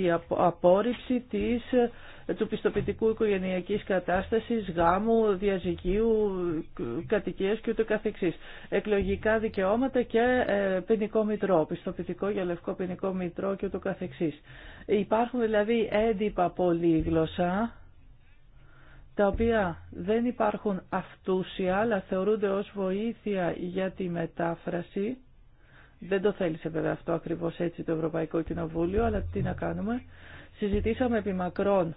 η απόρριψη της, ε, του πιστοποιητικού οικογενειακής κατάστασης, γάμου, διαζυγίου, κατοικίας και ούτω καθεξής. Εκλογικά δικαιώματα και ε, ποινικό μητρό, πιστοποιητικό για λευκό ποινικό μητρό και ούτω καθεξής. Υπάρχουν δηλαδή έντυπα πολύγλωσσα, τα οποία δεν υπάρχουν αυτούσια, αλλά θεωρούνται ως βοήθεια για τη μετάφραση δεν το θέλησε βέβαια αυτό ακριβώς έτσι το Ευρωπαϊκό Κοινοβούλιο, αλλά τι να κάνουμε. Συζητήσαμε επί μακρόν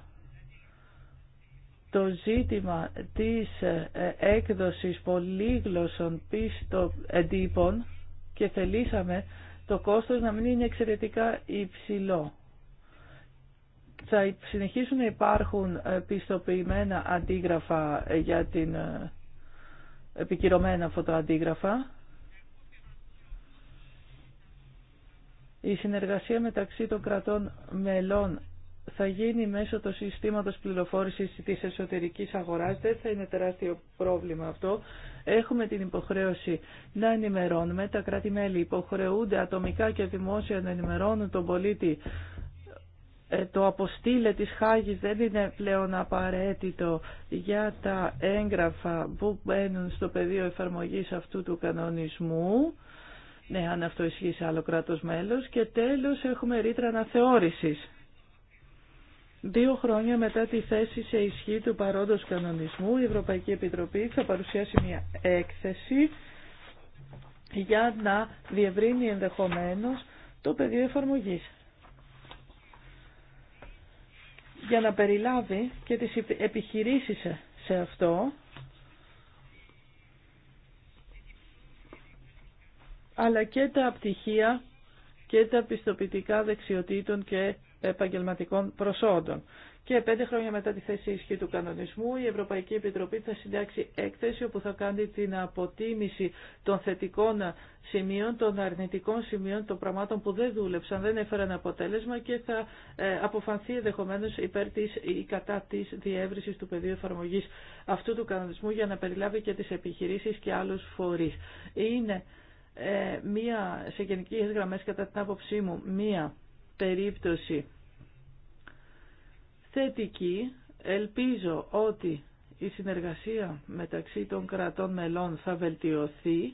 το ζήτημα της ε, έκδοσης πολύγλωσσων πίστο εντύπων και θελήσαμε το κόστος να μην είναι εξαιρετικά υψηλό. Θα συνεχίσουν να υπάρχουν ε, πιστοποιημένα αντίγραφα ε, για την επικυρωμένα φωτοαντίγραφα Η συνεργασία μεταξύ των κρατών μελών θα γίνει μέσω του συστήματος πληροφόρησης της εσωτερικής αγοράς. Δεν θα είναι τεράστιο πρόβλημα αυτό. Έχουμε την υποχρέωση να ενημερώνουμε. Τα κράτη-μέλη υποχρεούνται ατομικά και δημόσια να ενημερώνουν τον πολίτη. Ε, το αποστήλε της Χάγης δεν είναι πλέον απαραίτητο για τα έγγραφα που μπαίνουν στο πεδίο εφαρμογής αυτού του κανονισμού αν αυτό ισχύει σε άλλο κράτος μέλος. Και τέλος έχουμε ρήτρα αναθεώρησης. Δύο χρόνια μετά τη θέση σε ισχύ του παρόντος κανονισμού, η Ευρωπαϊκή Επιτροπή θα παρουσιάσει μια έκθεση για να διευρύνει ενδεχομένως το πεδίο εφαρμογής. Για να περιλάβει και τις επιχειρήσεις σε αυτό, αλλά και τα πτυχία και τα πιστοποιητικά δεξιοτήτων και επαγγελματικών προσόντων. Και πέντε χρόνια μετά τη θέση ισχύ του κανονισμού, η Ευρωπαϊκή Επιτροπή θα συντάξει έκθεση όπου θα κάνει την αποτίμηση των θετικών σημείων, των αρνητικών σημείων, των πραγμάτων που δεν δούλεψαν, δεν έφεραν αποτέλεσμα και θα ε, αποφανθεί ενδεχομένω υπέρ τη ή κατά τη διεύρυνση του πεδίου εφαρμογή αυτού του κανονισμού για να περιλάβει και τι επιχειρήσει και άλλου φορεί. Είναι ε, μία, σε γενικέ γραμμέ κατά την άποψή μου, μία περίπτωση θετική. Ελπίζω ότι η συνεργασία μεταξύ των κρατών μελών θα βελτιωθεί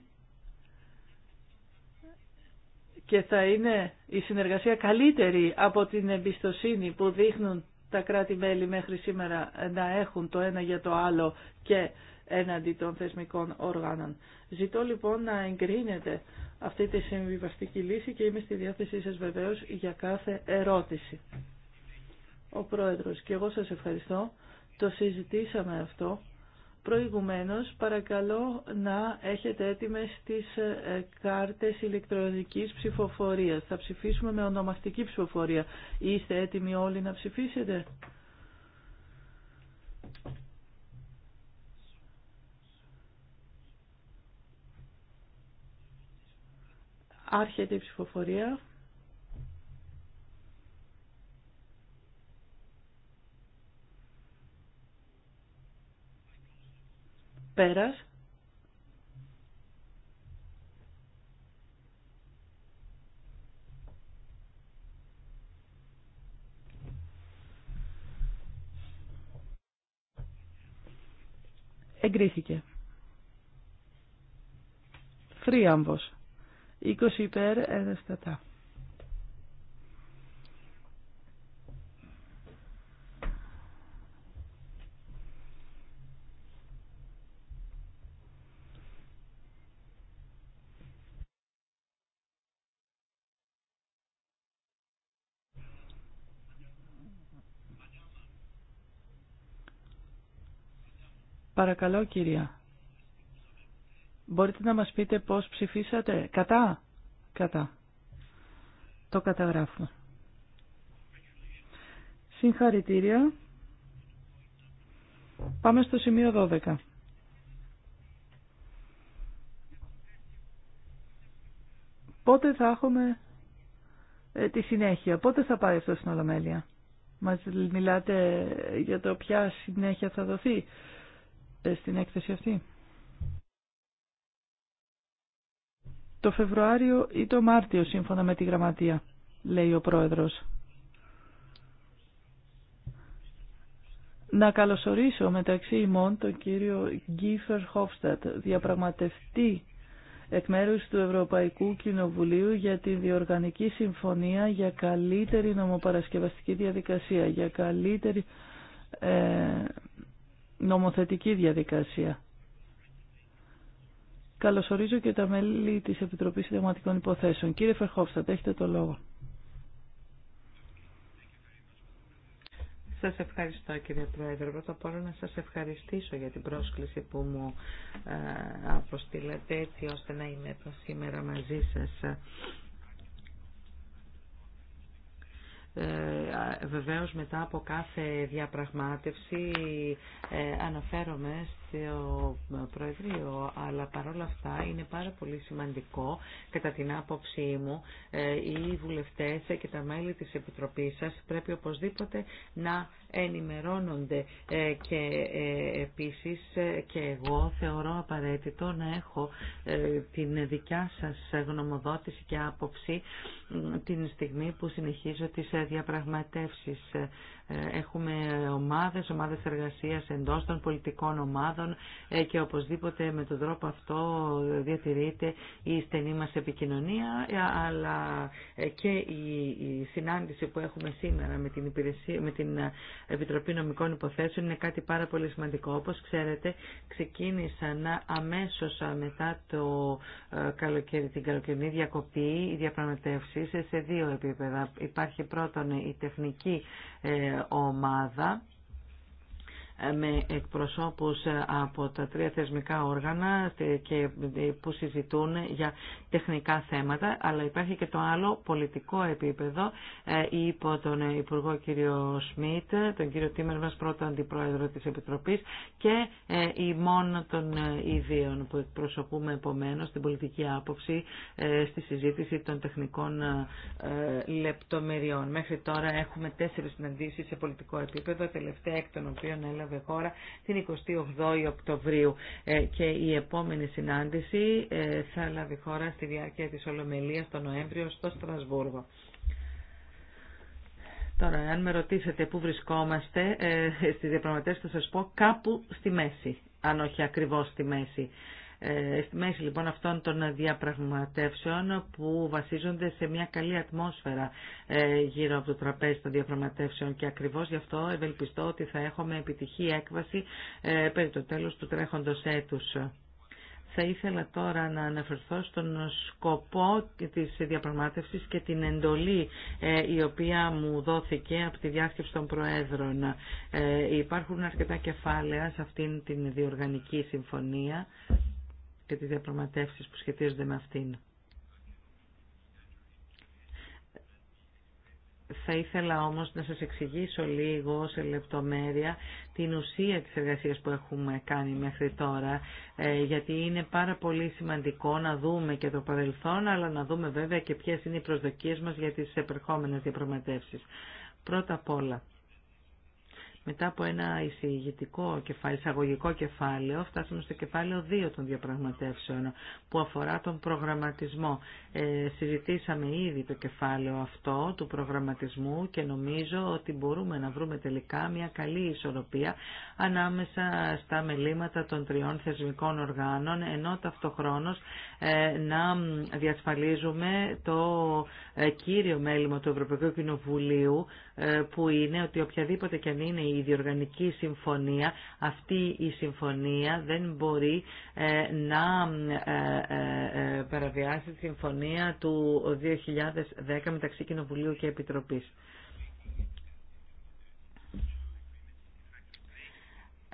και θα είναι η συνεργασία καλύτερη από την εμπιστοσύνη που δείχνουν τα κράτη-μέλη μέχρι σήμερα να έχουν το ένα για το άλλο και έναντι των θεσμικών οργάνων. Ζητώ λοιπόν να εγκρίνετε αυτή τη συμβιβαστική λύση και είμαι στη διάθεσή σας βεβαίως για κάθε ερώτηση. Ο Πρόεδρος και εγώ σας ευχαριστώ. Το συζητήσαμε αυτό. Προηγουμένως παρακαλώ να έχετε έτοιμες τις ε, κάρτες ηλεκτρονικής ψηφοφορίας. Θα ψηφίσουμε με ονομαστική ψηφοφορία. Είστε έτοιμοι όλοι να ψηφίσετε. Άρχεται η ψηφοφορία. Πέρας. Εγκρίθηκε. Θρίαμβος. 20 υπέρ, ενεστατά. Παρακαλώ κυρία. Μπορείτε να μας πείτε πώς ψηφίσατε. Κατά. Κατά. Το καταγράφουμε. Συγχαρητήρια. Πάμε στο σημείο 12. Πότε θα έχουμε ε, τη συνέχεια, πότε θα πάει αυτό στην Ολομέλεια. Μας μιλάτε για το ποια συνέχεια θα δοθεί ε, στην έκθεση αυτή. το Φεβρουάριο ή το Μάρτιο σύμφωνα με τη Γραμματεία, λέει ο Πρόεδρος. Να καλωσορίσω μεταξύ ημών τον κύριο Γκίφερ Χόφστατ, διαπραγματευτή εκ μέρους του Ευρωπαϊκού Κοινοβουλίου για τη Διοργανική Συμφωνία για καλύτερη νομοπαρασκευαστική διαδικασία, για καλύτερη ε, νομοθετική διαδικασία. Καλωσορίζω και τα μέλη της Επιτροπής Συνταγματικών Υποθέσεων. Κύριε Φερχόφστατ, έχετε το λόγο. Σας ευχαριστώ κύριε Πρόεδρε. Πρώτα απ' όλα να σας ευχαριστήσω για την πρόσκληση που μου ε, αποστήλατε έτσι ώστε να είμαι εδώ σήμερα μαζί σας. Ε, ε βεβαίως μετά από κάθε διαπραγμάτευση ε, αναφέρομαι το ε, Προεδρείο, αλλά παρόλα αυτά είναι πάρα πολύ σημαντικό, κατά την άποψή μου, ε, οι βουλευτές και τα μέλη της Επιτροπής σας πρέπει οπωσδήποτε να ενημερώνονται ε, και επίσης και εγώ θεωρώ απαραίτητο να έχω την δικιά σας γνωμοδότηση και άποψη την στιγμή που συνεχίζω τις διαπραγματεύσεις. Ε, έχουμε ομάδες, ομάδες εργασίας εντός των πολιτικών ομάδων ε, και οπωσδήποτε με τον τρόπο αυτό διατηρείται η στενή μας επικοινωνία ε, αλλά και η συνάντηση που έχουμε σήμερα με την, υπηρεσία, με την Επιτροπή Νομικών Υποθέσεων είναι κάτι πάρα πολύ σημαντικό. Όπως ξέρετε ξεκίνησαν αμέσως μετά το καλοκαίρι, την καλοκαιρινή διακοπή οι διαπραγματεύσεις σε δύο επίπεδα. Υπάρχει πρώτον η τεχνική ομάδα με εκπροσώπους από τα τρία θεσμικά όργανα και ε, που συζητούν για τεχνικά θέματα, αλλά υπάρχει και το άλλο πολιτικό επίπεδο ε, υπό τον Υπουργό κύριο Σμιτ, τον κύριο Τίμερ μας πρώτο αντιπρόεδρο της Επιτροπής και ε, η μόνο των ιδίων που εκπροσωπούμε επομένω την πολιτική άποψη στη συζήτηση των τεχνικών λεπτομεριών. Μέχρι τώρα έχουμε τέσσερις συναντήσεις σε πολιτικό επίπεδο, τελευταία εκ των οποίων έλαβε έλαβε χώρα την 28η Οκτωβρίου ε, και η επόμενη συνάντηση ε, θα λάβει χώρα στη διάρκεια της Ολομελίας τον Νοέμβριο στο Στρασβούργο. Τώρα, αν με ρωτήσετε πού βρισκόμαστε ε, στις διαπραγματεύσεις, θα σας πω κάπου στη μέση, αν όχι ακριβώς στη μέση στη ε, μέση λοιπόν αυτών των διαπραγματεύσεων που βασίζονται σε μια καλή ατμόσφαιρα ε, γύρω από το τραπέζι των διαπραγματεύσεων και ακριβώς γι' αυτό ευελπιστώ ότι θα έχουμε επιτυχή έκβαση ε, περί το τέλος του τρέχοντος έτους. Θα ήθελα τώρα να αναφερθώ στον σκοπό της διαπραγμάτευσης και την εντολή η οποία μου δόθηκε από τη διάσκεψη των Προέδρων. Υπάρχουν αρκετά κεφάλαια σε αυτήν την διοργανική συμφωνία και τις διαπραγματεύσεις που σχετίζονται με αυτήν. Θα ήθελα όμως να σας εξηγήσω λίγο σε λεπτομέρεια την ουσία της εργασίας που έχουμε κάνει μέχρι τώρα, ε, γιατί είναι πάρα πολύ σημαντικό να δούμε και το παρελθόν, αλλά να δούμε βέβαια και ποιες είναι οι προσδοκίες μας για τις επερχόμενες διαπραγματεύσεις. Πρώτα απ' όλα, μετά από ένα εισηγητικό κεφάλαιο, εισαγωγικό κεφάλαιο, φτάσαμε στο κεφάλαιο 2 των διαπραγματεύσεων που αφορά τον προγραμματισμό. Ε, συζητήσαμε ήδη το κεφάλαιο αυτό του προγραμματισμού και νομίζω ότι μπορούμε να βρούμε τελικά μια καλή ισορροπία ανάμεσα στα μελήματα των τριών θεσμικών οργάνων, ενώ ταυτοχρόνως ε, να διασφαλίζουμε το ε, κύριο μέλημα του Ευρωπαϊκού Κοινοβουλίου ε, που είναι ότι οποιαδήποτε και η διοργανική συμφωνία, αυτή η συμφωνία δεν μπορεί ε, να ε, ε, παραβιάσει τη συμφωνία του 2010 μεταξύ Κοινοβουλίου και Επιτροπής.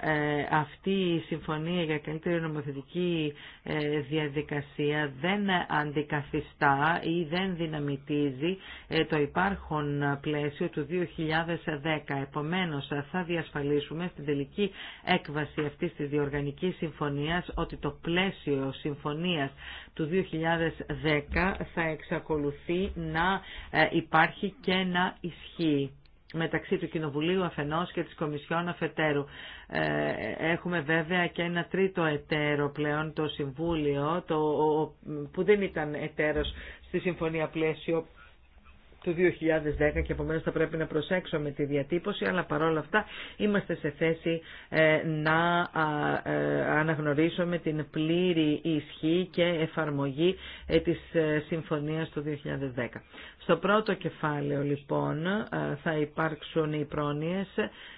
Ε, αυτή η συμφωνία για καλύτερη νομοθετική ε, διαδικασία δεν αντικαθιστά ή δεν δυναμητίζει ε, το υπάρχον πλαίσιο του 2010. Επομένως θα διασφαλίσουμε στην τελική έκβαση αυτής της διοργανικής συμφωνίας ότι το πλαίσιο συμφωνίας του 2010 θα εξακολουθεί να υπάρχει και να ισχύει μεταξύ του Κοινοβουλίου αφενός και της Κομισιόν αφετέρου. Ε, έχουμε βέβαια και ένα τρίτο εταίρο πλέον, το Συμβούλιο, το, που δεν ήταν εταίρος στη Συμφωνία Πλαίσιο του 2010 και επομένως θα πρέπει να προσέξουμε τη διατύπωση, αλλά παρόλα αυτά είμαστε σε θέση ε, να ε, αναγνωρίσουμε την πλήρη ισχύ και εφαρμογή της συμφωνίας του 2010. Στο πρώτο κεφάλαιο λοιπόν ε, θα υπάρξουν οι πρόνοιες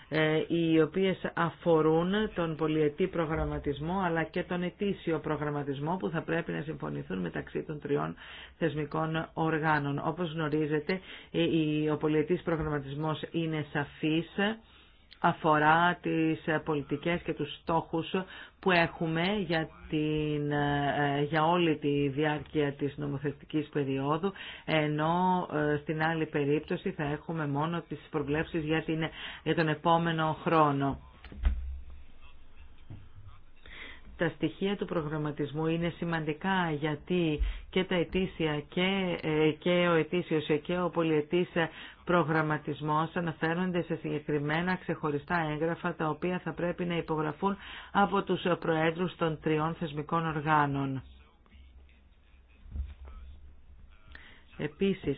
ε, οι οποίες αφορούν τον πολιετή προγραμματισμό αλλά και τον ετήσιο προγραμματισμό που θα πρέπει να συμφωνηθούν μεταξύ των τριών θεσμικών οργάνων. Όπως γνωρίζετε ε, ο πολιετής προγραμματισμός είναι σαφής αφορά τις ε, πολιτικές και τους στόχους που έχουμε για, την, ε, για όλη τη διάρκεια της νομοθετικής περίοδου, ενώ ε, στην άλλη περίπτωση θα έχουμε μόνο τις προβλέψεις για, την, για τον επόμενο χρόνο τα στοιχεία του προγραμματισμού είναι σημαντικά γιατί και τα ετήσια και, ε, και ο ετήσιος και ο πολυετής προγραμματισμός αναφέρονται σε συγκεκριμένα ξεχωριστά έγγραφα τα οποία θα πρέπει να υπογραφούν από τους προέδρους των τριών θεσμικών οργάνων. Επίσης,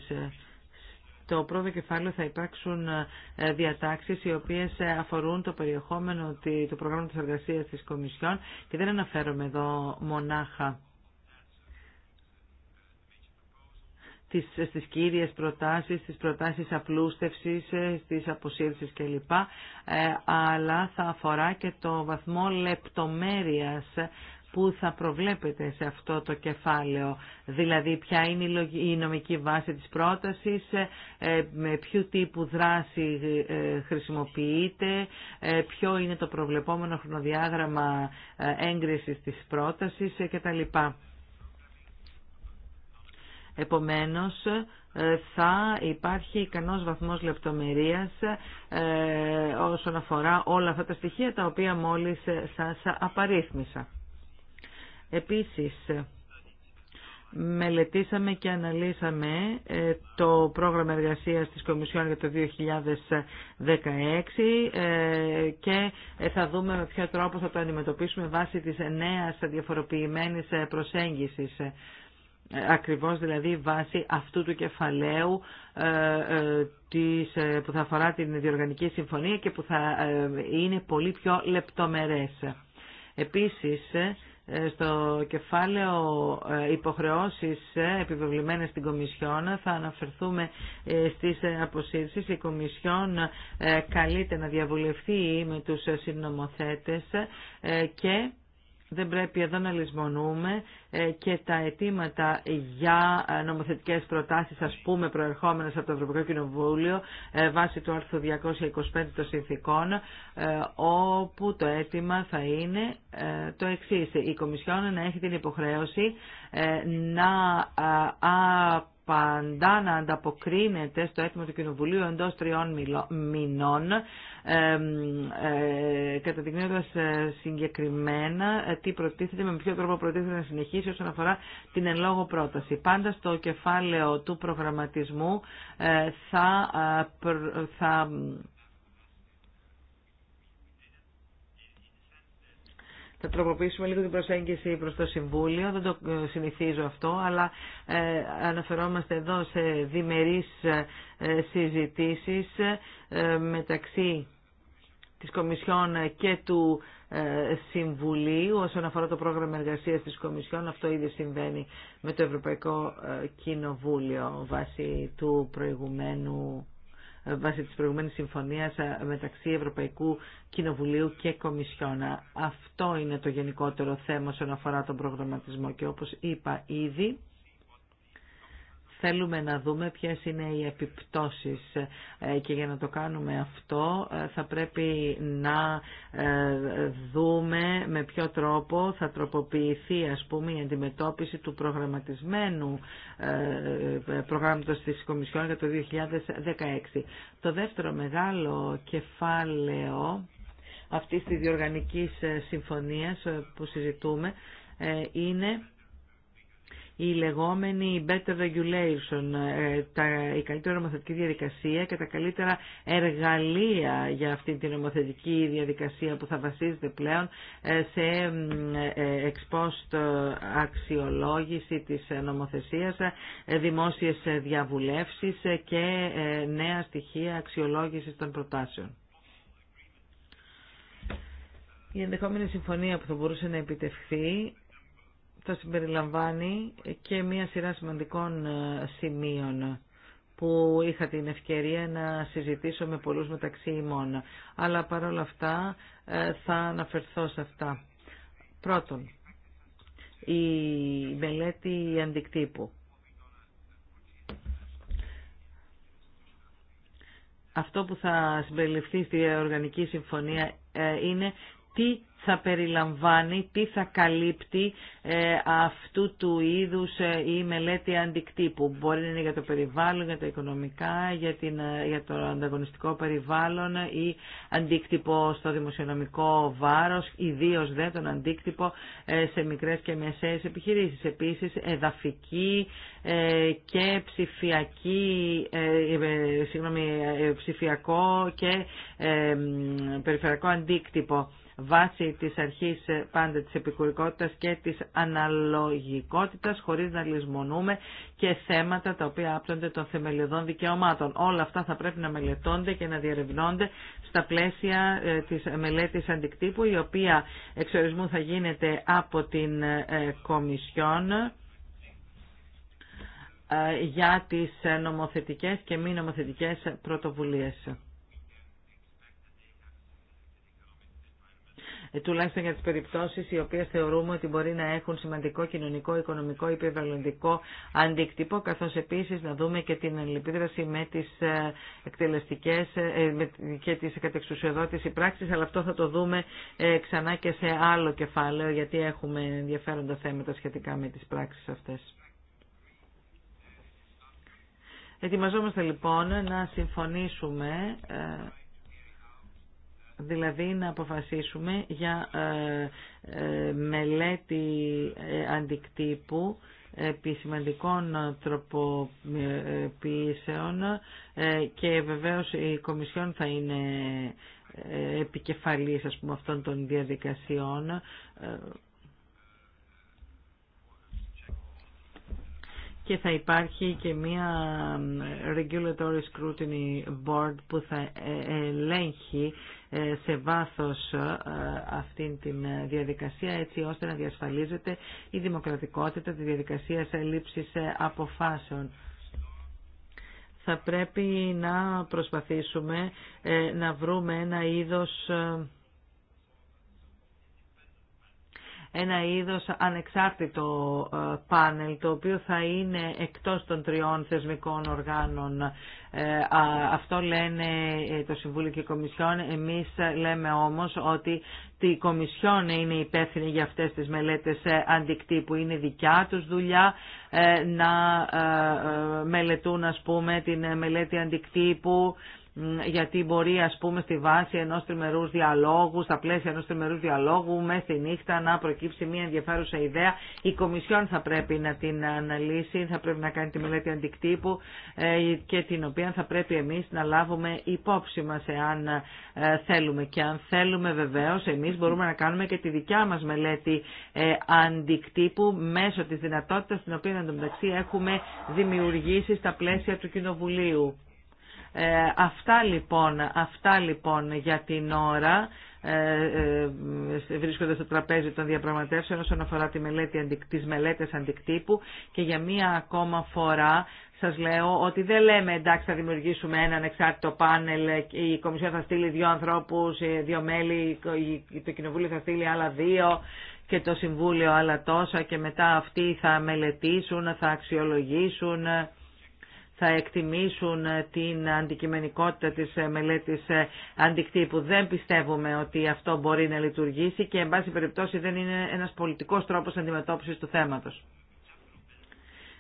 το πρώτο κεφάλαιο θα υπάρξουν ε, διατάξεις οι οποίες ε, αφορούν το περιεχόμενο του προγράμματος εργασίας της Κομισιόν και δεν αναφέρομαι εδώ μονάχα τις, στις κύριες προτάσεις, στις προτάσεις απλούστευσης, ε, στις αποσύρσεις κλπ. αλλά θα αφορά και το βαθμό λεπτομέρειας που θα προβλέπετε σε αυτό το κεφάλαιο, δηλαδή ποια είναι η νομική βάση της πρότασης, ε, ε, με ποιου τύπου δράση ε, χρησιμοποιείται, ποιο είναι το προβλεπόμενο χρονοδιάγραμμα έγκρισης της πρότασης κτλ. Επομένως, θα υπάρχει ικανός βαθμός λεπτομερίας όσον αφορά όλα αυτά τα στοιχεία τα οποία μόλις σας απαρίθμησα. Επίσης, μελετήσαμε και αναλύσαμε ε, το πρόγραμμα εργασίας της Κομισιόν για το 2016 ε, και ε, θα δούμε με ποιο τρόπο θα το αντιμετωπίσουμε βάσει της νέας διαφοροποιημένης προσέγγισης. Ακριβώς δηλαδή βάσει αυτού του κεφαλαίου που θα αφορά την διοργανική συμφωνία και που θα είναι πολύ πιο λεπτομερές. Επίσης, ε, στο κεφάλαιο ε, υποχρεώσεις ε, επιβεβλημένες στην Κομισιόν θα αναφερθούμε στις αποσύρσεις. Η Κομισιόν καλείται να διαβουλευτεί με τους συνομοθέτες και δεν πρέπει εδώ να λησμονούμε ε, και τα αιτήματα για ε, νομοθετικές προτάσεις, ας πούμε, προερχόμενες από το Ευρωπαϊκό Κοινοβούλιο, ε, βάσει του άρθρου 225 των συνθήκων, όπου το αίτημα θα είναι το εξής. Η Κομισιόν να έχει την υποχρέωση να πάντα να ανταποκρίνεται στο έτοιμο του Κοινοβουλίου εντός τριών μηνών, ε, ε, καταδεικνύοντας ε, συγκεκριμένα ε, τι προτίθεται, με ποιο τρόπο προτίθεται να συνεχίσει όσον αφορά την εν λόγω πρόταση. Πάντα στο κεφάλαιο του προγραμματισμού ε, θα, θα θα τροποποιήσουμε λίγο την προσέγγιση προς το Συμβούλιο, δεν το ε, συνηθίζω αυτό, αλλά ε, αναφερόμαστε εδώ σε διμερείς ε, συζητήσεις μεταξύ της Κομισιόν και του Συμβουλίου όσον αφορά το πρόγραμμα εργασίας της Κομισιόν. Αυτό ήδη συμβαίνει με το Ευρωπαϊκό Κοινοβούλιο βάσει του προηγουμένου βάσει της προηγουμένης συμφωνίας ε, μεταξύ Ευρωπαϊκού Κοινοβουλίου και Κομισιόνα. Ε, αυτό είναι το γενικότερο θέμα όσον αφορά τον προγραμματισμό και όπως είπα ήδη, Θέλουμε να δούμε ποιες είναι οι επιπτώσεις ε, και για να το κάνουμε αυτό ε, θα πρέπει να ε, δούμε με ποιο τρόπο θα τροποποιηθεί ας πούμε η αντιμετώπιση του προγραμματισμένου προγράμματος της Κομισιόν για το 2016. Το δεύτερο μεγάλο κεφάλαιο αυτής της διοργανικής συμφωνίας που συζητούμε είναι η λεγόμενη better regulation, ε, τα, η καλύτερη νομοθετική διαδικασία και τα καλύτερα εργαλεία για αυτή την νομοθετική διαδικασία που θα βασίζεται πλέον ε, σε εξπόστ αξιολόγηση της νομοθεσίας, ε, δημόσιες διαβουλεύσεις και νέα στοιχεία αξιολόγησης των προτάσεων. Η ενδεχόμενη συμφωνία που θα μπορούσε να επιτευχθεί θα συμπεριλαμβάνει και μία σειρά σημαντικών ε, σημείων που είχα την ευκαιρία να συζητήσω με πολλούς μεταξύ ημών. Αλλά παρόλα αυτά ε, θα αναφερθώ σε αυτά. Πρώτον, η μελέτη αντικτύπου. Αυτό που θα συμπεριληφθεί στη Οργανική Συμφωνία ε, είναι τι θα περιλαμβάνει, τι θα καλύπτει ε, αυτού του είδους ε, η μελέτη αντικτύπου. Μπορεί να είναι για το περιβάλλον, για τα οικονομικά, για, την, ε, για το ανταγωνιστικό περιβάλλον ή αντίκτυπο στο δημοσιονομικό βάρος, ιδίως δε τον αντίκτυπο σε μικρές και μεσαίες επιχειρήσεις. Επίσης, εδαφική και ψηφιακή, συγγνώμη, ψηφιακό και περιφερειακό αντίκτυπο βάσει της αρχής ε, πάντα της επικουρικότητας και της αναλογικότητας χωρίς να λησμονούμε και θέματα τα οποία άπτονται των θεμελιωδών δικαιωμάτων. Όλα αυτά θα πρέπει να μελετώνται και να διαρευνώνται στα πλαίσια ε, της μελέτης αντικτύπου η οποία εξορισμού θα γίνεται από την ε, Κομισιόν για τις νομοθετικές και μη νομοθετικές πρωτοβουλίες. Ε, τουλάχιστον για τις περιπτώσεις οι οποίες θεωρούμε ότι μπορεί να έχουν σημαντικό κοινωνικό, οικονομικό ή περιβαλλοντικό αντίκτυπο, καθώς επίσης να δούμε και την αλληλεπίδραση με τις ε, εκτελεστικές ε, και τις κατεξουσιοδότηση πράξεις, αλλά αυτό θα το δούμε ξανά και σε άλλο κεφάλαιο, γιατί έχουμε ενδιαφέροντα θέματα σχετικά με τις πράξεις αυτές. Ετοιμαζόμαστε λοιπόν να συμφωνήσουμε δηλαδή να αποφασίσουμε για ε, ε, μελέτη ε, αντικτύπου επισημαντικών σημαντικών τροποποιήσεων και βεβαίως η Κομισιόν θα είναι επικεφαλής ας πούμε, αυτών των διαδικασιών και θα υπάρχει και μία Regulatory Scrutiny Board που θα ε, ελέγχει ε, σε βάθος ε, αυτήν την διαδικασία έτσι ώστε να διασφαλίζεται η δημοκρατικότητα της διαδικασίας λήψης αποφάσεων θα πρέπει να προσπαθήσουμε να βρούμε ένα είδος ένα είδος ανεξάρτητο ε, πάνελ το οποίο θα είναι εκτός των τριών θεσμικών οργάνων. Ε, αυτό λένε ε, το Συμβούλιο και η Κομισιόν. Εμείς λέμε όμως ότι η Κομισιόν είναι υπεύθυνη για αυτές τις μελέτες αντικτύπου. Είναι δικιά τους δουλειά να μελετούν ας πούμε την μελέτη αντικτύπου γιατί μπορεί ας πούμε στη βάση ενός τριμερούς διαλόγου, στα πλαίσια ενός τριμερούς διαλόγου, μέσα στη νύχτα να προκύψει μια ενδιαφέρουσα ιδέα. Η Κομισιόν θα πρέπει να την αναλύσει, θα πρέπει να κάνει τη μελέτη αντικτύπου ε, και την οποία θα πρέπει εμείς να λάβουμε υπόψη μας εάν ε, θέλουμε. Και αν θέλουμε βεβαίως εμείς μπορούμε να κάνουμε και τη δικιά μας μελέτη ε, αντικτύπου μέσω της δυνατότητας την οποία μεταξύ έχουμε δημιουργήσει στα πλαίσια του Κοινοβουλίου. Ε, αυτά λοιπόν, αυτά λοιπόν για την ώρα ε, ε, βρίσκονται στο τραπέζι των διαπραγματεύσεων όσον αφορά τη μελέτη, τις μελέτες αντικτύπου και για μία ακόμα φορά σας λέω ότι δεν λέμε εντάξει θα δημιουργήσουμε έναν εξάρτητο πάνελ, η Κομισιόν θα στείλει δύο ανθρώπους, ε, δύο μέλη, το Κοινοβούλιο θα στείλει άλλα δύο και το Συμβούλιο άλλα τόσα και μετά αυτοί θα μελετήσουν, θα αξιολογήσουν θα εκτιμήσουν την αντικειμενικότητα της μελέτης αντικτύπου. Δεν πιστεύουμε ότι αυτό μπορεί να λειτουργήσει και εν πάση περιπτώσει δεν είναι ένας πολιτικός τρόπος αντιμετώπισης του θέματος.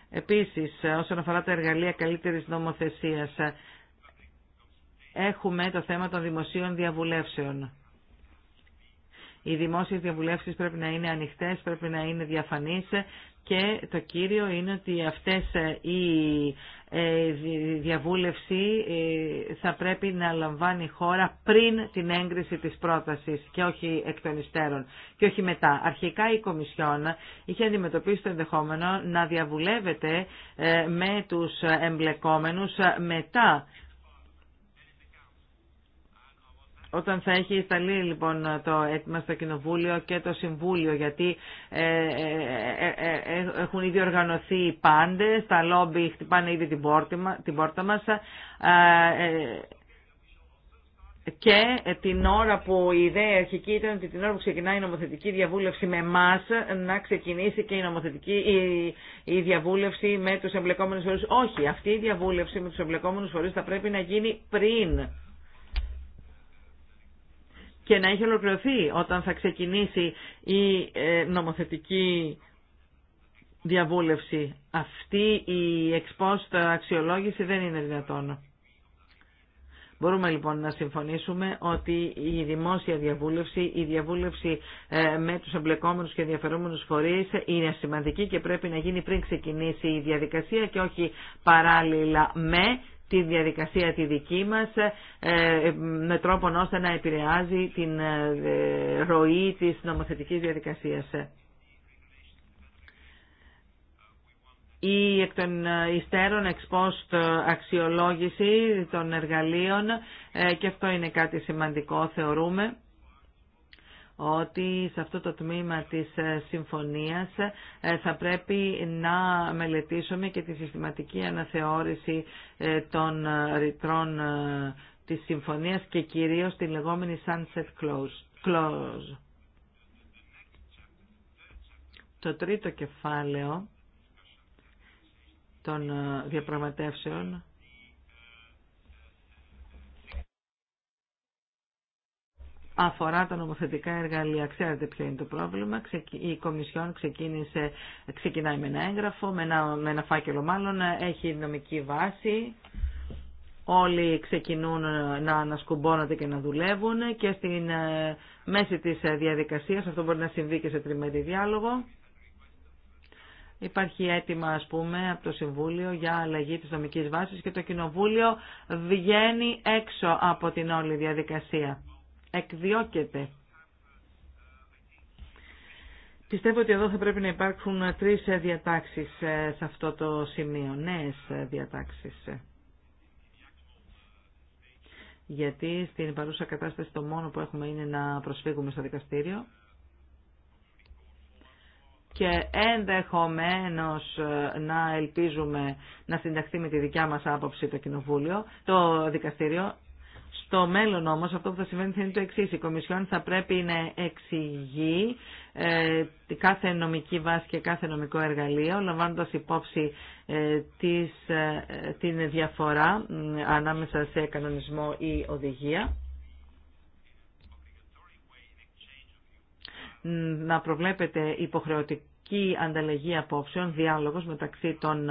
Επίσης, όσον αφορά τα εργαλεία καλύτερης νομοθεσίας, έχουμε το θέμα των δημοσίων διαβουλεύσεων. Οι δημόσιες διαβουλεύσεις πρέπει να είναι ανοιχτές, πρέπει να είναι διαφανείς και το κύριο είναι ότι αυτές οι ε, ε, διαβούλευση ε, θα πρέπει να λαμβάνει η χώρα πριν την έγκριση της πρότασης και όχι εκ των υστέρων και όχι μετά. Αρχικά η Κομισιόν είχε αντιμετωπίσει το ενδεχόμενο να διαβουλεύεται με τους εμπλεκόμενους μετά Όταν θα έχει σταλεί λοιπόν το έτοιμα στο Κοινοβούλιο και το Συμβούλιο, γιατί ε, ε, ε, έχουν ήδη οργανωθεί οι πάντες, τα λόμπι χτυπάνε ήδη την πόρτα, την πόρτα μας και την ώρα που η ιδέα αρχική ήταν ότι την ώρα που ξεκινάει η νομοθετική διαβούλευση με εμά να ξεκινήσει και η νομοθετική η, η διαβούλευση με τους εμπλεκόμενους φορείς. Όχι, αυτή η διαβούλευση με τους εμπλεκόμενους φορείς θα πρέπει να γίνει πριν και να έχει ολοκληρωθεί όταν θα ξεκινήσει η ε, νομοθετική διαβούλευση. Αυτή η εξπόστα αξιολόγηση δεν είναι δυνατόν. Μπορούμε λοιπόν να συμφωνήσουμε ότι η δημόσια διαβούλευση, η διαβούλευση ε, με τους εμπλεκόμενους και ενδιαφερόμενους φορείς είναι σημαντική και πρέπει να γίνει πριν ξεκινήσει η διαδικασία και όχι παράλληλα με τη διαδικασία τη δική μας ε, ε, με τρόπο ώστε να επηρεάζει την ε, ροή της νομοθετικής διαδικασίας. ή εκ των υστέρων εξ αξιολόγηση των εργαλείων και αυτό είναι κάτι σημαντικό θεωρούμε ότι σε αυτό το τμήμα της ε, συμφωνίας ε, θα πρέπει να μελετήσουμε και τη συστηματική αναθεώρηση ε, των ρητρών της συμφωνίας και κυρίως την λεγόμενη sunset clause. Το τρίτο κεφάλαιο των διαπραγματεύσεων αφορά τα νομοθετικά εργαλεία. Ξέρετε ποιο είναι το πρόβλημα. Η Κομισιόν ξεκίνησε, ξεκινάει με ένα έγγραφο, με ένα, με ένα φάκελο μάλλον, έχει νομική βάση. Όλοι ξεκινούν να ανασκουμπώνονται και να δουλεύουν και στην ε, μέση της ε, διαδικασίας, αυτό μπορεί να συμβεί και σε τριμερή διάλογο, Υπάρχει αίτημα, ας πούμε, από το Συμβούλιο για αλλαγή της νομικής βάσης και το Κοινοβούλιο βγαίνει έξω από την όλη διαδικασία εκδιώκεται. Πιστεύω ότι εδώ θα πρέπει να υπάρξουν τρεις διατάξεις ε, σε αυτό το σημείο, νέες διατάξεις. Γιατί στην παρούσα κατάσταση το μόνο που έχουμε είναι να προσφύγουμε στο δικαστήριο και ενδεχομένως ε, να ελπίζουμε να συνταχθεί με τη δικιά μας άποψη το Κοινοβούλιο, το Δικαστήριο. Στο μέλλον όμως αυτό που θα συμβαίνει θα είναι το εξή. Η Κομισιόν θα πρέπει να εξηγεί ε, κάθε νομική βάση και κάθε νομικό εργαλείο, λαμβάνοντας υπόψη ε, της, ε, την διαφορά ανάμεσα σε κανονισμό ή οδηγία. Να προβλέπεται υποχρεωτική ανταλλαγή απόψεων, διάλογος μεταξύ των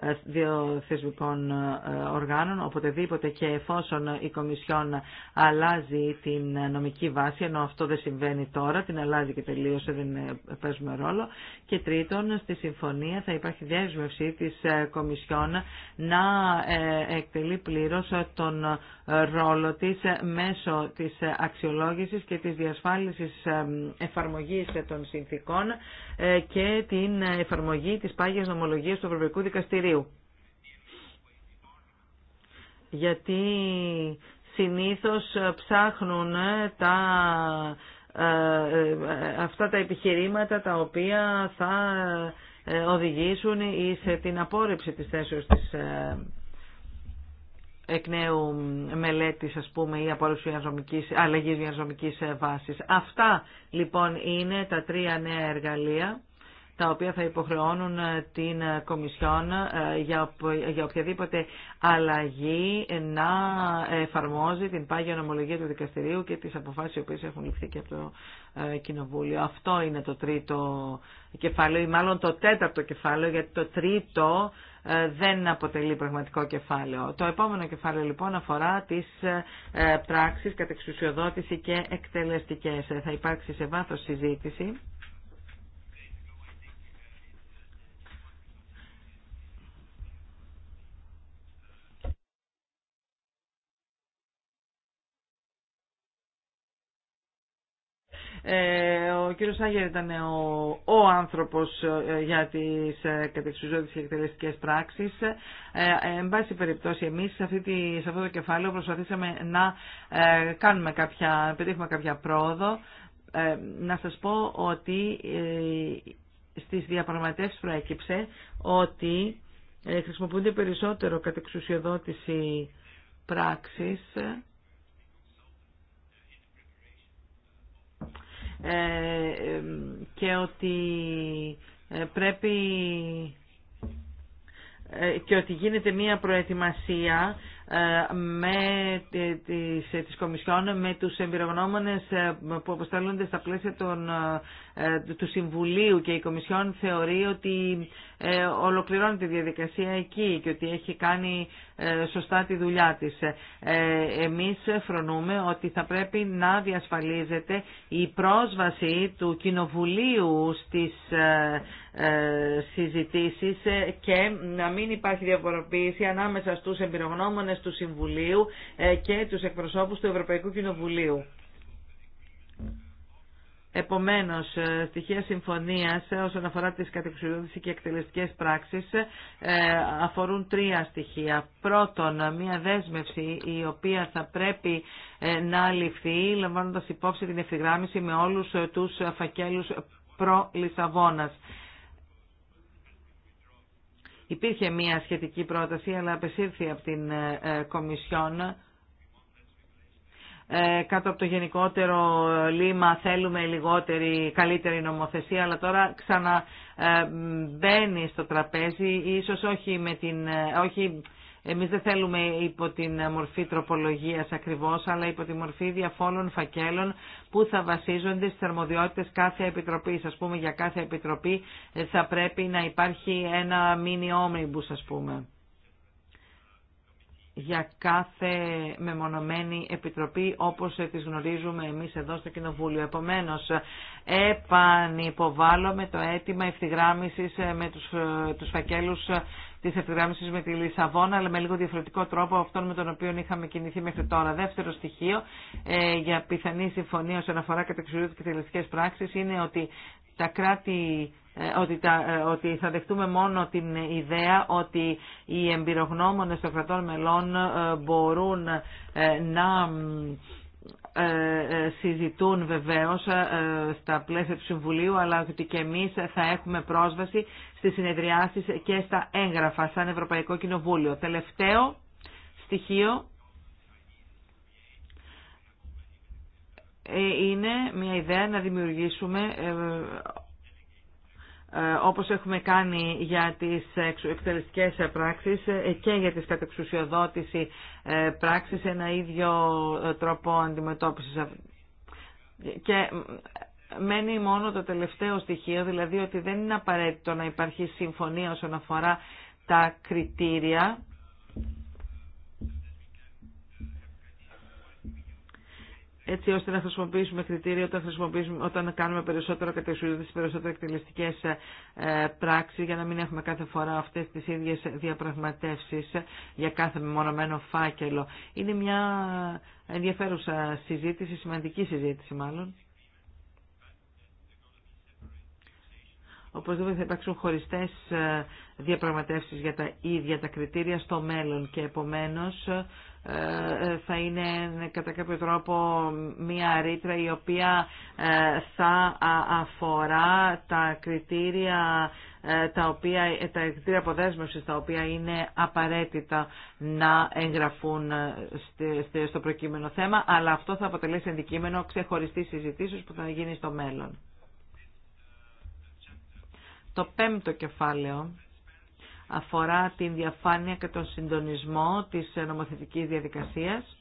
ε, δύο θεσμικών ε, οργάνων, οποτεδήποτε και εφόσον η Κομισιόν αλλάζει την νομική βάση, ενώ αυτό δεν συμβαίνει τώρα, την αλλάζει και τελείωσε, δεν ε, παίζουμε ρόλο. Και τρίτον, στη συμφωνία θα υπάρχει διέσμευση της Κομισιόν να εκτελεί πλήρως τον ρόλο της μέσω της αξιολόγησης και της διασφάλισης εφαρμογής των συνθήκων ε, και την εφαρμογή της πάγιας νομολογίας του Ευρωπαϊκού Δικαστηρίου. Γιατί συνήθως ψάχνουν τα ε, ε, αυτά τα επιχειρήματα τα οποία θα οδηγήσουν σε την απόρριψη της θέσεως της εκ νέου μελέτης ας πούμε ή από αλλαγής βιαζομικής ε, βάσης. Αυτά λοιπόν είναι τα τρία νέα εργαλεία τα οποία θα υποχρεώνουν ε, την ε, Κομισιόν για οποιαδήποτε αλλαγή να εφαρμόζει την πάγια νομολογία του δικαστηρίου και τις αποφάσεις οι οποίες έχουν ληφθεί και από το Κοινοβούλιο. Αυτό είναι το τρίτο κεφάλαιο ή μάλλον το τέταρτο κεφάλαιο γιατί το τρίτο ε, δεν αποτελεί πραγματικό κεφάλαιο. Το επόμενο κεφάλαιο λοιπόν αφορά τις ε, ε, πράξεις κατεξουσιοδότηση και εκτελεστικές. Θα υπάρξει σε βάθος συζήτηση. Ε, ο κύριος Άγερ ήταν ο, ο άνθρωπος ε, για τις ε, και εκτελεστικές πράξεις. Ε, εν πάση περιπτώσει εμείς σε, τη, σε αυτό το κεφάλαιο προσπαθήσαμε να κάνουμε κάποια, πετύχουμε κάποια πρόοδο. να σας πω ότι στις διαπραγματεύσεις προέκυψε ότι χρησιμοποιούνται περισσότερο κατεξουσιοδότηση πράξης Ε, και ότι ε, πρέπει ε, και ότι γίνεται μία προετοιμασία με τις, τις Κομισιόν με τους εμπειρογνώμονες που αποστέλλονται στα πλαίσια των ε, του Συμβουλίου και η Κομισιόν θεωρεί ότι ε, ολοκληρώνει τη διαδικασία εκεί και ότι έχει κάνει ε, σωστά τη δουλειά της. Εμείς φρονούμε ότι θα πρέπει να διασφαλίζεται η πρόσβαση του Κοινοβουλίου στις συζητήσεις και να μην υπάρχει διαφοροποίηση ανάμεσα στους εμπειρογνώμονες του Συμβουλίου και τους εκπροσώπους του Ευρωπαϊκού Κοινοβουλίου. Επομένως, ε, στοιχεία συμφωνία ε, όσον αφορά τι κατεξουδότηση και εκτελεστικές πράξεις ε, αφορούν τρία στοιχεία. Πρώτον, μια δέσμευση η οποία θα πρέπει να ληφθεί λαμβάνοντα υπόψη την ευθυγράμμιση με όλου τους φακέλου προ προ-Λισαβόνας. Υπήρχε μια σχετική πρόταση, αλλά απεσήρθη από την Κομισιόν ε, κάτω από το γενικότερο λίμα θέλουμε λιγότερη, καλύτερη νομοθεσία, αλλά τώρα ξαναμπαίνει ε, στο τραπέζι, ίσως όχι με την... Ε, όχι, εμείς δεν θέλουμε υπό την μορφή τροπολογίας ακριβώς, αλλά υπό τη μορφή διαφόρων φακέλων που θα βασίζονται στις θερμοδιότητες κάθε επιτροπή Ας πούμε, για κάθε επιτροπή θα πρέπει να υπάρχει ένα μίνι ας πούμε για κάθε μεμονωμένη επιτροπή όπως τις γνωρίζουμε εμείς εδώ στο Κοινοβούλιο. Επομένως, επανυποβάλλομαι το αίτημα ευθυγράμμισης ε, με τους, ε, τους φακέλους ε, της ευθυγράμμισης με τη Λισαβόνα, αλλά με λίγο διαφορετικό τρόπο αυτόν με τον οποίο είχαμε κινηθεί μέχρι τώρα. Δεύτερο στοιχείο για πιθανή συμφωνία όσον αφορά κατεξουσίες και πράξεις είναι ότι τα κράτη ε, ότι, τα, ε, ότι θα δεχτούμε μόνο την ιδέα ότι οι εμπειρογνώμονες των κρατών μελών ε, μπορούν να συζητούν βεβαίως στα πλαίσια του Συμβουλίου αλλά ότι και εμείς θα έχουμε πρόσβαση στις συνεδριάσεις και στα έγγραφα σαν Ευρωπαϊκό Κοινοβούλιο. Τελευταίο στοιχείο είναι μια ιδέα να δημιουργήσουμε ε, όπως έχουμε κάνει για τις εκτελεστικές πράξεις ε, και για τις κατεξουσιοδότηση ε, πράξεις ένα ίδιο τρόπο αντιμετώπισης. Και μένει μόνο το τελευταίο στοιχείο, δηλαδή ότι δεν είναι απαραίτητο να υπάρχει συμφωνία όσον αφορά τα κριτήρια έτσι ώστε να χρησιμοποιήσουμε κριτήρια όταν, χρησιμοποιήσουμε, όταν κάνουμε περισσότερο κατεξουδίδες, περισσότερο εκτελεστικές ε, πράξεις για να μην έχουμε κάθε φορά αυτές τις ίδιες διαπραγματεύσεις για κάθε μεμονωμένο φάκελο. Είναι μια ενδιαφέρουσα συζήτηση, σημαντική συζήτηση μάλλον. Οπωσδήποτε θα υπάρξουν χωριστές ε, διαπραγματεύσεις για τα ίδια τα κριτήρια στο μέλλον και επομένως ε, θα είναι κατά κάποιο τρόπο μία ρήτρα η οποία ε, θα αφορά τα κριτήρια ε, τα οποία, τα κριτήρια αποδέσμευσης τα οποία είναι απαραίτητα να εγγραφούν στο προκείμενο θέμα, αλλά αυτό θα αποτελέσει αντικείμενο ξεχωριστή συζητήσεως που θα γίνει στο μέλλον. Το πέμπτο κεφάλαιο αφορά την διαφάνεια και τον συντονισμό της νομοθετικής διαδικασίας.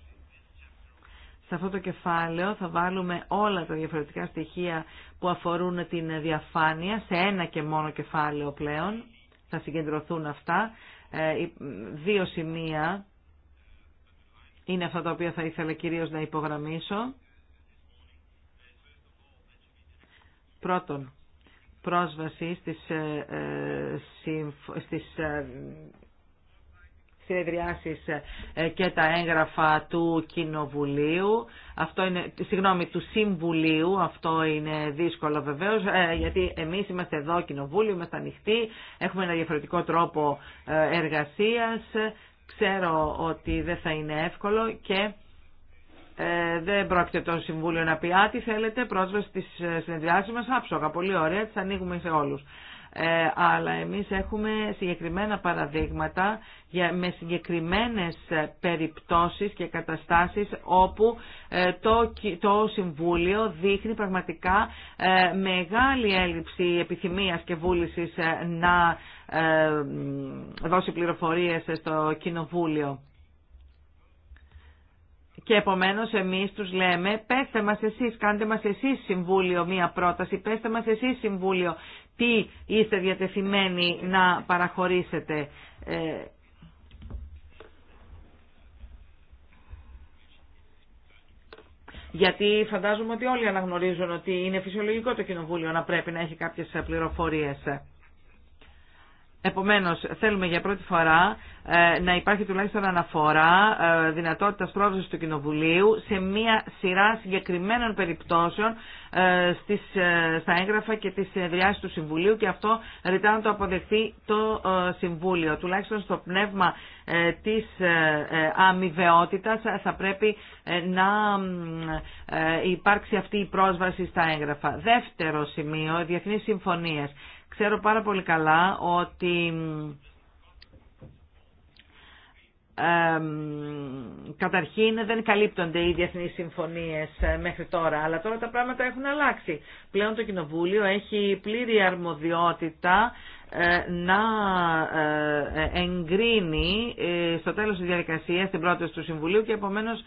Σε αυτό το κεφάλαιο θα βάλουμε όλα τα διαφορετικά στοιχεία που αφορούν την διαφάνεια σε ένα και μόνο κεφάλαιο πλέον. Θα συγκεντρωθούν αυτά. Ε, δύο σημεία είναι αυτά τα οποία θα ήθελα κυρίως να υπογραμμίσω. Πρώτον, πρόσβαση στις, ε, ε, στις ε, συνεδριάσεις και τα έγγραφα του Κοινοβουλίου, αυτό είναι, συγγνώμη, του Συμβουλίου, αυτό είναι δύσκολο βεβαίως, γιατί εμείς είμαστε εδώ Κοινοβούλιο, είμαστε ανοιχτοί, έχουμε ένα διαφορετικό τρόπο εργασίας, ξέρω ότι δεν θα είναι εύκολο και ε, δεν πρόκειται το Συμβούλιο να πει «Α, τι θέλετε, πρόσβαση στις ε, συνεδριάσεις μας, άψογα, πολύ ωραία, τις ανοίγουμε σε όλους». Ε, αλλά εμείς έχουμε συγκεκριμένα παραδείγματα για, με συγκεκριμένες ε, περιπτώσεις και καταστάσεις όπου το, το Συμβούλιο δείχνει πραγματικά μεγάλη έλλειψη επιθυμίας και βούλησης να δώσει πληροφορίες στο Κοινοβούλιο. Και επομένως εμείς τους λέμε πέστε μα εσείς, κάντε μας εσείς συμβούλιο μία πρόταση, πέστε μα εσείς συμβούλιο τι είστε διατεθειμένοι να παραχωρήσετε. Ε, γιατί φαντάζομαι ότι όλοι αναγνωρίζουν ότι είναι φυσιολογικό το Κοινοβούλιο να πρέπει να έχει κάποιες πληροφορίες. Επομένως, θέλουμε για πρώτη φορά ε, να υπάρχει τουλάχιστον αναφορά ε, δυνατότητας πρόσβασης του Κοινοβουλίου σε μία σειρά συγκεκριμένων περιπτώσεων ε, στις, στα έγγραφα και τις συνεδριάσεις του Συμβουλίου και αυτό ρητά να το αποδεχθεί το Συμβούλιο. Τουλάχιστον στο πνεύμα της αμοιβαιότητας θα πρέπει να υπάρξει αυτή η πρόσβαση στα έγγραφα. Δεύτερο σημείο, διεθνείς συμφωνίες. Ξέρω πάρα πολύ καλά ότι καταρχήν δεν καλύπτονται οι διεθνείς συμφωνίες ε, μέχρι τώρα, αλλά τώρα τα πράγματα έχουν αλλάξει. Πλέον το Κοινοβούλιο έχει πλήρη αρμοδιότητα ε, να ε, εγκρίνει στο τέλος της διαδικασίας την πρόταση του Συμβουλίου και επομένως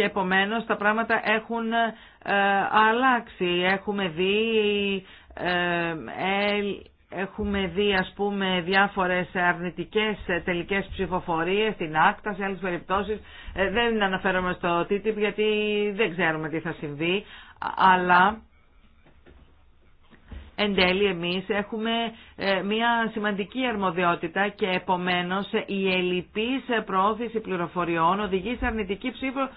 και επομένως τα πράγματα έχουν ε, αλλάξει. Έχουμε δει ε, ε, Έχουμε δει ας πούμε διάφορες αρνητικές τελικές ψηφοφορίες στην άκτα, σε άλλες περιπτώσεις. Δεν αναφέρομαι στο TTIP γιατί δεν ξέρουμε τι θα συμβεί, αλλά εν τέλει εμείς έχουμε ε, μια σημαντική αρμοδιότητα και επομένως ε, η ελλειπής ε, προώθηση πληροφοριών οδηγεί σε αρνητική ψήφο,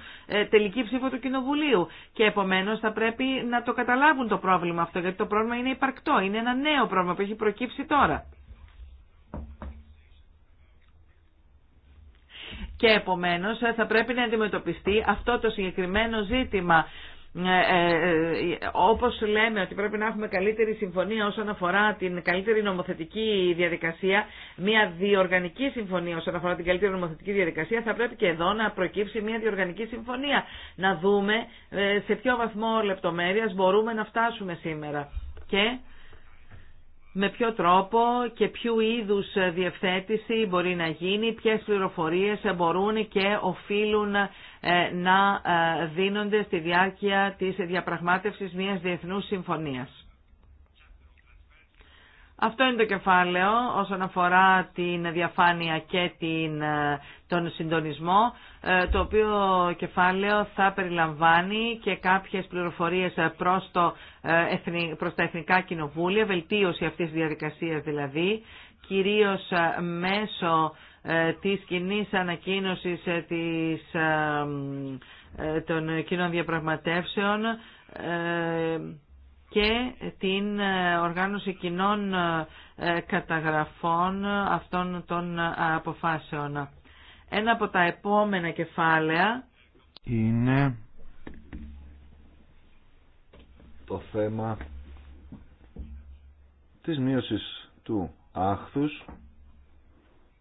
τελική ψήφο του Κοινοβουλίου και επομένως θα πρέπει να το καταλάβουν το πρόβλημα αυτό γιατί το πρόβλημα είναι υπαρκτό, είναι ένα νέο πρόβλημα που έχει προκύψει τώρα. και επομένως θα πρέπει να αντιμετωπιστεί αυτό το συγκεκριμένο ζήτημα ε, ε, ε, όπως λέμε ότι πρέπει να έχουμε καλύτερη συμφωνία όσον αφορά την καλύτερη νομοθετική διαδικασία, μια διοργανική συμφωνία όσον αφορά την καλύτερη νομοθετική διαδικασία, θα πρέπει και εδώ να προκύψει μια διοργανική συμφωνία. Να δούμε σε ποιο βαθμό λεπτομέρειας μπορούμε να φτάσουμε σήμερα. Και με ποιο τρόπο και ποιου είδους ε, διευθέτηση μπορεί να γίνει, ποιες πληροφορίες ε, μπορούν και οφείλουν ε, να δίνονται στη διάρκεια της διαπραγμάτευσης μιας διεθνούς συμφωνίας. Αυτό είναι το κεφάλαιο όσον αφορά την διαφάνεια και την, ε, τον συντονισμό, ε, το οποίο κεφάλαιο θα περιλαμβάνει και κάποιες πληροφορίες ε, προς, το, προς τα Εθνικά Κοινοβούλια, βελτίωση αυτής της διαδικασίας δηλαδή, κυρίως μέσω της κοινή ανακοίνωσης των κοινών διαπραγματεύσεων, και την ε, οργάνωση κοινών ε, καταγραφών ε, αυτών των αποφάσεων. Ένα από τα επόμενα κεφάλαια είναι το θέμα της μείωσης του άχθους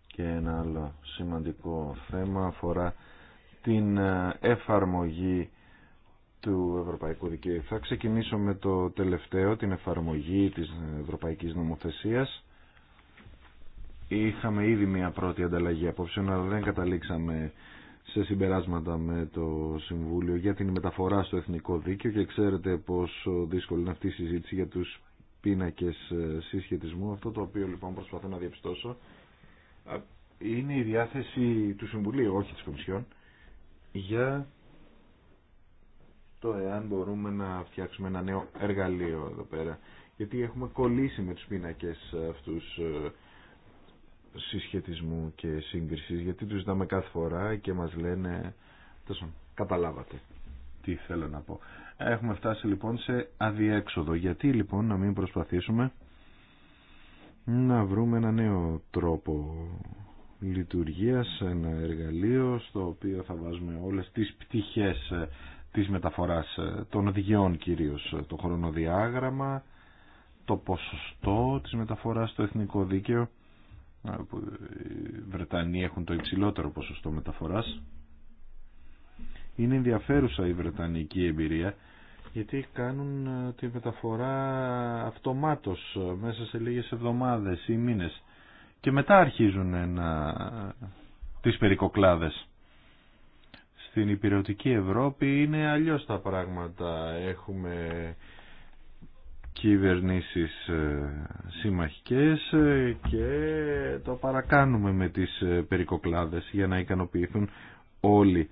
και ένα άλλο σημαντικό θέμα αφορά την εφαρμογή του Ευρωπαϊκού Δικαίου. Θα ξεκινήσω με το τελευταίο, την εφαρμογή της Ευρωπαϊκής Νομοθεσίας. Είχαμε ήδη μια πρώτη ανταλλαγή απόψεων, αλλά δεν καταλήξαμε σε συμπεράσματα με το Συμβούλιο για την μεταφορά στο Εθνικό Δίκαιο και ξέρετε πόσο δύσκολη είναι αυτή η συζήτηση για τους πίνακες ε, συσχετισμού. Αυτό το οποίο λοιπόν προσπαθώ να διαπιστώσω είναι η διάθεση του Συμβουλίου, όχι της Κομισιόν, για το εάν μπορούμε να φτιάξουμε ένα νέο εργαλείο εδώ πέρα. Γιατί έχουμε κολλήσει με τους πίνακες αυτούς ε, συσχετισμού και σύγκρισης, γιατί τους ζητάμε κάθε φορά και μας λένε, τόσο καταλάβατε τι θέλω να πω. Έχουμε φτάσει λοιπόν σε αδιέξοδο. Γιατί λοιπόν να μην προσπαθήσουμε να βρούμε ένα νέο τρόπο λειτουργίας, ένα εργαλείο στο οποίο θα βάζουμε όλες τις πτυχές της μεταφοράς ε, των οδηγιών κυρίως ε, το χρονοδιάγραμμα το ποσοστό της μεταφοράς στο εθνικό δίκαιο ε, που οι Βρετανοί έχουν το υψηλότερο ποσοστό μεταφοράς είναι ενδιαφέρουσα η Βρετανική εμπειρία γιατί κάνουν τη μεταφορά αυτομάτως μέσα σε λίγες εβδομάδες ή μήνες και μετά αρχίζουν να... τις περικοκλάδες στην υπηρετική Ευρώπη είναι αλλιώς τα πράγματα. Έχουμε κυβερνήσεις ε, συμμαχικές ε, και το παρακάνουμε με τις ε, περικοκλάδες για να ικανοποιηθούν όλοι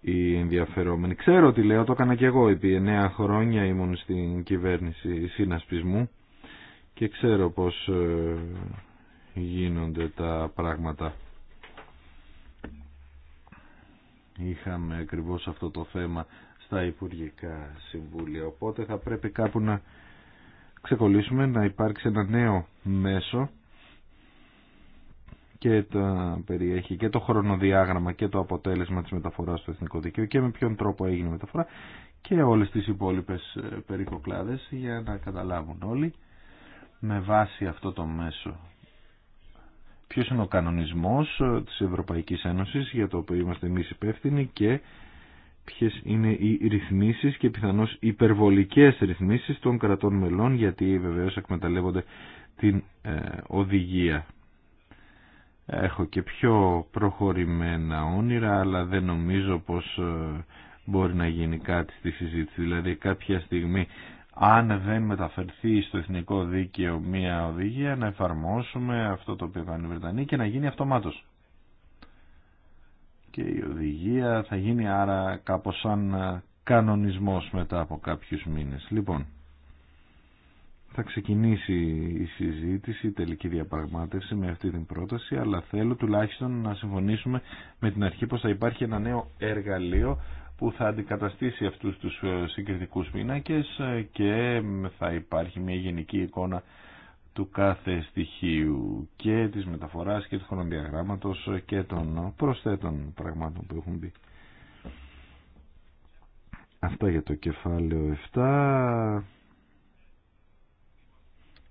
οι ενδιαφερόμενοι. Ξέρω τι λέω, το έκανα και εγώ επί 9 χρόνια ήμουν στην κυβέρνηση συνασπισμού και ξέρω πως γίνονται τα πράγματα. Είχαμε ακριβώς αυτό το θέμα στα Υπουργικά Συμβούλια. Οπότε θα πρέπει κάπου να ξεκολλήσουμε, να υπάρξει ένα νέο μέσο και τα περιέχει και το χρονοδιάγραμμα και το αποτέλεσμα της μεταφοράς στο Εθνικό Δικαίου και με ποιον τρόπο έγινε η μεταφορά και όλες τις υπόλοιπες ε, περικοκλάδες για να καταλάβουν όλοι με βάση αυτό το μέσο ποιος είναι ο κανονισμός ε, της Ευρωπαϊκής Ένωσης για το οποίο είμαστε εμείς υπεύθυνοι και ποιες είναι οι ρυθμίσεις και πιθανώς υπερβολικές ρυθμίσεις των κρατών μελών γιατί βεβαίως εκμεταλλεύονται την ε, οδηγία. Έχω και πιο προχωρημένα όνειρα αλλά δεν νομίζω πως ε, μπορεί να γίνει κάτι στη συζήτηση. Δηλαδή κάποια στιγμή αν δεν μεταφερθεί στο εθνικό δίκαιο μία οδηγία να εφαρμόσουμε αυτό το οποίο κάνει η Βρετανία και να γίνει αυτομάτως. Και η οδηγία θα γίνει άρα κάπως σαν ε, κανονισμός μετά από κάποιους μήνες. Λοιπόν, θα ξεκινήσει η συζήτηση, η τελική διαπραγμάτευση με αυτή την πρόταση, αλλά θέλω τουλάχιστον να συμφωνήσουμε με την αρχή πως θα υπάρχει ένα νέο εργαλείο που θα αντικαταστήσει αυτούς τους ε, συγκριτικούς πίνακες ε, και θα υπάρχει μια γενική εικόνα του κάθε στοιχείου και της μεταφοράς και του χρονοδιαγράμματος και των προσθέτων πραγμάτων που έχουν μπει. Αυτά για το κεφάλαιο 7.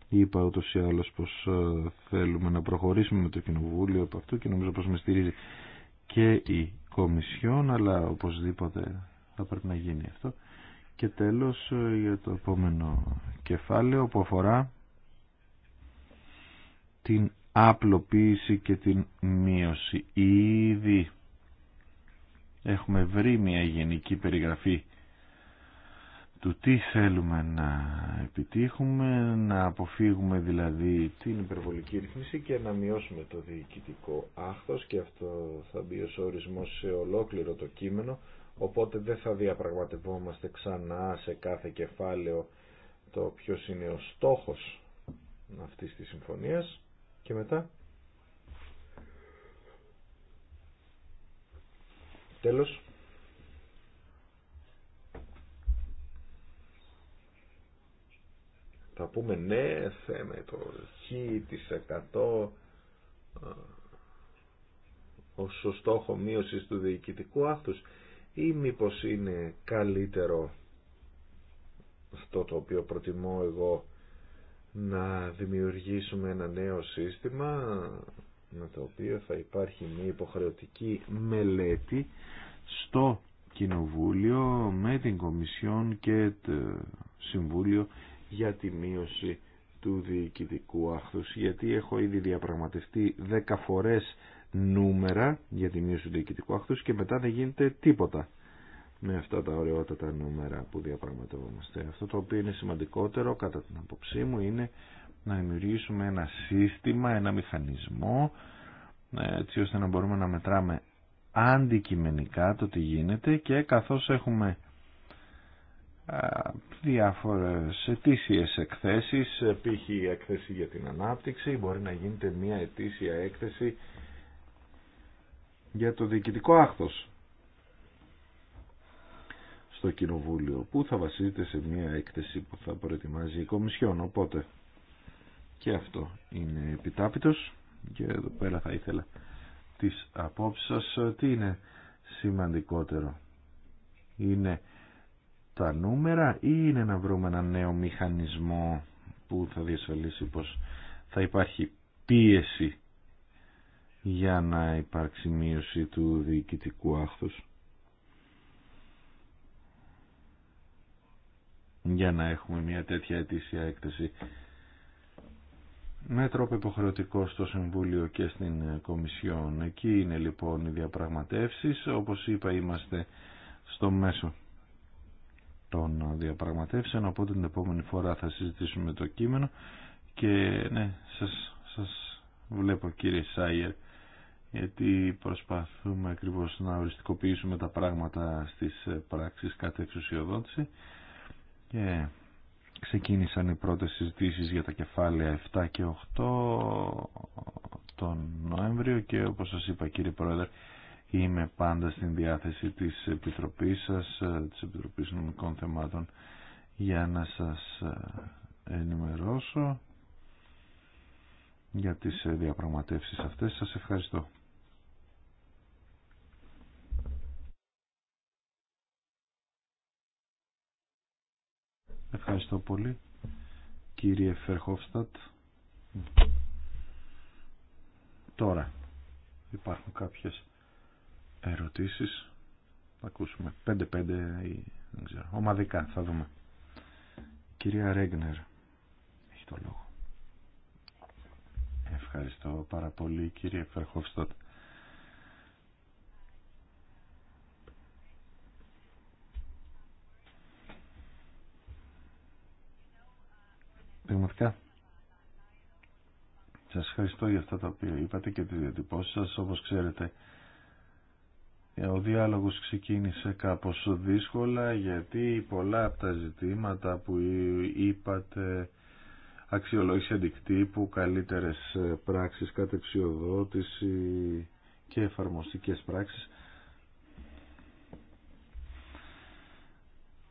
Είπα ούτως ή άλλως πως ε, θέλουμε να προχωρήσουμε με το Κοινοβούλιο από αυτού και νομίζω πως με στηρίζει και η Κομισιόν, αλλά οπωσδήποτε θα πρέπει να γίνει αυτό. Και τέλος ε, για το επόμενο κεφάλαιο που αφορά την απλοποίηση και την μείωση. Ήδη έχουμε βρει μια γενική περιγραφή του τι θέλουμε να επιτύχουμε, να αποφύγουμε δηλαδή την υπερβολική ρυθμίση και να μειώσουμε το διοικητικό άχθος και αυτό θα μπει ως ορισμός σε ολόκληρο το κείμενο οπότε δεν θα διαπραγματευόμαστε ξανά σε κάθε κεφάλαιο το ποιο είναι ο στόχος αυτής της συμφωνίας και μετά τέλος Θα πούμε ναι, θέμε το χ της 100 ως στόχο μείωσης του διοικητικού άθους ή μήπως είναι καλύτερο αυτό το οποίο προτιμώ εγώ να δημιουργήσουμε ένα νέο σύστημα με το οποίο θα υπάρχει μια υποχρεωτική μελέτη στο Κοινοβούλιο με την Κομισιόν και το Συμβούλιο για τη μείωση του διοικητικού άχθους γιατί έχω ήδη διαπραγματευτεί 10 φορές νούμερα για τη μείωση του διοικητικού άχθους και μετά δεν γίνεται τίποτα με αυτά τα ωραιότατα νούμερα που διαπραγματευόμαστε. Αυτό το οποίο είναι σημαντικότερο κατά την απόψή μου είναι να δημιουργήσουμε ένα σύστημα, ένα μηχανισμό ε, έτσι ώστε να μπορούμε να μετράμε αντικειμενικά το τι γίνεται και καθώς έχουμε διάφορες ετήσιες εκθέσεις, ε, π.χ. η έκθεση για την ανάπτυξη, μπορεί να γίνεται μια ετήσια έκθεση για το διοικητικό άχθος στο Κοινοβούλιο, που θα βασίζεται σε μια έκθεση που θα προετοιμάζει η Κομισιόν, οπότε και αυτό είναι επιτάπητος και εδώ πέρα θα ήθελα τις απόψεις σας τι είναι σημαντικότερο είναι τα νούμερα ή είναι να βρούμε ένα νέο μηχανισμό που θα διασφαλίσει πως θα υπάρχει πίεση για να υπάρξει μείωση του διοικητικού άχθους για να έχουμε μια τέτοια αιτήσια έκθεση με τρόπο υποχρεωτικό στο Συμβούλιο και στην Κομισιόν. Εκεί είναι λοιπόν οι διαπραγματεύσεις. Όπως είπα είμαστε στο μέσο των διαπραγματεύσεων οπότε την επόμενη φορά θα συζητήσουμε το κείμενο και ναι σας, σας βλέπω κύριε Σάιερ γιατί προσπαθούμε ακριβώς να οριστικοποιήσουμε τα πράγματα στις πράξεις κατά εξουσιοδότηση και ξεκίνησαν οι πρώτες συζητήσεις για τα κεφάλαια 7 και 8 τον Νοέμβριο και όπως σας είπα κύριε Πρόεδρε Είμαι πάντα στην διάθεση της Επιτροπής σας, της Επιτροπής Νομικών Θεμάτων, για να σας ε, ενημερώσω για τις ε, διαπραγματεύσεις αυτές. Σας ευχαριστώ. Ευχαριστώ πολύ. Κύριε Φερχόφστατ. Τώρα υπάρχουν κάποιες ερωτήσεις. Θα ακούσουμε. 5-5 ή δεν ξέρω. Ομαδικά θα δούμε. Κυρία Ρέγνερ έχει το λόγο. Ευχαριστώ πάρα πολύ κύριε Φερχόφστοτ. Πραγματικά σας ευχαριστώ για αυτά τα οποία είπατε και τις διατυπώσεις σας. Όπως ξέρετε ο διάλογος ξεκίνησε κάπως δύσκολα γιατί πολλά από τα ζητήματα που είπατε αξιολόγηση αντικτύπου, καλύτερες πράξεις, κατεξιοδότηση και εφαρμοστικές πράξεις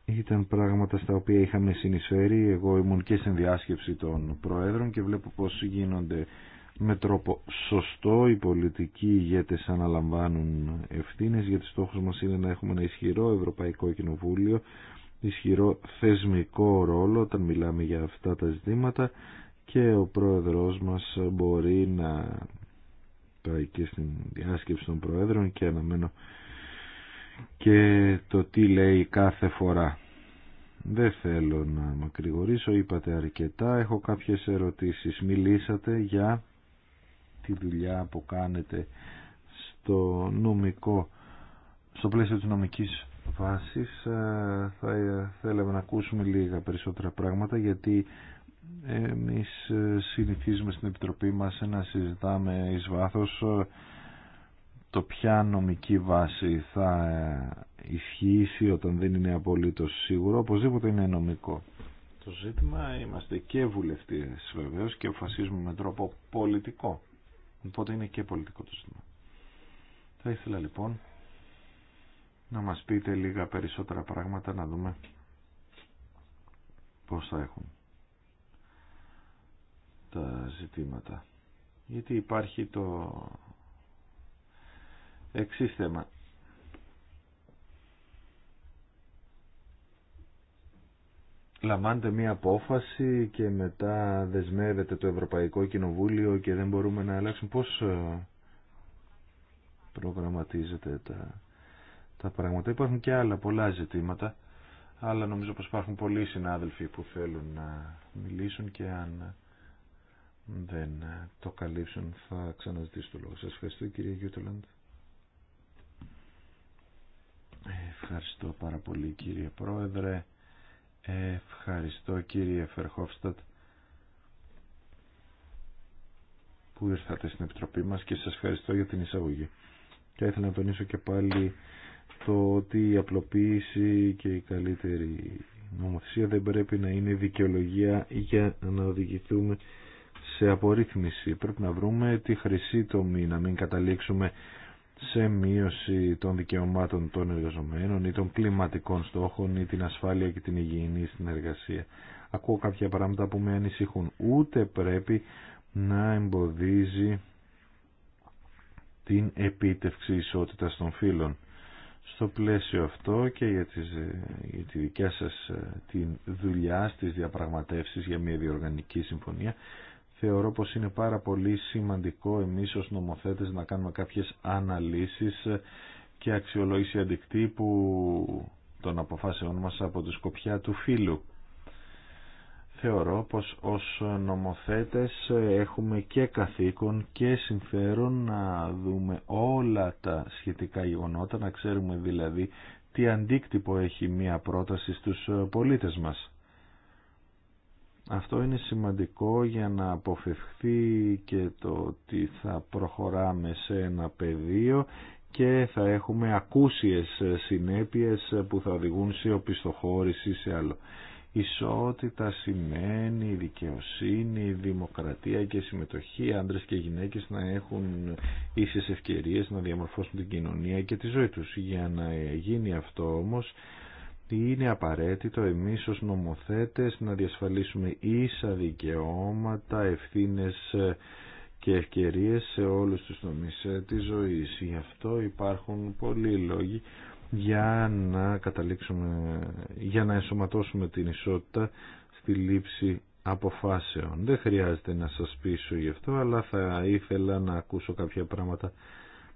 ήταν πράγματα στα οποία είχαμε συνεισφέρει. Εγώ ήμουν και στην διάσκεψη των Προέδρων και βλέπω πώς γίνονται με τρόπο σωστό οι πολιτικοί ηγέτες αναλαμβάνουν ευθύνες γιατί στόχος μας είναι να έχουμε ένα ισχυρό Ευρωπαϊκό Κοινοβούλιο ισχυρό θεσμικό ρόλο όταν μιλάμε για αυτά τα ζητήματα και ο πρόεδρος μας μπορεί να πάει και στην διάσκεψη των πρόεδρων και αναμένω και το τι λέει κάθε φορά. Δεν θέλω να μακρηγορήσω, είπατε αρκετά, έχω κάποιες ερωτήσεις. Μιλήσατε για τη δουλειά που κάνετε στο νομικό, στο πλαίσιο της νομικής βάσης. Ε, θα θέλαμε να ακούσουμε λίγα περισσότερα πράγματα γιατί εμείς συνηθίζουμε στην Επιτροπή μας να συζητάμε εις βάθος ε, το ποια νομική βάση θα ε, ισχύσει όταν δεν είναι απολύτως σίγουρο, οπωσδήποτε είναι νομικό. Το ζήτημα είμαστε και βουλευτές βεβαίως και αποφασίζουμε με τρόπο πολιτικό. Οπότε είναι και πολιτικό το ζήτημα. Θα ήθελα λοιπόν να μας πείτε λίγα περισσότερα πράγματα να δούμε πώς θα έχουν τα ζητήματα. Γιατί υπάρχει το εξή θέμα. λαμβάνεται μία απόφαση και μετά δεσμεύεται το Ευρωπαϊκό Κοινοβούλιο και δεν μπορούμε να αλλάξουμε πώς ε, προγραμματίζεται τα, τα πράγματα. Υπάρχουν και άλλα πολλά ζητήματα, αλλά νομίζω πως υπάρχουν πολλοί συνάδελφοι που θέλουν να μιλήσουν και αν δεν το καλύψουν θα ξαναζητήσω το λόγο. Σας ευχαριστώ κύριε Γιούτελαντ. Ευχαριστώ πάρα πολύ κύριε Πρόεδρε. Ευχαριστώ κύριε Φερχόφστατ που ήρθατε στην Επιτροπή μας και σας ευχαριστώ για την εισαγωγή. Και ήθελα να τονίσω και πάλι το ότι η απλοποίηση και η καλύτερη νομοθεσία δεν πρέπει να είναι δικαιολογία για να οδηγηθούμε σε απορρίθμιση. Πρέπει να βρούμε τη χρυσή τομή, να μην καταλήξουμε σε μείωση των δικαιωμάτων των εργαζομένων ή των κλιματικών στόχων ή την ασφάλεια και την υγιεινή στην εργασία. Ακούω κάποια πράγματα που με ανησυχούν. Ούτε πρέπει να εμποδίζει την επίτευξη ισότητας των φύλων. Στο πλαίσιο αυτό και για, τις, ε, για τη δικιά σας ε, την δουλειά στις διαπραγματεύσεις για μια διοργανική συμφωνία θεωρώ πως είναι πάρα πολύ σημαντικό εμείς ως νομοθέτες να κάνουμε κάποιες αναλύσεις και αξιολόγηση αντικτύπου των αποφάσεων μας από τη σκοπιά του φίλου. Θεωρώ πως ως νομοθέτες έχουμε και καθήκον και συμφέρον να δούμε όλα τα σχετικά γεγονότα, να ξέρουμε δηλαδή τι αντίκτυπο έχει μία πρόταση στους πολίτες μας. Αυτό είναι σημαντικό για να αποφευχθεί και το ότι θα προχωράμε σε ένα πεδίο και θα έχουμε ακούσιες συνέπειες που θα οδηγούν σε οπισθοχώρηση σε άλλο. Ισότητα σημαίνει δικαιοσύνη, δημοκρατία και συμμετοχή. Άντρες και γυναίκες να έχουν ίσες ευκαιρίες να διαμορφώσουν την κοινωνία και τη ζωή τους. Για να γίνει αυτό όμως είναι απαραίτητο εμείς ως νομοθέτες να διασφαλίσουμε ίσα δικαιώματα, ευθύνες ε, και ευκαιρίες σε όλους τους τομείς ε, της ζωής. Γι' αυτό υπάρχουν πολλοί λόγοι για να καταλήξουμε, για να ενσωματώσουμε την ισότητα στη λήψη αποφάσεων. Δεν χρειάζεται να σας πείσω γι' αυτό, αλλά θα ήθελα να ακούσω κάποια πράγματα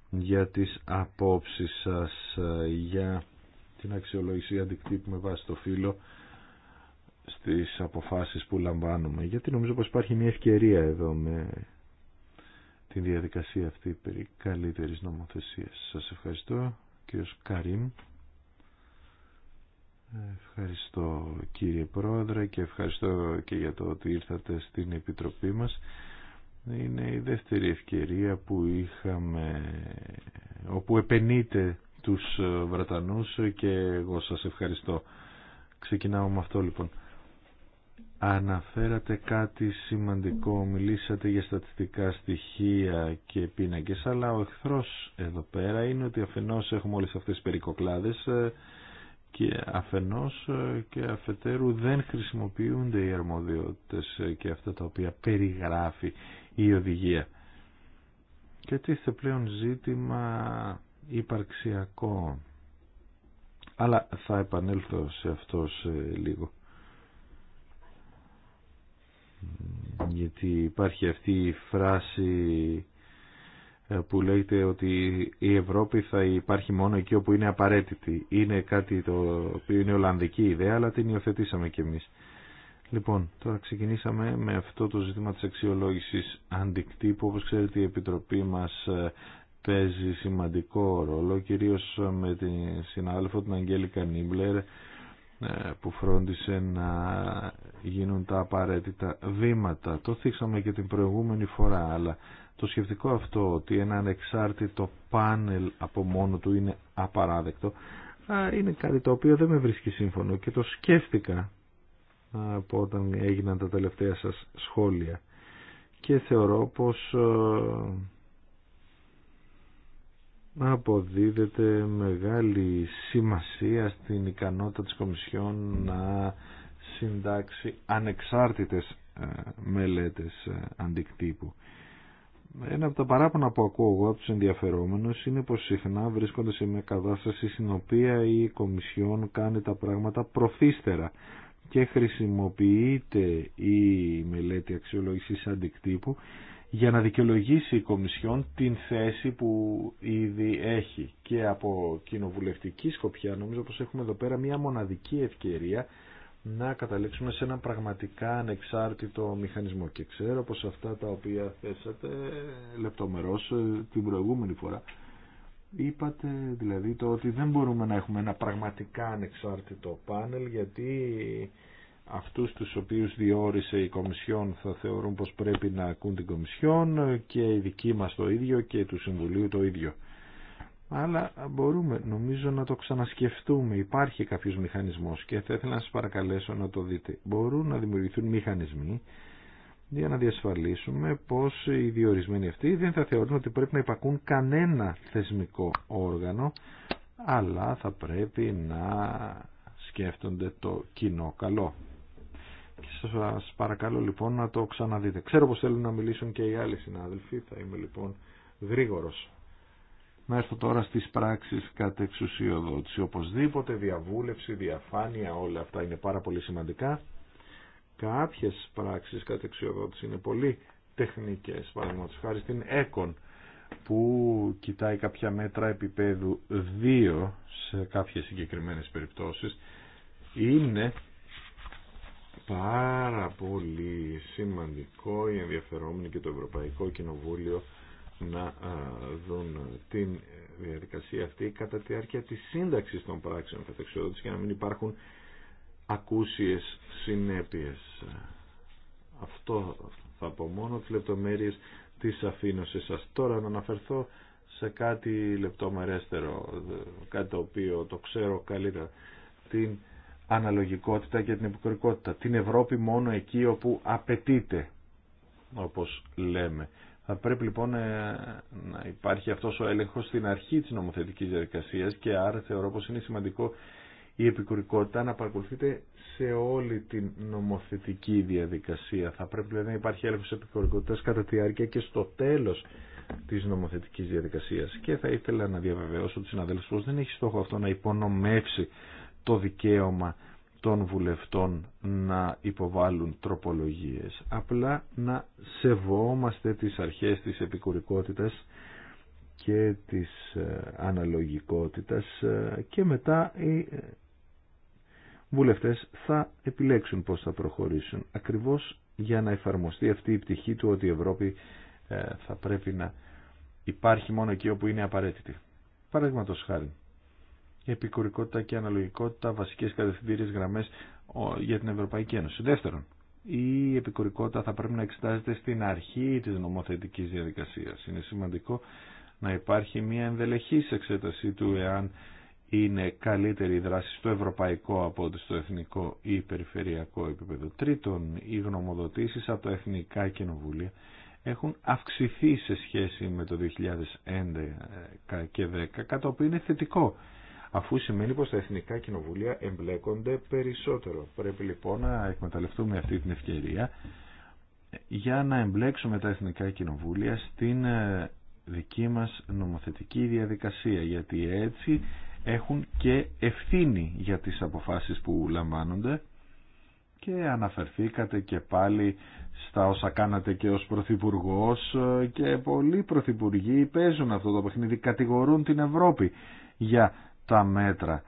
για τις απόψεις σας ε, για την αξιολογησία αντικτύπου με βάση το φύλλο στις αποφάσεις που λαμβάνουμε. Γιατί νομίζω πως υπάρχει μια ευκαιρία εδώ με την διαδικασία αυτή περί καλύτερης νομοθεσίας. Σας ευχαριστώ κύριος Καρίμ. Ευχαριστώ κύριε Πρόεδρε και ευχαριστώ και για το ότι ήρθατε στην Επιτροπή μας. Είναι η δεύτερη ευκαιρία που είχαμε, όπου επενείται τους ε, Βρετανούς και εγώ σας ευχαριστώ. Ξεκινάω με αυτό λοιπόν. Αναφέρατε κάτι σημαντικό, μιλήσατε για στατιστικά στοιχεία και πίνακες, αλλά ο εχθρός εδώ πέρα είναι ότι αφενός έχουμε όλες αυτές τις περικοκλάδες ε, και αφενός ε, και αφετέρου δεν χρησιμοποιούνται οι αρμοδιότητες και αυτά τα οποία περιγράφει η οδηγία. Και τίθεται πλέον ζήτημα υπαρξιακό αλλά θα επανέλθω σε αυτό σε λίγο γιατί υπάρχει αυτή η φράση ε, που λέγεται ότι η Ευρώπη θα υπάρχει μόνο εκεί όπου είναι απαραίτητη. Είναι κάτι το οποίο είναι Ολλανδική ιδέα, αλλά την υιοθετήσαμε κι εμείς. Λοιπόν, τώρα ξεκινήσαμε με αυτό το ζήτημα της αξιολόγησης αντικτύπου. Όπως ξέρετε η Επιτροπή μας ε, παίζει σημαντικό ρόλο, κυρίως με την συνάδελφο την Αγγέλικα Νίμπλερ ε, που φρόντισε να γίνουν τα απαραίτητα βήματα. Το θίξαμε και την προηγούμενη φορά, αλλά το σκεφτικό αυτό ότι ένα ανεξάρτητο πάνελ από μόνο του είναι απαράδεκτο, είναι κάτι το οποίο δεν με βρίσκει σύμφωνο και το σκέφτηκα από όταν έγιναν τα τελευταία σας σχόλια και θεωρώ πως ε, να αποδίδεται μεγάλη σημασία στην ικανότητα της Κομισιόν να συντάξει ανεξάρτητες ε, μελέτες ε, αντικτύπου. Ένα από τα παράπονα που ακούω εγώ από τους ενδιαφερόμενους είναι πως συχνά βρίσκονται σε μια κατάσταση στην οποία η Κομισιόν κάνει τα πράγματα προθύστερα και χρησιμοποιείται η μελέτη αξιολόγησης αντικτύπου για να δικαιολογήσει η Κομισιόν την θέση που ήδη έχει. Και από κοινοβουλευτική σκοπιά νομίζω πως έχουμε εδώ πέρα μια μοναδική ευκαιρία να καταλήξουμε σε ένα πραγματικά ανεξάρτητο μηχανισμό. Και ξέρω πως αυτά τα οποία θέσατε λεπτομερώς ε, την προηγούμενη φορά είπατε δηλαδή το ότι δεν μπορούμε να έχουμε ένα πραγματικά ανεξάρτητο πάνελ γιατί αυτούς τους οποίους διόρισε η Κομισιόν θα θεωρούν πως πρέπει να ακούν την Κομισιόν και η δική μας το ίδιο και του Συμβουλίου το ίδιο. Αλλά μπορούμε νομίζω να το ξανασκεφτούμε. Υπάρχει κάποιος μηχανισμός και θα ήθελα να σας παρακαλέσω να το δείτε. Μπορούν να δημιουργηθούν μηχανισμοί για να διασφαλίσουμε πως οι διορισμένοι αυτοί δεν θα θεωρούν ότι πρέπει να υπακούν κανένα θεσμικό όργανο αλλά θα πρέπει να σκέφτονται το κοινό καλό. Και σας παρακαλώ λοιπόν να το ξαναδείτε. Ξέρω πως θέλουν να μιλήσουν και οι άλλοι συνάδελφοι, θα είμαι λοιπόν γρήγορος. Να έρθω τώρα στις πράξεις κατ' εξουσιοδότηση. Οπωσδήποτε διαβούλευση, διαφάνεια, όλα αυτά είναι πάρα πολύ σημαντικά. Κάποιες πράξεις κατ' εξουσιοδότηση είναι πολύ τεχνικές. παραδείγματο χάρη στην ΕΚΟΝ που κοιτάει κάποια μέτρα επίπεδου 2 σε κάποιες συγκεκριμένες περιπτώσεις είναι πάρα πολύ σημαντικό οι ενδιαφερόμενοι και το Ευρωπαϊκό Κοινοβούλιο να δουν την ε, διαδικασία αυτή κατά τη διάρκεια της σύνταξης των πράξεων κατεξοδότηση και να μην υπάρχουν ακούσιες συνέπειες. Αυτό θα πω μόνο τις λεπτομέρειες της αφήνωσης σας. Τώρα να αναφερθώ σε κάτι λεπτομερέστερο, κάτι το οποίο το ξέρω καλύτερα, την αναλογικότητα και την επικουρικότητα. Την Ευρώπη μόνο εκεί όπου απαιτείται, όπως λέμε. Θα πρέπει λοιπόν ε, να υπάρχει αυτός ο έλεγχος στην αρχή της νομοθετικής διαδικασίας και άρα θεωρώ πως είναι σημαντικό η επικουρικότητα να παρακολουθείται σε όλη την νομοθετική διαδικασία. Θα πρέπει δηλαδή, να υπάρχει έλεγχος επικουρικότητας κατά τη διάρκεια και στο τέλος της νομοθετικής διαδικασίας. Και θα ήθελα να διαβεβαιώσω ότι συναδέλφους πως δεν έχει στόχο αυτό να υπονομεύσει το δικαίωμα των βουλευτών να υποβάλουν τροπολογίες. Απλά να σεβόμαστε τις αρχές της επικουρικότητας και της ε, αναλογικότητας ε, και μετά οι ε, βουλευτές θα επιλέξουν πώς θα προχωρήσουν. Ακριβώς για να εφαρμοστεί αυτή η πτυχή του ότι η Ευρώπη θα πρέπει να υπάρχει μόνο εκεί όπου είναι απαραίτητη. Παραδείγματος χάρη επικουρικότητα και αναλογικότητα βασικές κατευθυντήριες γραμμές για την Ευρωπαϊκή Ένωση. Δεύτερον, η επικουρικότητα θα πρέπει να εξετάζεται στην αρχή της νομοθετικής διαδικασίας. Είναι σημαντικό να υπάρχει μια ενδελεχής εξέταση του εάν είναι καλύτερη η δράση στο ευρωπαϊκό από ότι στο εθνικό ή περιφερειακό επίπεδο. Τρίτον, οι γνωμοδοτήσεις από τα εθνικά κοινοβούλια έχουν αυξηθεί σε σχέση με το 2011 και 2010, κατά οποίο είναι θετικό αφού σημαίνει πως τα εθνικά κοινοβούλια εμπλέκονται περισσότερο. Πρέπει λοιπόν να εκμεταλλευτούμε αυτή την ευκαιρία για να εμπλέξουμε τα εθνικά κοινοβούλια στην ε, δική μας νομοθετική διαδικασία, γιατί έτσι έχουν και ευθύνη για τις αποφάσεις που λαμβάνονται και αναφερθήκατε και πάλι στα όσα κάνατε και ως Πρωθυπουργό ε, και πολλοί Πρωθυπουργοί παίζουν αυτό το παιχνίδι, κατηγορούν την Ευρώπη για τα μέτρα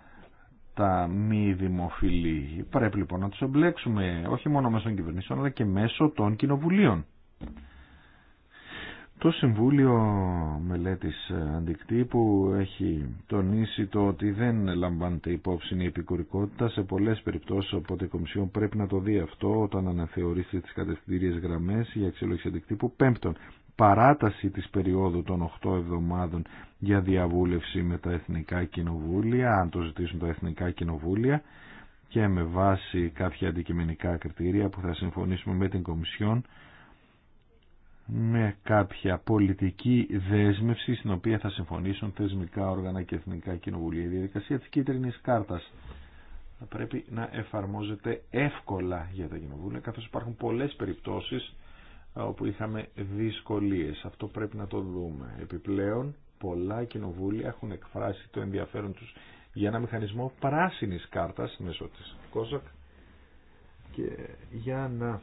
τα μη δημοφιλή. Πρέπει λοιπόν να τους εμπλέξουμε όχι μόνο μέσω των κυβερνήσεων αλλά και μέσω των κοινοβουλίων. Το Συμβούλιο Μελέτης Αντικτύπου έχει τονίσει το ότι δεν λαμβάνεται υπόψη η επικουρικότητα σε πολλές περιπτώσεις οπότε η Κομισιόν πρέπει να το δει αυτό όταν αναθεωρήσει τις κατευθυντήριες γραμμές για αξιολόγηση αντικτύπου. Πέμπτον, παράταση της περίοδου των 8 εβδομάδων για διαβούλευση με τα Εθνικά Κοινοβούλια, αν το ζητήσουν τα Εθνικά Κοινοβούλια και με βάση κάποια αντικειμενικά κριτήρια που θα συμφωνήσουμε με την Κομισιόν με κάποια πολιτική δέσμευση στην οποία θα συμφωνήσουν θεσμικά όργανα και εθνικά κοινοβουλία. Η διαδικασία της κίτρινης κάρτας θα πρέπει να εφαρμόζεται εύκολα για τα κοινοβούλια καθώς υπάρχουν πολλές περιπτώσεις όπου είχαμε δυσκολίες. Αυτό πρέπει να το δούμε. Επιπλέον, πολλά κοινοβούλια έχουν εκφράσει το ενδιαφέρον τους για ένα μηχανισμό πράσινης κάρτας μέσω της ΚΟΖΑΚ και για να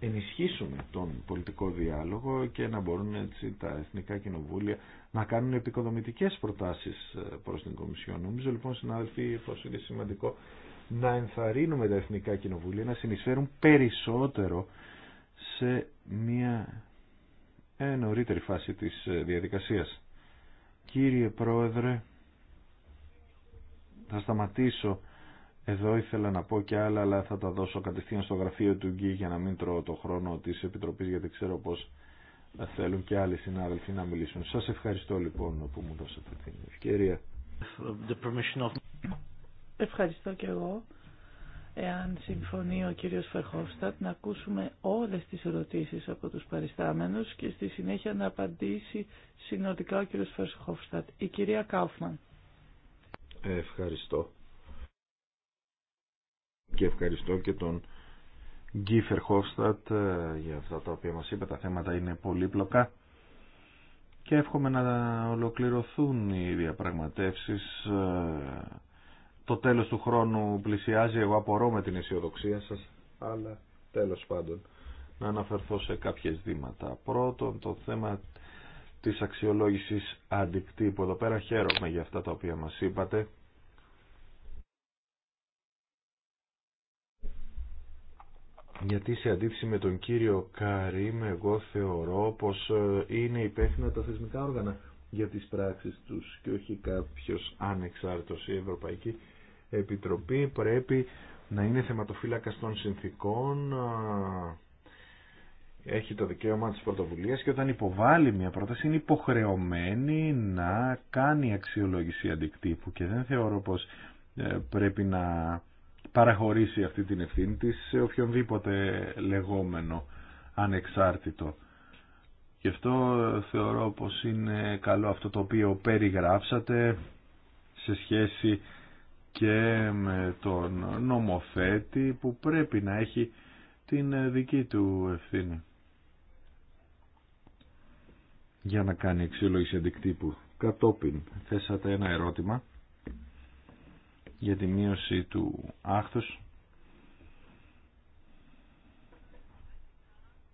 ενισχύσουμε τον πολιτικό διάλογο και να μπορούν έτσι τα εθνικά κοινοβούλια να κάνουν επικοδομητικές προτάσεις ε, προς την Κομισιόν. Νομίζω λοιπόν συνάδελφοι πως είναι σημαντικό να ενθαρρύνουμε τα εθνικά κοινοβούλια να συνεισφέρουν περισσότερο σε μια ε, νωρίτερη φάση της ε, διαδικασίας. Κύριε Πρόεδρε, θα σταματήσω εδώ ήθελα να πω και άλλα, αλλά θα τα δώσω κατευθείαν στο γραφείο του Γκί για να μην τρώω το χρόνο της Επιτροπής, γιατί ξέρω πως θέλουν και άλλοι συνάδελφοι να μιλήσουν. Σας ευχαριστώ λοιπόν που μου δώσατε την ευκαιρία. Ευχαριστώ και εγώ εάν συμφωνεί ο κύριος Φερχόφστατ, να ακούσουμε όλες τις ερωτήσεις από τους παριστάμενους και στη συνέχεια να απαντήσει συνολικά ο κύριος Φερχόφστατ. Η κυρία Κάουφμαν. Ευχαριστώ. Και ευχαριστώ και τον Γκί Φερχόφστατ ε, για αυτά τα οποία μας είπε. Τα θέματα είναι πολύπλοκα και εύχομαι να ολοκληρωθούν οι διαπραγματεύσεις ε, το τέλος του χρόνου πλησιάζει, εγώ απορώ με την αισιοδοξία σας, αλλά τέλος πάντων να αναφερθώ σε κάποιες δήματα. Πρώτον, το θέμα της αξιολόγησης αντικτύπου. Εδώ πέρα χαίρομαι για αυτά τα οποία μας είπατε. Γιατί σε αντίθεση με τον κύριο Καρύμ, εγώ θεωρώ πως ε, είναι υπεύθυνα τα θεσμικά όργανα για τις πράξεις τους και όχι κάποιος άνεξάρτητος η Ευρωπαϊκή Επιτροπή πρέπει να είναι θεματοφύλακας των συνθήκων, έχει το δικαίωμα της πρωτοβουλίας και όταν υποβάλλει μια πρόταση είναι υποχρεωμένη να κάνει αξιολόγηση αντικτύπου και δεν θεωρώ πως ε, πρέπει να παραχωρήσει αυτή την ευθύνη της σε οποιονδήποτε λεγόμενο ανεξάρτητο. Γι' αυτό θεωρώ πως είναι καλό αυτό το οποίο περιγράψατε σε σχέση και με τον νομοθέτη που πρέπει να έχει την ε, δική του ευθύνη για να κάνει εξήλωση αντικτύπου. Κατόπιν θέσατε ένα ερώτημα για τη μείωση του άχθους.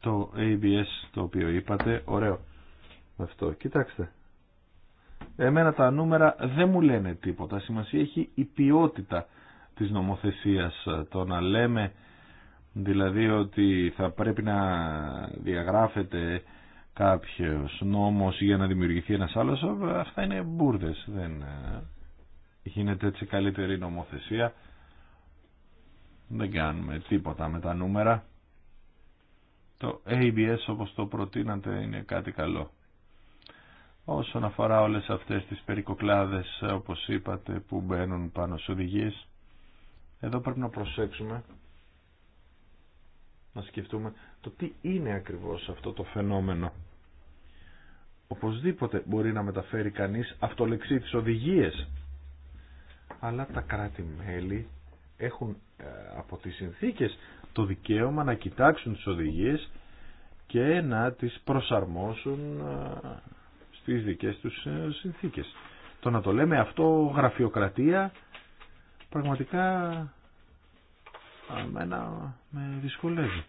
Το ABS το οποίο είπατε, ωραίο αυτό. Κοιτάξτε, Εμένα τα νούμερα δεν μου λένε τίποτα. Σημασία έχει η ποιότητα της νομοθεσίας. Ε, το να λέμε δηλαδή ότι θα πρέπει να διαγράφεται κάποιος νόμος για να δημιουργηθεί ένας άλλος, ε, αυτά είναι μπουρδες. Δεν ε, γίνεται έτσι καλύτερη νομοθεσία. Δεν κάνουμε τίποτα με τα νούμερα. Το ABS όπως το προτείνατε είναι κάτι καλό όσον αφορά όλες αυτές τις περικοκλάδες όπως είπατε που μπαίνουν πάνω στις οδηγίες εδώ πρέπει να προσέξουμε να σκεφτούμε το τι είναι ακριβώς αυτό το φαινόμενο οπωσδήποτε μπορεί να μεταφέρει κανείς αυτολεξή τις οδηγίες αλλά τα κράτη-μέλη έχουν ε, από τις συνθήκες το δικαίωμα να κοιτάξουν τις οδηγίες και να τις προσαρμόσουν ε, στις δικές τους ε, συνθήκες. Το να το λέμε αυτό γραφειοκρατία πραγματικά αμένα με δυσκολεύει.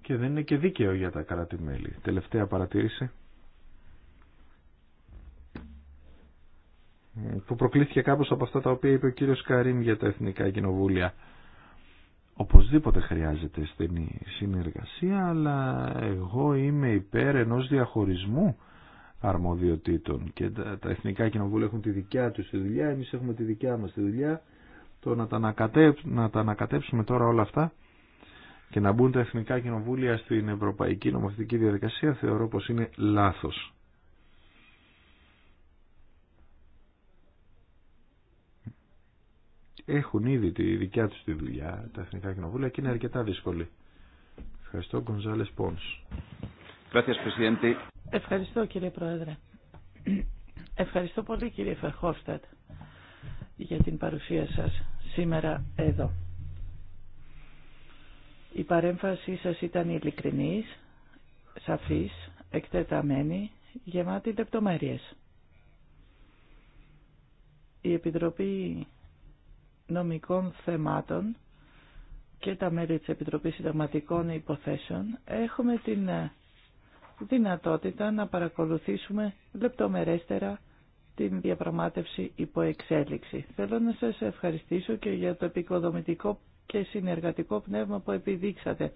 Και δεν είναι και δίκαιο για τα κράτη-μέλη. Τελευταία παρατήρηση. Που προκλήθηκε κάπως από αυτά τα οποία είπε ο κύριος Καρίν για τα Εθνικά Κοινοβούλια. Οπωσδήποτε χρειάζεται στενή συνεργασία, αλλά εγώ είμαι υπέρ ενός διαχωρισμού αρμοδιοτήτων και τα, εθνικά κοινοβούλια έχουν τη δικιά τους τη δουλειά, εμείς έχουμε τη δικιά μας τη δουλειά το να τα, ανακατέψουμε, να τα τώρα όλα αυτά και να μπουν τα εθνικά κοινοβούλια στην ευρωπαϊκή νομοθετική διαδικασία θεωρώ πω είναι λάθος. Έχουν ήδη τη δικιά τους τη δουλειά τα εθνικά κοινοβούλια και είναι αρκετά δύσκολη. Ευχαριστώ, Γκονζάλες Πόνς. Ευχαριστώ κύριε Πρόεδρε. Ευχαριστώ πολύ κύριε Φερχόφστατ για την παρουσία σας σήμερα εδώ. Η παρέμφασή σας ήταν ειλικρινής, σαφής, εκτεταμένη, γεμάτη λεπτομέρειες. Η Επιτροπή Νομικών Θεμάτων και τα μέλη της Επιτροπής Συνταγματικών Υποθέσεων έχουμε την δυνατότητα να παρακολουθήσουμε λεπτομερέστερα την διαπραγμάτευση υπό εξέλιξη. Θέλω να σας ευχαριστήσω και για το επικοδομητικό και συνεργατικό πνεύμα που επιδείξατε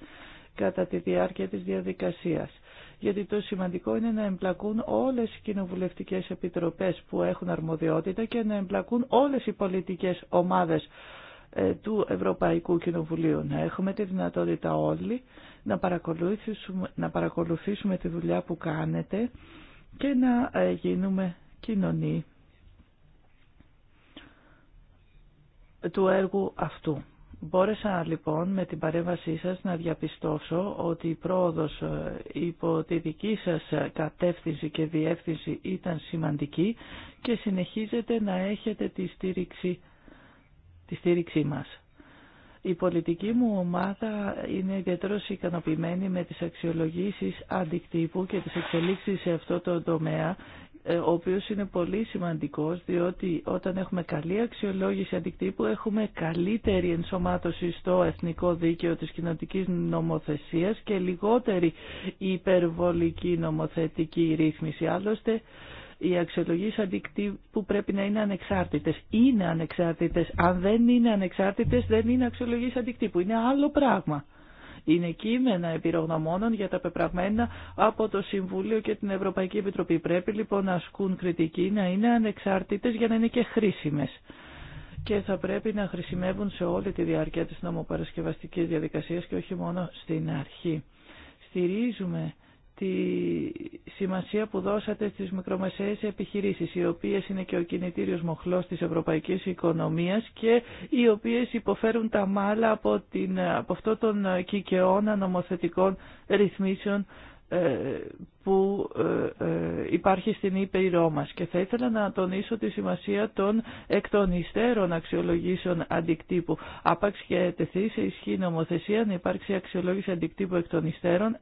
κατά τη διάρκεια της διαδικασίας. Γιατί το σημαντικό είναι να εμπλακούν όλες οι κοινοβουλευτικές επιτροπές που έχουν αρμοδιότητα και να εμπλακούν όλες οι πολιτικές ομάδες ε, του Ευρωπαϊκού Κοινοβουλίου. Να έχουμε τη δυνατότητα όλοι να παρακολουθήσουμε, να παρακολουθήσουμε τη δουλειά που κάνετε και να ε, γίνουμε κοινωνοί του έργου αυτού. Μπόρεσα λοιπόν με την παρέμβασή σας να διαπιστώσω ότι η πρόοδος ε, υπό τη δική σας κατεύθυνση και διεύθυνση ήταν σημαντική και συνεχίζετε να έχετε τη στήριξη τη στήριξή Η πολιτική μου ομάδα είναι ιδιαίτερο ικανοποιημένη με τις αξιολογήσεις αντικτύπου και τις εξελίξεις σε αυτό το τομέα, ε, ο οποίος είναι πολύ σημαντικός, διότι όταν έχουμε καλή αξιολόγηση αντικτύπου έχουμε καλύτερη ενσωμάτωση στο εθνικό δίκαιο της κοινοτικής νομοθεσίας και λιγότερη υπερβολική νομοθετική ρύθμιση. Άλλωστε, οι αξιολογήσεις που πρέπει να είναι ανεξάρτητες. Είναι ανεξάρτητες. Αν δεν είναι ανεξάρτητες δεν είναι αξιολογήσεις αντικτύπου. Είναι άλλο πράγμα. Είναι κείμενα επιρρογνωμόνων για τα πεπραγμένα από το Συμβούλιο και την Ευρωπαϊκή Επιτροπή. Πρέπει λοιπόν να ασκούν κριτική, να είναι ανεξάρτητες για να είναι και χρήσιμες και θα πρέπει να χρησιμεύουν σε όλη τη διάρκεια τη νομοπαρασκευαστικής διαδικασία και όχι μόνο στην αρχή. Στηρίζουμε τη σημασία που δώσατε στις μικρομεσαίες επιχειρήσεις, οι οποίες είναι και ο κινητήριος μοχλός της ευρωπαϊκής οικονομίας και οι οποίες υποφέρουν τα μάλα από, την, από αυτό τον κικαιώνα νομοθετικών ρυθμίσεων ε, που ε, ε, υπάρχει στην Ήπειρό μας και θα ήθελα να τονίσω τη σημασία των εκτονιστέρων αξιολογήσεων αντικτύπου. Άπαξ και τεθεί σε ισχύ νομοθεσία να υπάρξει αξιολόγηση αντικτύπου εκ των υστέρων,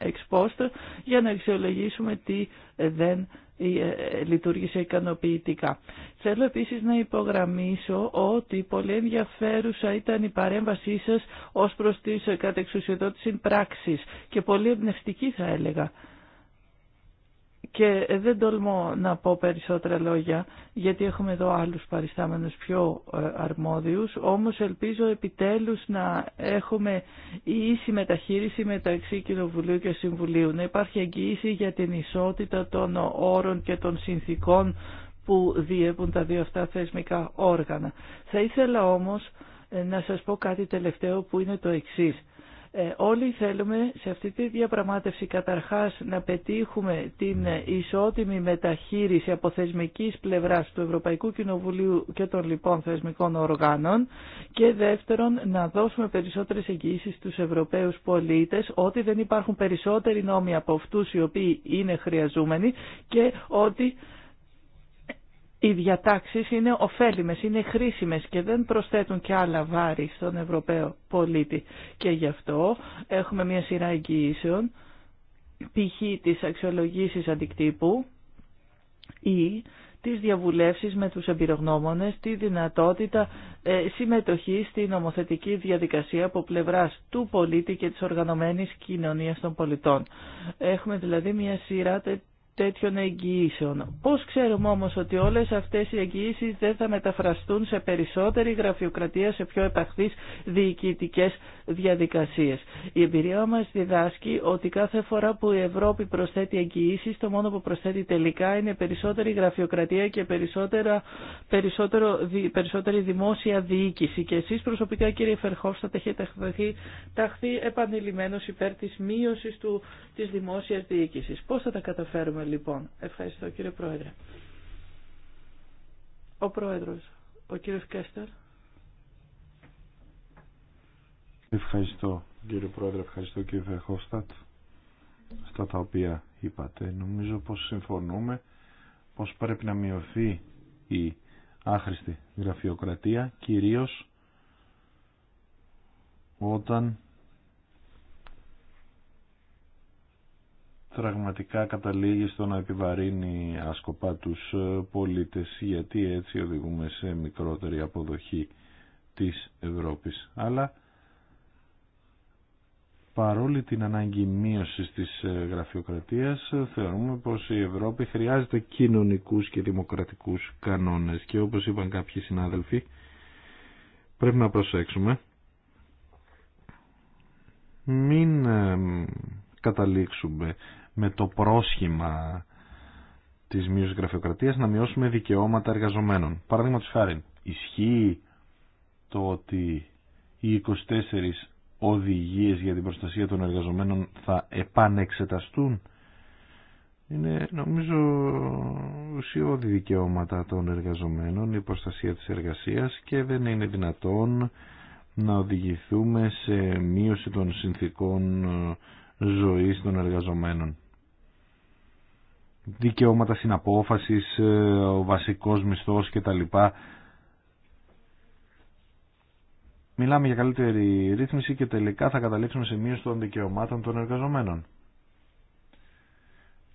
για να αξιολογήσουμε τι δεν ε, λειτουργήσε ικανοποιητικά. Θέλω επίσης να υπογραμμίσω ότι πολύ ενδιαφέρουσα ήταν η παρέμβασή σας ως προς τις κατεξουσιοδότηση πράξης και πολύ εμπνευστική θα έλεγα και δεν τολμώ να πω περισσότερα λόγια γιατί έχουμε εδώ άλλους παριστάμενους πιο ε, αρμόδιους όμως ελπίζω επιτέλους να έχουμε ίση μεταχείριση μεταξύ Κοινοβουλίου και Συμβουλίου να υπάρχει εγγύηση για την ισότητα των όρων και των συνθήκων που διέπουν τα δύο αυτά θεσμικά όργανα. Θα ήθελα όμως ε, να σας πω κάτι τελευταίο που είναι το εξής. Ε, όλοι θέλουμε σε αυτή τη διαπραγμάτευση καταρχάς να πετύχουμε την ισότιμη μεταχείριση από θεσμικής πλευράς του Ευρωπαϊκού Κοινοβουλίου και των λοιπόν θεσμικών οργάνων και δεύτερον να δώσουμε περισσότερες εγγυήσεις στους Ευρωπαίους πολίτες ότι δεν υπάρχουν περισσότεροι νόμοι από αυτούς οι οποίοι είναι χρειαζόμενοι και ότι οι διατάξεις είναι ωφέλιμες, είναι χρήσιμες και δεν προσθέτουν και άλλα βάρη στον Ευρωπαίο πολίτη. Και γι' αυτό έχουμε μια σειρά εγγυήσεων, π.χ. της αξιολογήσεις αντικτύπου ή της διαβουλεύσεις με τους εμπειρογνώμονες, τη δυνατότητα ε, συμμετοχής στην νομοθετική διαδικασία από πλευράς του πολίτη και της οργανωμένης κοινωνίας των πολιτών. Έχουμε δηλαδή μια σειρά τέτοιων εγγυήσεων. Πώς ξέρουμε όμως ότι όλες αυτές οι εγγυήσεις δεν θα μεταφραστούν σε περισσότερη γραφειοκρατία, σε πιο επαχθείς διοικητικές διαδικασίες. Η εμπειρία μας διδάσκει ότι κάθε φορά που η Ευρώπη προσθέτει εγγυήσεις, το μόνο που προσθέτει τελικά είναι περισσότερη γραφειοκρατία και περισσότερα, περισσότερο, περισσότερη δημόσια διοίκηση. Και εσείς προσωπικά κύριε Φερχόφστατ έχετε ταχθεί, ταχθεί επανειλημμένως υπέρ της μείωσης του, της δημόσιας διοίκησης. Πώς θα τα καταφέρουμε λοιπόν. Ευχαριστώ κύριε Πρόεδρε. Ο Πρόεδρος, ο κύριος Κέστερ. Ευχαριστώ κύριε Πρόεδρε, ευχαριστώ κύριε Βεχόστατ. Αυτά τα οποία είπατε. Νομίζω πως συμφωνούμε πως πρέπει να μειωθεί η άχρηστη γραφειοκρατία κυρίως όταν Τραγματικά καταλήγει στο να επιβαρύνει άσκοπα τους ε, πολίτες γιατί έτσι οδηγούμε σε μικρότερη αποδοχή της Ευρώπης. Αλλά παρόλη την ανάγκη μείωση της ε, γραφειοκρατίας ε, θεωρούμε πως η Ευρώπη χρειάζεται κοινωνικούς και δημοκρατικούς κανόνες και όπως είπαν κάποιοι συνάδελφοι πρέπει να προσέξουμε μην καταλήξουμε με το πρόσχημα της μείωσης γραφειοκρατίας να μειώσουμε δικαιώματα εργαζομένων. Παραδείγματο χάρη, ισχύει το ότι οι 24 οδηγίες για την προστασία των εργαζομένων θα επανεξεταστούν. Είναι νομίζω ουσιώδη δικαιώματα των εργαζομένων, η προστασία της εργασίας και δεν είναι δυνατόν να οδηγηθούμε σε μείωση των συνθήκων ε, ζωής των εργαζομένων δικαιώματα συναπόφασης, ε, ο βασικός μισθός κτλ. Μιλάμε για καλύτερη ρύθμιση και τελικά θα καταλήξουμε σε μείωση των δικαιωμάτων των εργαζομένων.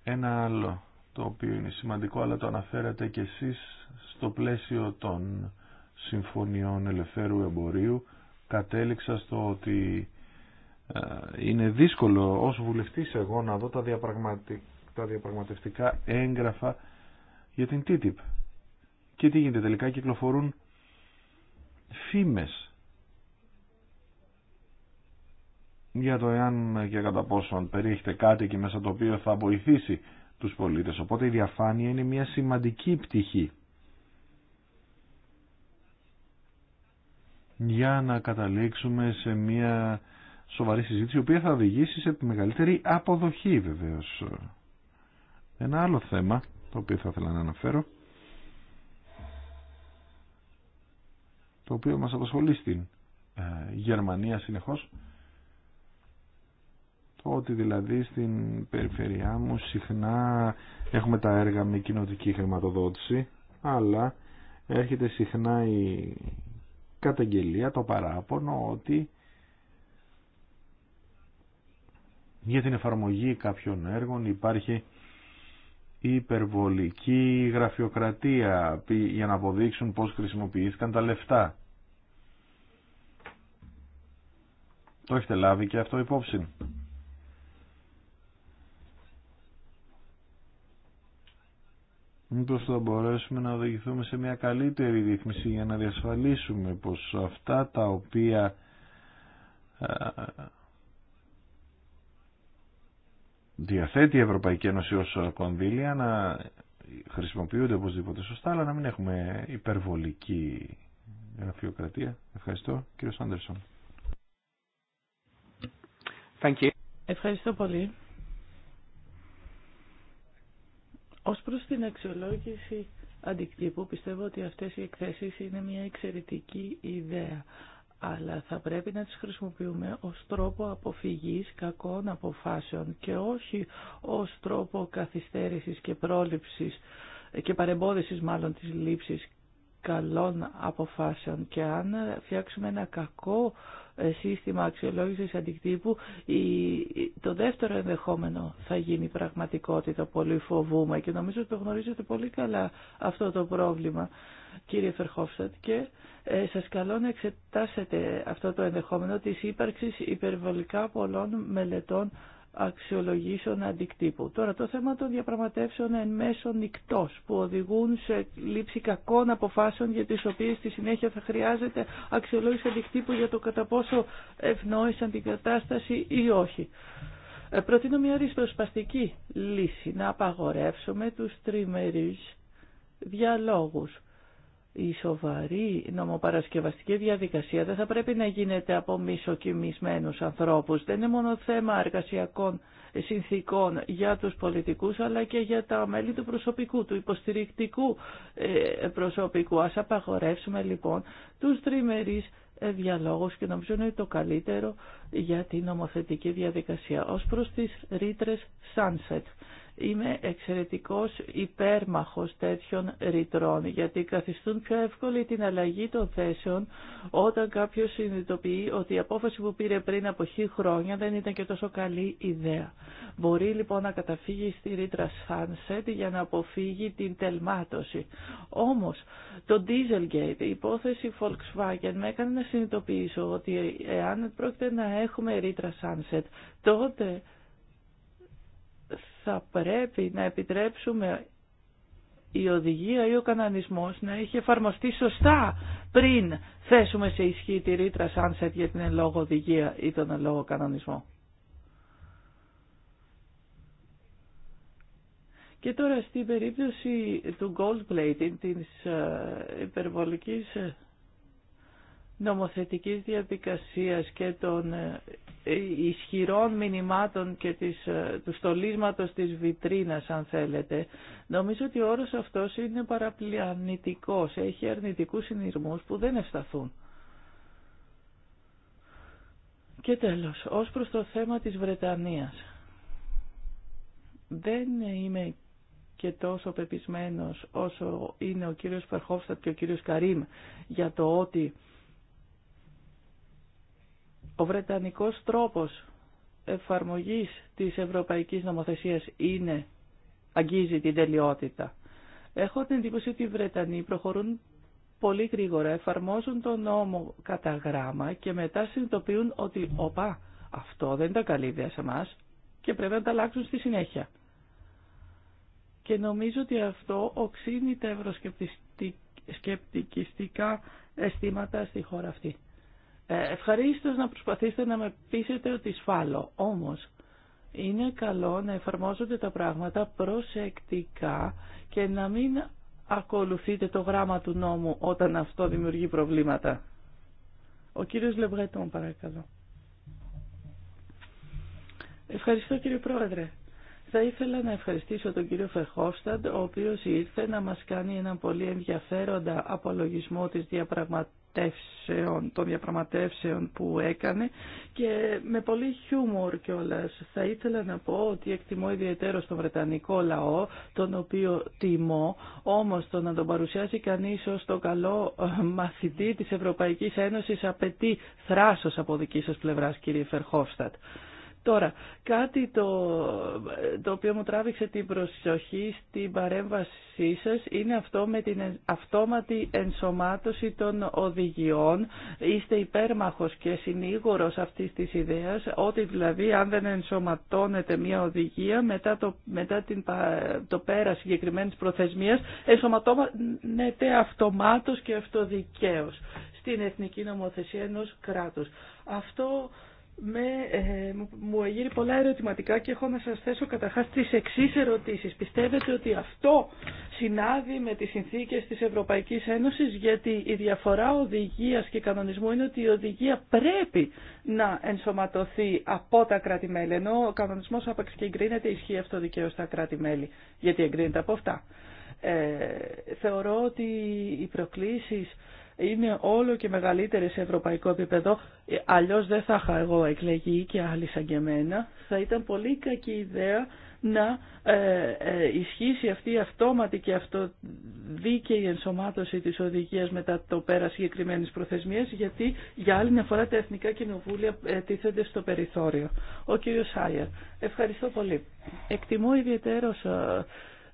Ένα άλλο το οποίο είναι σημαντικό αλλά το αναφέρατε και εσείς στο πλαίσιο των συμφωνιών ελευθέρου εμπορίου κατέληξα στο ότι ε, είναι δύσκολο ως βουλευτής εγώ να δω τα διαπραγματικά τα διαπραγματευτικά έγγραφα για την TTIP. Και τι γίνεται τελικά, κυκλοφορούν φήμες για το εάν και κατά πόσον περιέχεται κάτι και μέσα το οποίο θα βοηθήσει τους πολίτες. Οπότε η διαφάνεια είναι μια σημαντική πτυχή για να καταλήξουμε σε μια σοβαρή συζήτηση η οποία θα οδηγήσει σε μεγαλύτερη αποδοχή βεβαίως ένα άλλο θέμα το οποίο θα ήθελα να αναφέρω το οποίο μας απασχολεί στην ε, Γερμανία συνεχώς το ότι δηλαδή στην περιφερειά μου συχνά έχουμε τα έργα με κοινοτική χρηματοδότηση αλλά έρχεται συχνά η καταγγελία, το παράπονο ότι για την εφαρμογή κάποιων έργων υπάρχει υπερβολική γραφειοκρατία για να αποδείξουν πώς χρησιμοποιήθηκαν τα λεφτά. Το έχετε λάβει και αυτό υπόψη. Μήπως θα μπορέσουμε να οδηγηθούμε σε μια καλύτερη ρύθμιση για να διασφαλίσουμε πως αυτά τα οποία διαθέτει η Ευρωπαϊκή Ένωση ως κονδύλια να χρησιμοποιούνται οπωσδήποτε σωστά, αλλά να μην έχουμε υπερβολική γραφειοκρατία. Ευχαριστώ, κύριο Σάντερσον. Ευχαριστώ πολύ. Ως προς την αξιολόγηση αντικτύπου, πιστεύω ότι αυτές οι εκθέσεις είναι μια εξαιρετική ιδέα αλλά θα πρέπει να τις χρησιμοποιούμε ως τρόπο αποφυγής κακών αποφάσεων και όχι ως τρόπο καθυστέρησης και πρόληψης και παρεμπόδισης μάλλον της λήψης καλών αποφάσεων και αν φτιάξουμε ένα κακό ε, σύστημα αξιολόγησης αντικτύπου το δεύτερο ενδεχόμενο θα γίνει πραγματικότητα πολύ φοβούμε και νομίζω ότι το γνωρίζετε πολύ καλά αυτό το πρόβλημα κύριε Φερχόφστατ και ε, σας καλώ να εξετάσετε αυτό το ενδεχόμενο της ύπαρξης υπερβολικά πολλών μελετών αξιολογήσεων αντικτύπου. Τώρα το θέμα των διαπραγματεύσεων εν μέσω νικτός που οδηγούν σε λήψη κακών αποφάσεων για τις οποίες στη συνέχεια θα χρειάζεται αξιολόγηση αντικτύπου για το κατά πόσο ευνόησαν την κατάσταση ή όχι. Ε, προτείνω μια ρισπροσπαστική λύση να απαγορεύσουμε τους τριμερείς διαλόγους η σοβαρή νομοπαρασκευαστική διαδικασία δεν θα πρέπει να γίνεται από μισοκοιμισμένους ανθρώπους. Δεν είναι μόνο θέμα εργασιακών συνθήκων για τους πολιτικούς αλλά και για τα μέλη του προσωπικού, του υποστηρικτικού ε, προσωπικού. Ας απαγορεύσουμε λοιπόν τους τριμερείς ε, διαλόγους και νομίζω είναι το καλύτερο για την νομοθετική διαδικασία ως προς τις ρήτρες sunset. Είμαι εξαιρετικός υπέρμαχος τέτοιων ρητρών γιατί καθιστούν πιο εύκολη την αλλαγή των θέσεων όταν κάποιος συνειδητοποιεί ότι η απόφαση που πήρε πριν από χι χρόνια δεν ήταν και τόσο καλή ιδέα. Μπορεί λοιπόν να καταφύγει στη ρήτρα Sunset για να αποφύγει την τελμάτωση. Όμως το Dieselgate, η υπόθεση Volkswagen με έκανε να συνειδητοποιήσω ότι εάν πρόκειται να έχουμε ρήτρα Sunset τότε θα πρέπει να επιτρέψουμε η οδηγία ή ο κανανισμός να έχει εφαρμοστεί σωστά πριν θέσουμε σε ισχύ τη ρήτρα sunset για την λόγω οδηγία ή τον λόγο κανονισμό. Και τώρα στην περίπτωση του gold plating, της ε, υπερβολικής ε, νομοθετικής διαδικασίας και των ε, ισχυρών μηνυμάτων και της, ε, του στολίσματος της βιτρίνας αν θέλετε νομίζω ότι ο όρος αυτός είναι παραπλιανητικός, έχει αρνητικούς συνειρμούς που δεν ευσταθούν και τέλος ως προς το θέμα της Βρετανίας δεν είμαι και τόσο πεπισμένος όσο είναι ο κύριος Φερχόφστατ και ο κύριος Καρίμ για το ότι ο Βρετανικός τρόπος εφαρμογής της ευρωπαϊκής νομοθεσίας είναι, αγγίζει την τελειότητα. Έχω την εντύπωση ότι οι Βρετανοί προχωρούν πολύ γρήγορα, εφαρμόζουν τον νόμο κατά γράμμα και μετά συνειδητοποιούν ότι «Οπα, αυτό δεν τα καλή ιδέα σε μας και πρέπει να τα αλλάξουν στη συνέχεια». Και νομίζω ότι αυτό οξύνει τα ευρωσκεπτικιστικά αισθήματα στη χώρα αυτή. Ε, Ευχαρίστω να προσπαθήσετε να με πείσετε ότι σφάλω. Όμως, είναι καλό να εφαρμόζονται τα πράγματα προσεκτικά και να μην ακολουθείτε το γράμμα του νόμου όταν αυτό δημιουργεί προβλήματα. Ο κύριος Λευγαϊτών, παρακαλώ. Ευχαριστώ κύριε Πρόεδρε. Θα ήθελα να ευχαριστήσω τον κύριο Φεχόφσταντ, ο οποίος ήρθε να μας κάνει ένα πολύ ενδιαφέροντα απολογισμό της διαπραγματικής διαπραγματεύσεων, των διαπραγματεύσεων που έκανε και με πολύ χιούμορ κιόλα. Θα ήθελα να πω ότι εκτιμώ ιδιαίτερο τον Βρετανικό λαό, τον οποίο τιμώ, όμως το να τον παρουσιάσει κανείς ως το καλό ε, μαθητή της Ευρωπαϊκής Ένωσης απαιτεί θράσος από δική σας πλευράς κύριε Φερχόφστατ. Τώρα, κάτι το, το οποίο μου τράβηξε την προσοχή στην παρέμβασή σας είναι αυτό με την αυτόματη ενσωμάτωση των οδηγιών. Είστε υπέρμαχος και συνήγορος αυτής της ιδέας, ότι δηλαδή αν δεν ενσωματώνεται μια οδηγία μετά το, μετά την, το πέρα συγκεκριμένη προθεσμίας ενσωματώνεται αυτομάτως και αυτοδικαίως στην εθνική νομοθεσία ενός κράτους. Αυτό με, ε, μου έγινε πολλά ερωτηματικά και έχω να σας θέσω καταρχάς τις εξής ερωτήσεις. Πιστεύετε ότι αυτό συνάδει με τις συνθήκες της Ευρωπαϊκής Ένωσης γιατί η διαφορά οδηγίας και κανονισμού είναι ότι η οδηγία πρέπει να ενσωματωθεί από τα κράτη-μέλη ενώ ο κανονισμός άπαξ και εγκρίνεται ισχύει αυτό δικαίως στα κράτη-μέλη γιατί εγκρίνεται από αυτά. Ε, θεωρώ ότι οι προκλήσεις είναι όλο και μεγαλύτερη σε ευρωπαϊκό επίπεδο, ε, αλλιώς δεν θα είχα εγώ εκλεγεί και άλλοι σαν και εμένα, θα ήταν πολύ κακή ιδέα να ε, ε, ισχύσει αυτή η αυτόματη και αυτοδίκαιη ενσωμάτωση της οδηγίας μετά το πέρα συγκεκριμένη προθεσμίας, γιατί για άλλη μια φορά τα εθνικά κοινοβούλια τίθενται στο περιθώριο. Ο κύριος Σάιερ, ευχαριστώ πολύ. Εκτιμώ ιδιαίτερος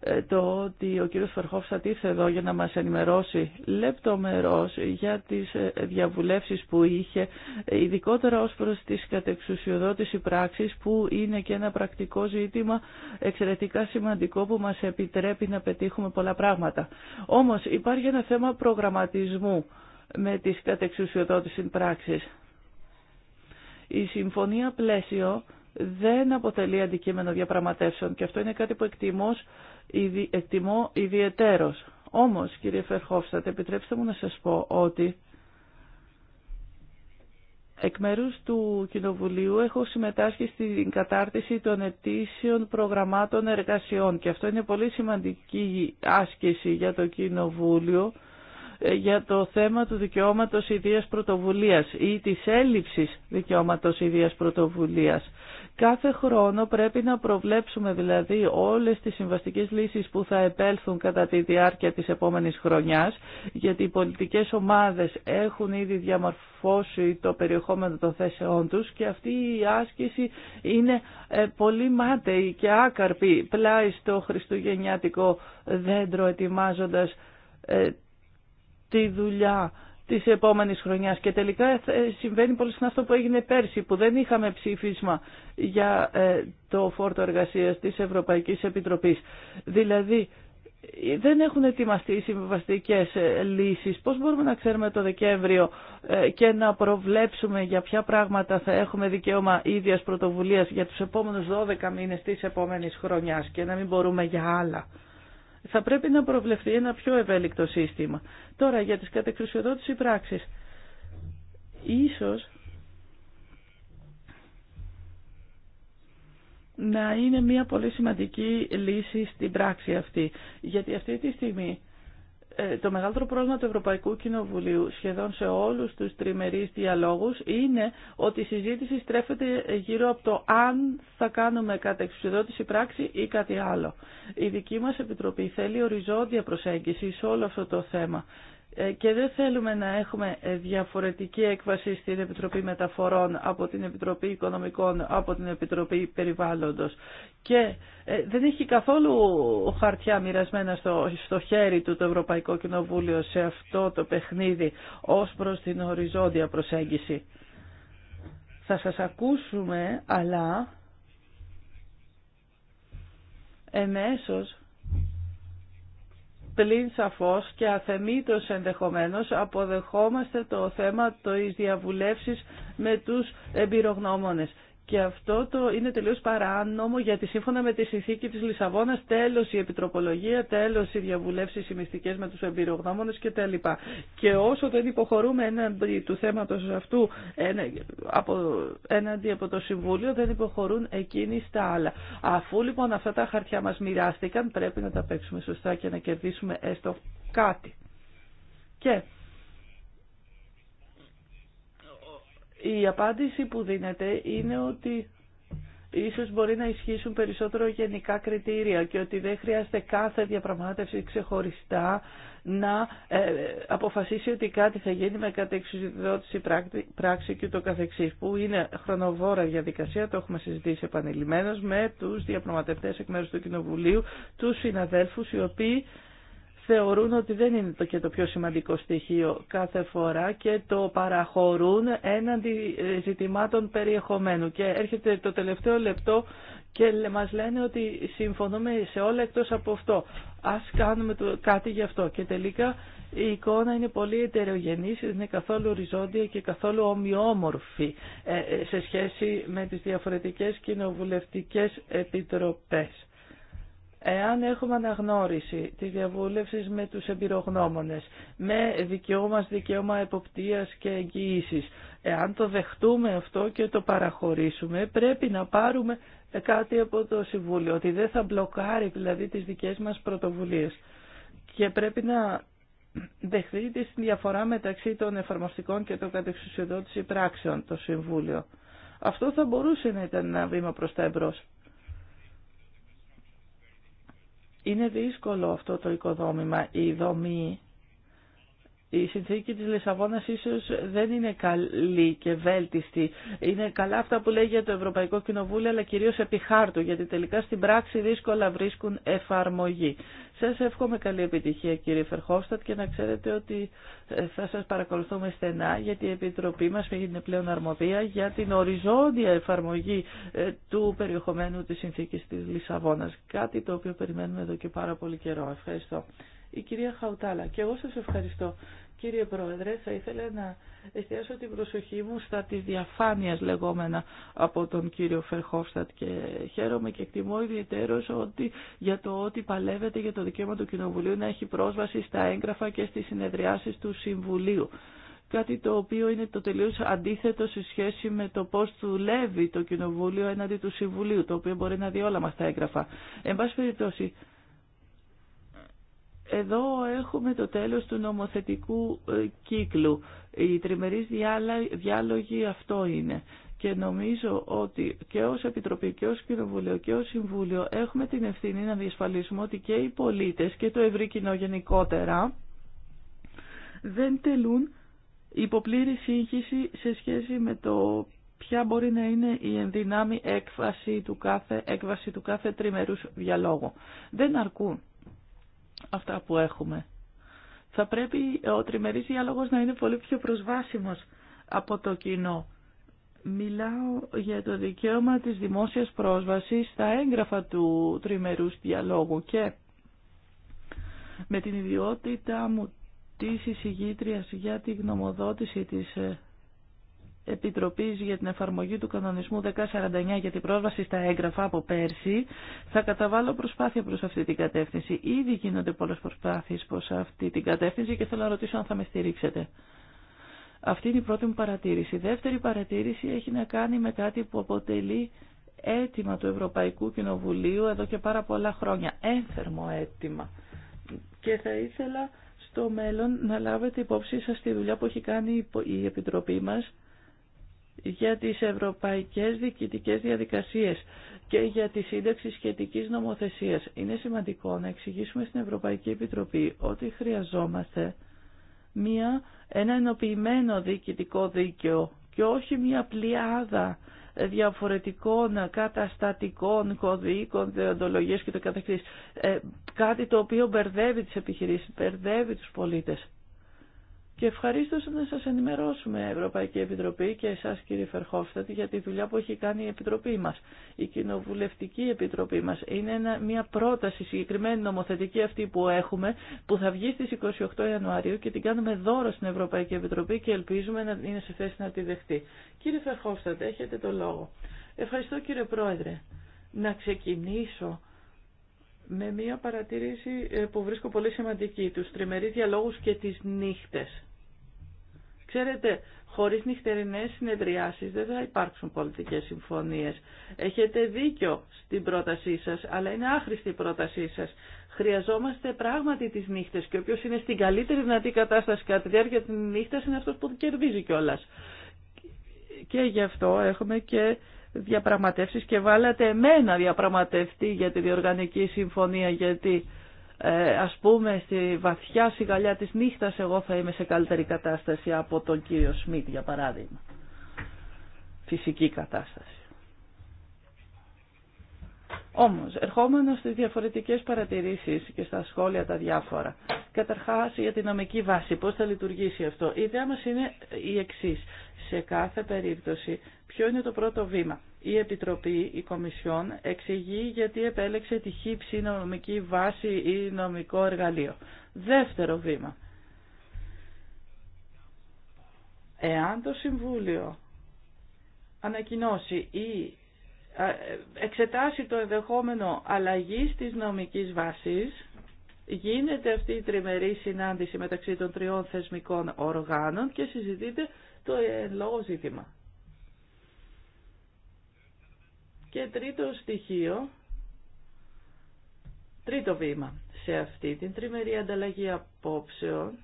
ε, το ότι ο κύριος Φερχόφστατ ήρθε εδώ για να μας ενημερώσει λεπτομερώς για τις ε, διαβουλεύσεις που είχε, ε, ειδικότερα ως προς τις κατεξουσιοδότηση πράξης που είναι και ένα πρακτικό ζήτημα εξαιρετικά σημαντικό που μας επιτρέπει να πετύχουμε πολλά πράγματα. Όμως υπάρχει ένα θέμα προγραμματισμού με τις κατεξουσιοδότηση πράξης. Η συμφωνία πλαίσιο δεν αποτελεί αντικείμενο διαπραγματεύσεων και αυτό είναι κάτι που εκτιμώ εκτιμώ ιδιαιτέρως. Όμως, κύριε Φερχόφστατ, επιτρέψτε μου να σας πω ότι εκ μέρους του Κοινοβουλίου έχω συμμετάσχει στην κατάρτιση των ετήσιων προγραμμάτων εργασιών και αυτό είναι πολύ σημαντική άσκηση για το Κοινοβούλιο για το θέμα του δικαιώματος ιδίας πρωτοβουλίας ή της έλλειψης δικαιώματος ιδίας πρωτοβουλίας. Κάθε χρόνο πρέπει να προβλέψουμε δηλαδή όλες τις συμβαστικές λύσεις που θα επέλθουν κατά τη διάρκεια της επόμενης χρονιάς, γιατί οι πολιτικές ομάδες έχουν ήδη διαμορφώσει το περιεχόμενο των θέσεών τους και αυτή η άσκηση είναι ε, πολύ μάταιη και άκαρπη πλάι στο χριστουγεννιάτικο δέντρο ετοιμάζοντας ε, τη δουλειά τη επόμενη χρονιά Και τελικά ε, συμβαίνει πολύ συχνά αυτό που έγινε πέρσι, που δεν είχαμε ψήφισμα για ε, το φόρτο εργασία τη Ευρωπαϊκή Επιτροπή. Δηλαδή, ε, δεν έχουν ετοιμαστεί οι συμβαστικέ λύσει. Πώ μπορούμε να ξέρουμε το Δεκέμβριο και να προβλέψουμε για ποια πράγματα θα έχουμε δικαίωμα ίδια πρωτοβουλία για του επόμενου 12 μήνε τη επόμενη χρονιά και να μην μπορούμε για άλλα θα πρέπει να προβλεφθεί ένα πιο ευέλικτο σύστημα. Τώρα για τις κατεξουσιοδότηση πράξεις. Ίσως να είναι μια πολύ σημαντική λύση στην πράξη αυτή. Γιατί αυτή τη στιγμή ε, το μεγαλύτερο πρόβλημα του Ευρωπαϊκού Κοινοβουλίου σχεδόν σε όλους τους τριμερείς διαλόγους είναι ότι η συζήτηση στρέφεται γύρω από το αν θα κάνουμε κατεξουσιοδότηση πράξη ή κάτι άλλο. Η δική μας Επιτροπή θέλει οριζόντια προσέγγιση σε όλο αυτό το θέμα. Ε, και δεν θέλουμε να έχουμε ε, διαφορετική έκβαση στην Επιτροπή Μεταφορών από την Επιτροπή Οικονομικών, από την Επιτροπή Περιβάλλοντος. Και ε, δεν έχει καθόλου χαρτιά μοιρασμένα στο, στο χέρι του το Ευρωπαϊκό Κοινοβούλιο σε αυτό το παιχνίδι ως προς την οριζόντια προσέγγιση. Θα σας ακούσουμε, αλλά εμέσως πλην σαφώς και αθεμήτως ενδεχομένως αποδεχόμαστε το θέμα της διαβουλεύσης με τους εμπειρογνώμονες και αυτό το είναι τελείως παράνομο γιατί σύμφωνα με τη συνθήκη της Λισαβόνας τέλος η επιτροπολογία, τέλος οι διαβουλεύσεις οι μυστικές με τους εμπειρογνώμονες κτλ. Και όσο δεν υποχωρούμε έναντι του θέματος αυτού από, έναντι από το Συμβούλιο δεν υποχωρούν εκείνοι στα άλλα. Αφού λοιπόν αυτά τα χαρτιά μας μοιράστηκαν πρέπει να τα παίξουμε σωστά και να κερδίσουμε έστω κάτι. Και Η απάντηση που δίνεται είναι ότι ίσως μπορεί να ισχύσουν περισσότερο γενικά κριτήρια και ότι δεν χρειάζεται κάθε διαπραγμάτευση ξεχωριστά να ε, αποφασίσει ότι κάτι θα γίνει με κατεξουσιοδότηση πράξη και το καθεξής που είναι χρονοβόρα διαδικασία, το έχουμε συζητήσει επανειλημμένως με τους διαπραγματευτές εκ μέρους του Κοινοβουλίου, τους συναδέλφους οι οποίοι θεωρούν ότι δεν είναι το και το πιο σημαντικό στοιχείο κάθε φορά και το παραχωρούν έναντι ε, ζητημάτων περιεχομένου. Και έρχεται το τελευταίο λεπτό και μας λένε ότι συμφωνούμε σε όλα εκτός από αυτό. Ας κάνουμε κάτι γι' αυτό. Και τελικά η εικόνα είναι πολύ ετερογενής, είναι καθόλου οριζόντια και καθόλου ομοιόμορφη ε, ε, σε σχέση με τις διαφορετικές κοινοβουλευτικές επιτροπές. Εάν έχουμε αναγνώριση τη διαβούλευση με τους εμπειρογνώμονες, με δικαιώμα δικαίωμα εποπτείας και εγγύησης, εάν το δεχτούμε αυτό και το παραχωρήσουμε, πρέπει να πάρουμε κάτι από το Συμβούλιο, ότι δεν θα μπλοκάρει δηλαδή τις δικές μας πρωτοβουλίες. Και πρέπει να δεχθεί τη διαφορά μεταξύ των εφαρμοστικών και των κατεξουσιοδότηση πράξεων το Συμβούλιο. Αυτό θα μπορούσε να ήταν ένα βήμα προς τα εμπρός. Είναι δύσκολο αυτό το οικοδόμημα, η δομή η συνθήκη της Λισαβόνας ίσως δεν είναι καλή και βέλτιστη. Είναι καλά αυτά που λέει για το Ευρωπαϊκό Κοινοβούλιο, αλλά κυρίως επί χάρτου, γιατί τελικά στην πράξη δύσκολα βρίσκουν εφαρμογή. Σας εύχομαι καλή επιτυχία κύριε Φερχόφστατ και να ξέρετε ότι ε, θα σας παρακολουθούμε στενά γιατί η Επιτροπή μας έγινε πλέον αρμοδία για την οριζόντια εφαρμογή ε, του περιεχομένου της συνθήκης της Λισαβόνας. Κάτι το οποίο περιμένουμε εδώ και πάρα πολύ καιρό. Ευχαριστώ. Η κυρία Χαουτάλα και εγώ σας ευχαριστώ. Κύριε Πρόεδρε, θα ήθελα να εστιάσω την προσοχή μου στα της διαφάνειας λεγόμενα από τον κύριο Φερχόφστατ και χαίρομαι και εκτιμώ ιδιαίτερως ότι για το ότι παλεύεται για το δικαίωμα του Κοινοβουλίου να έχει πρόσβαση στα έγγραφα και στις συνεδριάσεις του Συμβουλίου κάτι το οποίο είναι το τελείως αντίθετο σε σχέση με το πώς δουλεύει το Κοινοβούλιο έναντι του Συμβουλίου, το οποίο μπορεί να δει όλα τα έγγραφα. Εν πάση περιπτώσει, εδώ έχουμε το τέλος του νομοθετικού ε, κύκλου. Οι τριμερείς διάλογοι αυτό είναι. Και νομίζω ότι και ως Επιτροπή και ως Κοινοβουλίο και ως Συμβούλιο έχουμε την ευθύνη να διασφαλίσουμε ότι και οι πολίτες και το ευρύ κοινό γενικότερα δεν τελούν υποπλήρη σύγχυση σε σχέση με το ποια μπορεί να είναι η ενδυνάμει έκβαση του κάθε, έκβαση του κάθε τριμερούς διαλόγου. Δεν αρκούν αυτά που έχουμε. Θα πρέπει ο τριμερής διάλογος να είναι πολύ πιο προσβάσιμος από το κοινό. Μιλάω για το δικαίωμα της δημόσιας πρόσβασης στα έγγραφα του τριμερούς διαλόγου και με την ιδιότητα μου της εισηγήτριας για τη γνωμοδότηση της ε, Επιτροπής για την εφαρμογή του κανονισμού 1049 για την πρόσβαση στα έγγραφα από πέρσι θα καταβάλω προσπάθεια προ αυτή την κατεύθυνση. Ήδη γίνονται πολλέ προσπάθειες προ αυτή την κατεύθυνση και θέλω να ρωτήσω αν θα με στηρίξετε. Αυτή είναι η πρώτη μου παρατήρηση. Η δεύτερη παρατήρηση έχει να κάνει με κάτι που αποτελεί αίτημα του Ευρωπαϊκού Κοινοβουλίου εδώ και πάρα πολλά χρόνια. Ένθερμο αίτημα. Και θα ήθελα στο μέλλον να λάβετε υπόψη σας τη δουλειά που έχει κάνει η Επιτροπή μας για τις ευρωπαϊκές διοικητικές διαδικασίες και για τη σύνταξη σχετικής νομοθεσίας. Είναι σημαντικό να εξηγήσουμε στην Ευρωπαϊκή Επιτροπή ότι χρειαζόμαστε μια, ένα ενοποιημένο διοικητικό δίκαιο και όχι μια πλειάδα διαφορετικών καταστατικών κωδίκων, δεοντολογίες και το καθεξής. Ε, κάτι το οποίο μπερδεύει τις επιχειρήσεις, μπερδεύει τους πολίτες. Και ευχαρίστω να σας ενημερώσουμε, Ευρωπαϊκή Επιτροπή και εσάς κύριε Φερχόφστατ, για τη δουλειά που έχει κάνει η Επιτροπή μας, η Κοινοβουλευτική Επιτροπή μας. Είναι μια πρόταση συγκεκριμένη νομοθετική αυτή που έχουμε, που θα βγει στις 28 Ιανουαρίου και την κάνουμε δώρο στην Ευρωπαϊκή Επιτροπή και ελπίζουμε να είναι σε θέση να τη δεχτεί. Κύριε Φερχόφστατ, έχετε το λόγο. Ευχαριστώ κύριε Πρόεδρε. Να ξεκινήσω με μία παρατήρηση ε, που βρίσκω πολύ σημαντική, τους τριμερείς διαλόγους και τις νύχτες. Ξέρετε, χωρίς νυχτερινές συνεδριάσεις δεν θα υπάρξουν πολιτικές συμφωνίες. Έχετε δίκιο στην πρότασή σας, αλλά είναι άχρηστη η πρότασή σας. Χρειαζόμαστε πράγματι τις νύχτες και όποιος είναι στην καλύτερη δυνατή κατάσταση κατά τη διάρκεια της νύχτας είναι αυτός που κερδίζει κιόλα. Και γι' αυτό έχουμε και διαπραγματεύσεις και βάλατε εμένα διαπραγματευτή για τη διοργανική συμφωνία γιατί ε, ας πούμε στη βαθιά σιγαλιά της νύχτας εγώ θα είμαι σε καλύτερη κατάσταση από τον κύριο Σμιτ για παράδειγμα. Φυσική κατάσταση. Όμως, ερχόμενο στις διαφορετικές παρατηρήσεις και στα σχόλια τα διάφορα, καταρχάς για την νομική βάση, πώς θα λειτουργήσει αυτό. Η ιδέα μας είναι η εξής. Σε κάθε περίπτωση, ποιο είναι το πρώτο βήμα. Η Επιτροπή, η Κομισιόν, εξηγεί γιατί επέλεξε τη χύψη νομική βάση ή νομικό εργαλείο. Δεύτερο βήμα. Εάν το Συμβούλιο ανακοινώσει ή ε, εξετάσει το ενδεχόμενο αλλαγής της νομικής βάσης γίνεται αυτή η τριμερή συνάντηση μεταξύ των τριών θεσμικών οργάνων και συζητείται το ε, λόγο ζήτημα. Και τρίτο στοιχείο, τρίτο βήμα σε αυτή την τριμερή ανταλλαγή απόψεων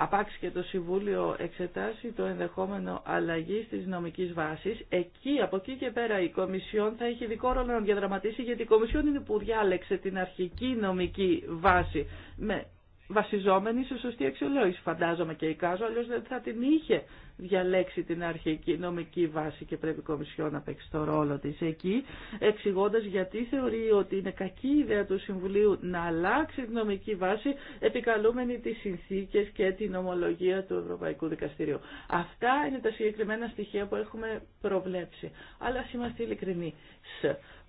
Απάξει και το Συμβούλιο εξετάσει το ενδεχόμενο αλλαγή τη νομική βάση. Εκεί, από εκεί και πέρα, η Κομισιόν θα έχει δικό ρόλο να διαδραματίσει, γιατί η Κομισιόν είναι που διάλεξε την αρχική νομική βάση. Με βασιζόμενη σε σωστή αξιολόγηση. Φαντάζομαι και η Κάζο, αλλιώ δεν θα την είχε διαλέξει την αρχική νομική βάση και πρέπει η Κομισιό να παίξει το ρόλο τη εκεί, εξηγώντα γιατί θεωρεί ότι είναι κακή ιδέα του Συμβουλίου να αλλάξει την νομική βάση επικαλούμενη τι συνθήκε και την ομολογία του Ευρωπαϊκού Δικαστηρίου. Αυτά είναι τα συγκεκριμένα στοιχεία που έχουμε προβλέψει. Αλλά ας είμαστε ειλικρινεί.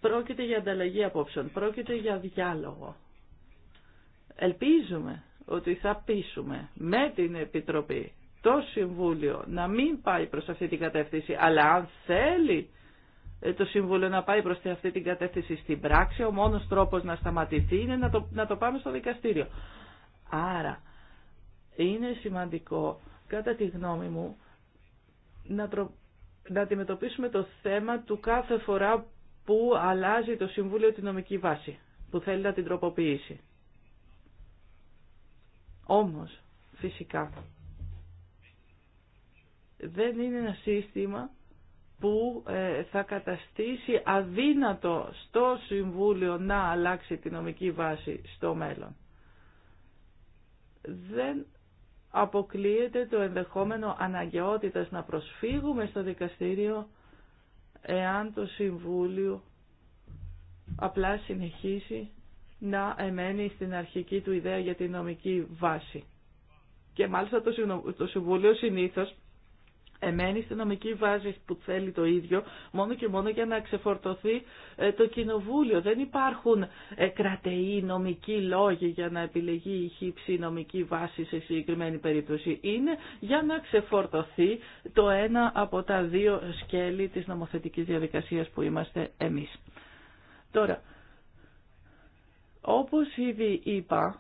Πρόκειται για ανταλλαγή απόψεων, πρόκειται για διάλογο. Ελπίζουμε ότι θα πείσουμε με την Επιτροπή το Συμβούλιο να μην πάει προς αυτή την κατεύθυνση, αλλά αν θέλει ε, το Συμβούλιο να πάει προς αυτή την κατεύθυνση στην πράξη, ο μόνος τρόπος να σταματηθεί είναι να το, να το πάμε στο δικαστήριο. Άρα, είναι σημαντικό, κατά τη γνώμη μου, να, να αντιμετωπίσουμε το θέμα του κάθε φορά που αλλάζει το Συμβούλιο τη νομική βάση, που θέλει να την τροποποιήσει. Όμως, φυσικά, δεν είναι ένα σύστημα που ε, θα καταστήσει αδύνατο στο Συμβούλιο να αλλάξει τη νομική βάση στο μέλλον. Δεν αποκλείεται το ενδεχόμενο αναγκαιότητας να προσφύγουμε στο δικαστήριο εάν το Συμβούλιο απλά συνεχίσει να εμένει στην αρχική του ιδέα για τη νομική βάση. Και μάλιστα το Συμβούλιο συνήθως εμένει στη νομική βάση που θέλει το ίδιο, μόνο και μόνο για να ξεφορτωθεί ε, το κοινοβούλιο. Δεν υπάρχουν ε, κρατεοί νομικοί λόγοι για να επιλεγεί η χύψη νομική βάση σε συγκεκριμένη περίπτωση. Είναι για να ξεφορτωθεί το ένα από τα δύο σκέλη της νομοθετικής διαδικασίας που είμαστε εμείς. Τώρα, όπως ήδη είπα,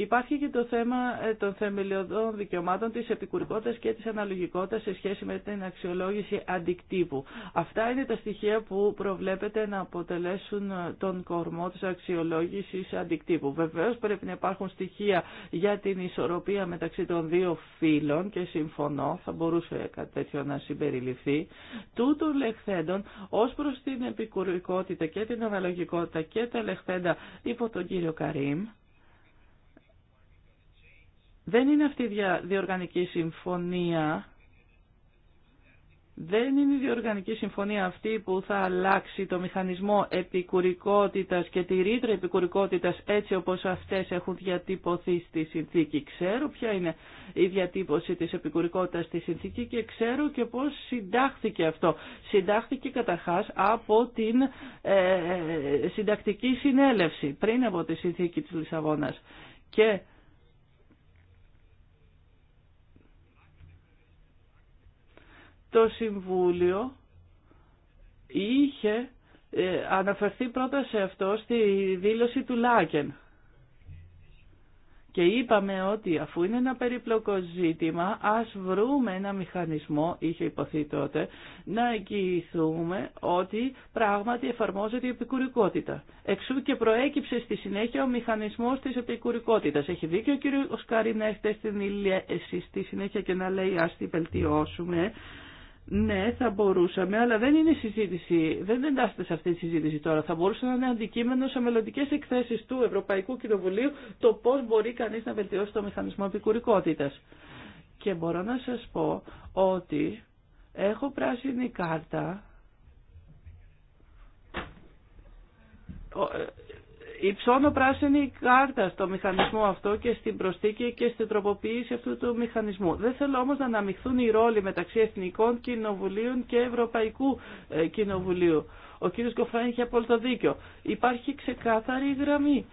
Υπάρχει και το θέμα ε, των θεμελιωδών δικαιωμάτων, της επικουρικότητας και της αναλογικότητας σε σχέση με την αξιολόγηση αντικτύπου. Αυτά είναι τα στοιχεία που προβλέπεται να αποτελέσουν ε, τον κορμό της αξιολόγησης αντικτύπου. Βεβαίως πρέπει να υπάρχουν στοιχεία για την ισορροπία μεταξύ των δύο φύλων και συμφωνώ, θα μπορούσε κάτι τέτοιο να συμπεριληφθεί. Τούτων λεχθέντων ως προς την επικουρικότητα και την αναλογικότητα και τα λεχθέντα υπό τον κύριο Καρίμ, δεν είναι αυτή η διοργανική συμφωνία. Δεν είναι η διοργανική συμφωνία αυτή που θα αλλάξει το μηχανισμό επικουρικότητας και τη ρήτρα επικουρικότητας έτσι όπως αυτές έχουν διατυπωθεί στη συνθήκη. Ξέρω ποια είναι η διατύπωση της επικουρικότητας στη συνθήκη και ξέρω και πώς συντάχθηκε αυτό. Συντάχθηκε καταρχάς από την ε, συντακτική συνέλευση πριν από τη συνθήκη της Λισαβόνας. Και το Συμβούλιο είχε ε, αναφερθεί πρώτα σε αυτό στη δήλωση του Λάκεν. Και είπαμε ότι αφού είναι ένα περίπλοκο ζήτημα, ας βρούμε ένα μηχανισμό, είχε υποθεί τότε, να εγγυηθούμε ότι πράγματι εφαρμόζεται η επικουρικότητα. Εξού και προέκυψε στη συνέχεια ο μηχανισμός της επικουρικότητας. Έχει δίκιο ο να να στην ε, στη συνέχεια και να λέει ας την βελτιώσουμε, ναι, θα μπορούσαμε, αλλά δεν είναι συζήτηση, δεν εντάσσεται σε αυτή τη συζήτηση τώρα. Θα μπορούσε να είναι αντικείμενο σε μελλοντικέ εκθέσει του Ευρωπαϊκού Κοινοβουλίου το πώ μπορεί κανεί να βελτιώσει το μηχανισμό επικουρικότητα. Και μπορώ να σα πω ότι έχω πράσινη κάρτα ε, υψώνω πράσινη κάρτα στο μηχανισμό αυτό και στην προσθήκη και στην τροποποίηση αυτού του μηχανισμού. Δεν θέλω όμως να αναμειχθούν οι ρόλοι μεταξύ Εθνικών Κοινοβουλίων και Ευρωπαϊκού ε, Κοινοβουλίου. Ο κ. Κοφράνη είχε απόλυτο δίκιο. Υπάρχει ξεκάθαρη γραμμή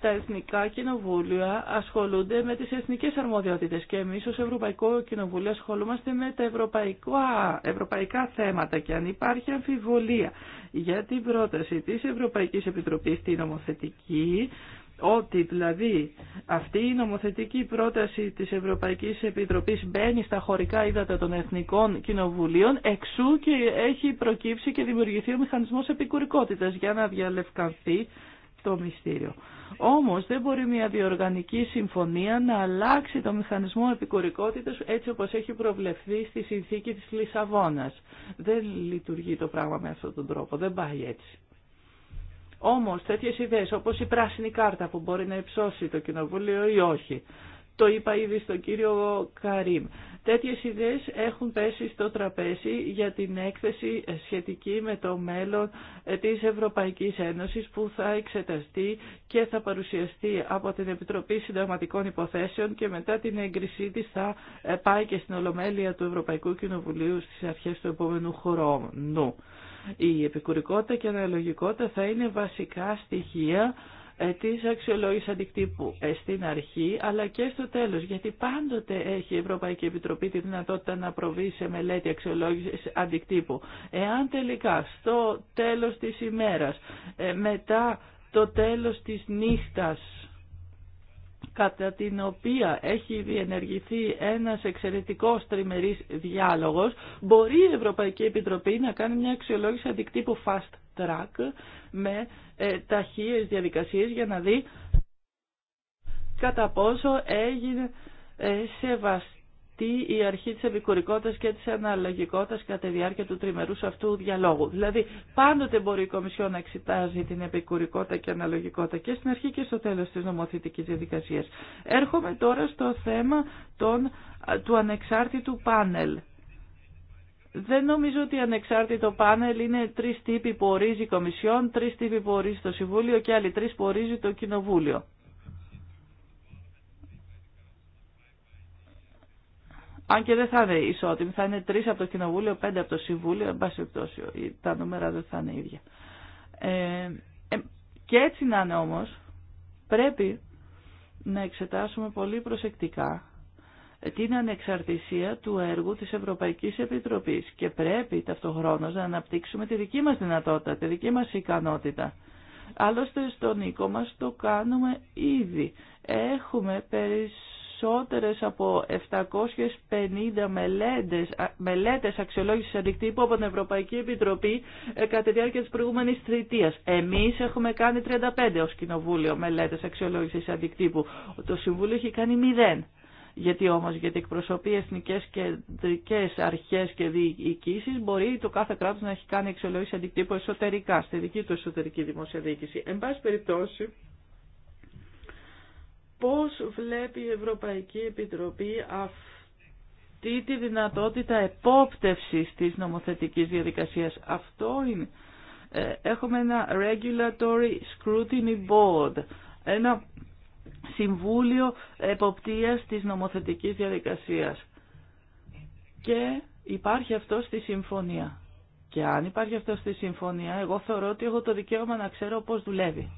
τα εθνικά κοινοβούλια ασχολούνται με τις εθνικές αρμοδιότητες και εμείς ως Ευρωπαϊκό Κοινοβούλιο ασχολούμαστε με τα ευρωπαϊκά, ευρωπαϊκά θέματα και αν υπάρχει αμφιβολία για την πρόταση της Ευρωπαϊκής Επιτροπής την νομοθετική ότι δηλαδή αυτή η νομοθετική πρόταση της Ευρωπαϊκής Επιτροπής μπαίνει στα χωρικά ύδατα των Εθνικών Κοινοβουλίων, εξού και έχει προκύψει και δημιουργηθεί ο μηχανισμός επικουρικότητας για να διαλευκανθεί το μυστήριο. Όμως δεν μπορεί μια διοργανική συμφωνία να αλλάξει το μηχανισμό επικουρικότητας έτσι όπως έχει προβλεφθεί στη συνθήκη της Λισαβόνας. Δεν λειτουργεί το πράγμα με αυτόν τον τρόπο, δεν πάει έτσι. Όμως τέτοιες ιδέες όπως η πράσινη κάρτα που μπορεί να υψώσει το κοινοβούλιο ή όχι, το είπα ήδη στον κύριο Καρίμ. Τέτοιες ιδέες έχουν πέσει στο τραπέζι για την έκθεση σχετική με το μέλλον της Ευρωπαϊκής Ένωσης που θα εξεταστεί και θα παρουσιαστεί από την Επιτροπή Συνταγματικών Υποθέσεων και μετά την έγκρισή της θα ε, πάει και στην Ολομέλεια του Ευρωπαϊκού Κοινοβουλίου στις αρχές του επόμενου χρόνου. Η επικουρικότητα και αναλογικότητα θα είναι βασικά στοιχεία ε, τη αξιολόγηση αντικτύπου ε, στην αρχή αλλά και στο τέλος γιατί πάντοτε έχει η Ευρωπαϊκή Επιτροπή τη δυνατότητα να προβεί σε μελέτη αξιολόγηση αντικτύπου. Εάν τελικά στο τέλος της ημέρας ε, μετά το τέλος της νύχτας κατά την οποία έχει διενεργηθεί ένας εξαιρετικός τριμερής διάλογος, μπορεί η Ευρωπαϊκή Επιτροπή να κάνει μια αξιολόγηση αντικτύπου fast track με ε, ταχείες διαδικασίες για να δει κατά πόσο έγινε ε, σεβαστή η αρχή της επικουρικότητας και της αναλλαγικότητας κατά τη διάρκεια του τριμερού αυτού διαλόγου. Δηλαδή πάντοτε μπορεί η Κομισιό να εξετάζει την επικουρικότητα και αναλογικότητα και στην αρχή και στο τέλος της νομοθετικής διαδικασίας. Έρχομαι τώρα στο θέμα των, του ανεξάρτητου πάνελ. Δεν νομίζω ότι ανεξάρτητο πάνελ είναι τρεις τύποι που ορίζει η Κομισιόν, τρεις τύποι που ορίζει το Συμβούλιο και άλλοι τρεις που ορίζει το Κοινοβούλιο. Αν και δεν θα είναι ισότιμη, θα είναι τρεις από το Κοινοβούλιο, πέντε από το Συμβούλιο, εν πάση τα νούμερα δεν θα είναι ίδια. Ε, ε, και έτσι να είναι όμως, πρέπει να εξετάσουμε πολύ προσεκτικά την ανεξαρτησία του έργου της Ευρωπαϊκής Επιτροπής και πρέπει ταυτοχρόνως να αναπτύξουμε τη δική μας δυνατότητα, τη δική μας ικανότητα. Άλλωστε στον οίκο μας το κάνουμε ήδη. Έχουμε περισσότερες από 750 μελέτες, μελέτες αξιολόγησης αντικτύπου από την Ευρωπαϊκή Επιτροπή ε, κατά τη διάρκεια της προηγούμενης τριτίας. Εμείς έχουμε κάνει 35 ως Κοινοβούλιο μελέτες αξιολόγησης αντικτύπου. Το Συμβούλιο έχει κάνει 0. Γιατί όμως, γιατί εκπροσωπεί εθνικές κεντρικές αρχές και διοικήσεις, μπορεί το κάθε κράτος να έχει κάνει εξολόγηση αντικτύπου εσωτερικά, στη δική του εσωτερική δημόσια διοίκηση. Εν πάση περιπτώσει, πώς βλέπει η Ευρωπαϊκή Επιτροπή αυτή τη δυνατότητα επόπτευσης της νομοθετικής διαδικασίας. Αυτό είναι. Ε, έχουμε ένα Regulatory Scrutiny Board, ένα Συμβούλιο Εποπτείας της Νομοθετικής Διαδικασίας. Και υπάρχει αυτό στη συμφωνία. Και αν υπάρχει αυτό στη συμφωνία, εγώ θεωρώ ότι έχω το δικαίωμα να ξέρω πώς δουλεύει.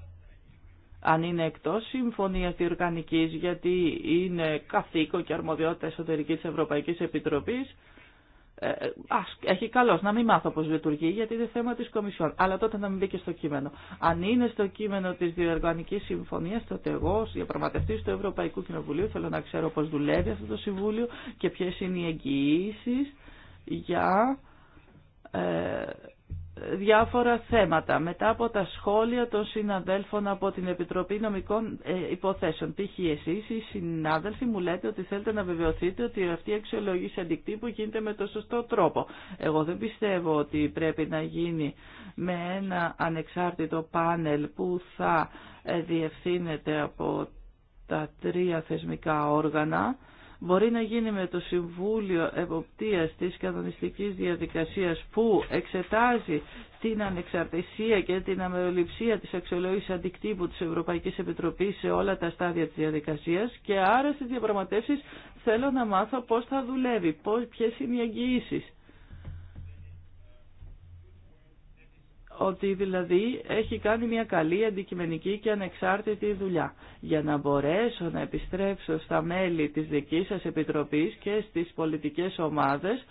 Αν είναι εκτός συμφωνίας διοργανικής, γιατί είναι καθήκον και αρμοδιότητα εσωτερική της Ευρωπαϊκής Επιτροπής, ε, ε, έχει καλώ να μην μάθω πώ λειτουργεί, γιατί είναι θέμα τη Κομισιόν. Αλλά τότε να μην μπει και στο κείμενο. Αν είναι στο κείμενο τη Διοργανική Συμφωνία, τότε εγώ ω διαπραγματευτή του Ευρωπαϊκού Κοινοβουλίου θέλω να ξέρω πώ δουλεύει αυτό το Συμβούλιο και ποιε είναι οι εγγυήσει για ε, διάφορα θέματα. Μετά από τα σχόλια των συναδέλφων από την Επιτροπή Νομικών ε, Υποθέσεων, π.χ. Εσεί. οι συνάδελφοι μου λέτε ότι θέλετε να βεβαιωθείτε ότι αυτή η αξιολόγηση αντικτύπου γίνεται με το σωστό τρόπο. Εγώ δεν πιστεύω ότι πρέπει να γίνει με ένα ανεξάρτητο πάνελ που θα ε, διευθύνεται από τα τρία θεσμικά όργανα μπορεί να γίνει με το Συμβούλιο Εποπτείας της Κανονιστικής Διαδικασίας που εξετάζει την ανεξαρτησία και την αμεροληψία της αξιολόγησης αντικτύπου της Ευρωπαϊκής Επιτροπής σε όλα τα στάδια της διαδικασίας και άρα στις διαπραγματεύσεις θέλω να μάθω πώς θα δουλεύει, ποιες είναι οι εγγυήσεις. ότι δηλαδή έχει κάνει μια καλή αντικειμενική και ανεξάρτητη δουλειά. Για να μπορέσω να επιστρέψω στα μέλη της δικής σας επιτροπής και στις πολιτικές ομάδες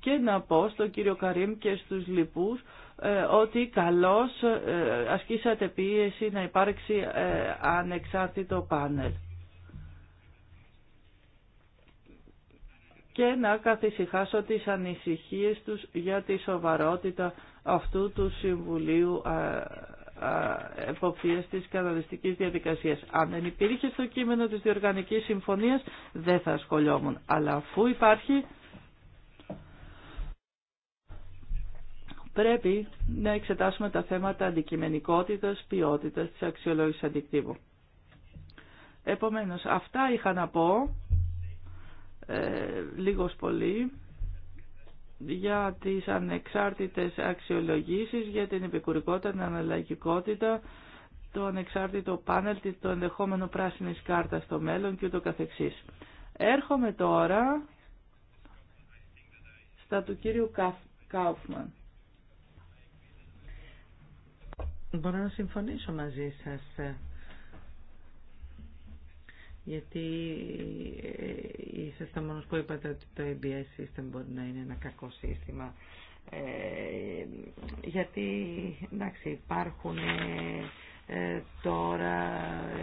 και να πω στον κύριο Καρύμ και στους λοιπούς ε, ότι καλώς ε, ασκήσατε πίεση να υπάρξει ε, ανεξάρτητο πάνελ. Και να καθησυχάσω τις ανησυχίες τους για τη σοβαρότητα αυτού του Συμβουλίου εποπτείας της κανονιστικής διαδικασίας. Αν δεν υπήρχε στο κείμενο της διοργανικής συμφωνίας δεν θα ασχολιόμουν. Αλλά αφού υπάρχει πρέπει να εξετάσουμε τα θέματα αντικειμενικότητας, ποιότητας της αξιολόγησης αντικτύπου. Επομένως, αυτά είχα να πω, ε, λίγος πολύ για τις ανεξάρτητες αξιολογήσεις, για την επικουρικότητα, την αναλλαγικότητα, το ανεξάρτητο πάνελ, το ενδεχόμενο πράσινης κάρτας στο μέλλον και ούτω καθεξής. Έρχομαι τώρα στα του κύριου Κάουφμαν. Μπορώ να συμφωνήσω μαζί σας. Ε, γιατί ε, είσαστε μόνος που είπατε ότι το ABS σύστημα μπορεί να είναι ένα κακό σύστημα. Ε, γιατί, εντάξει, υπάρχουν... Ε, τώρα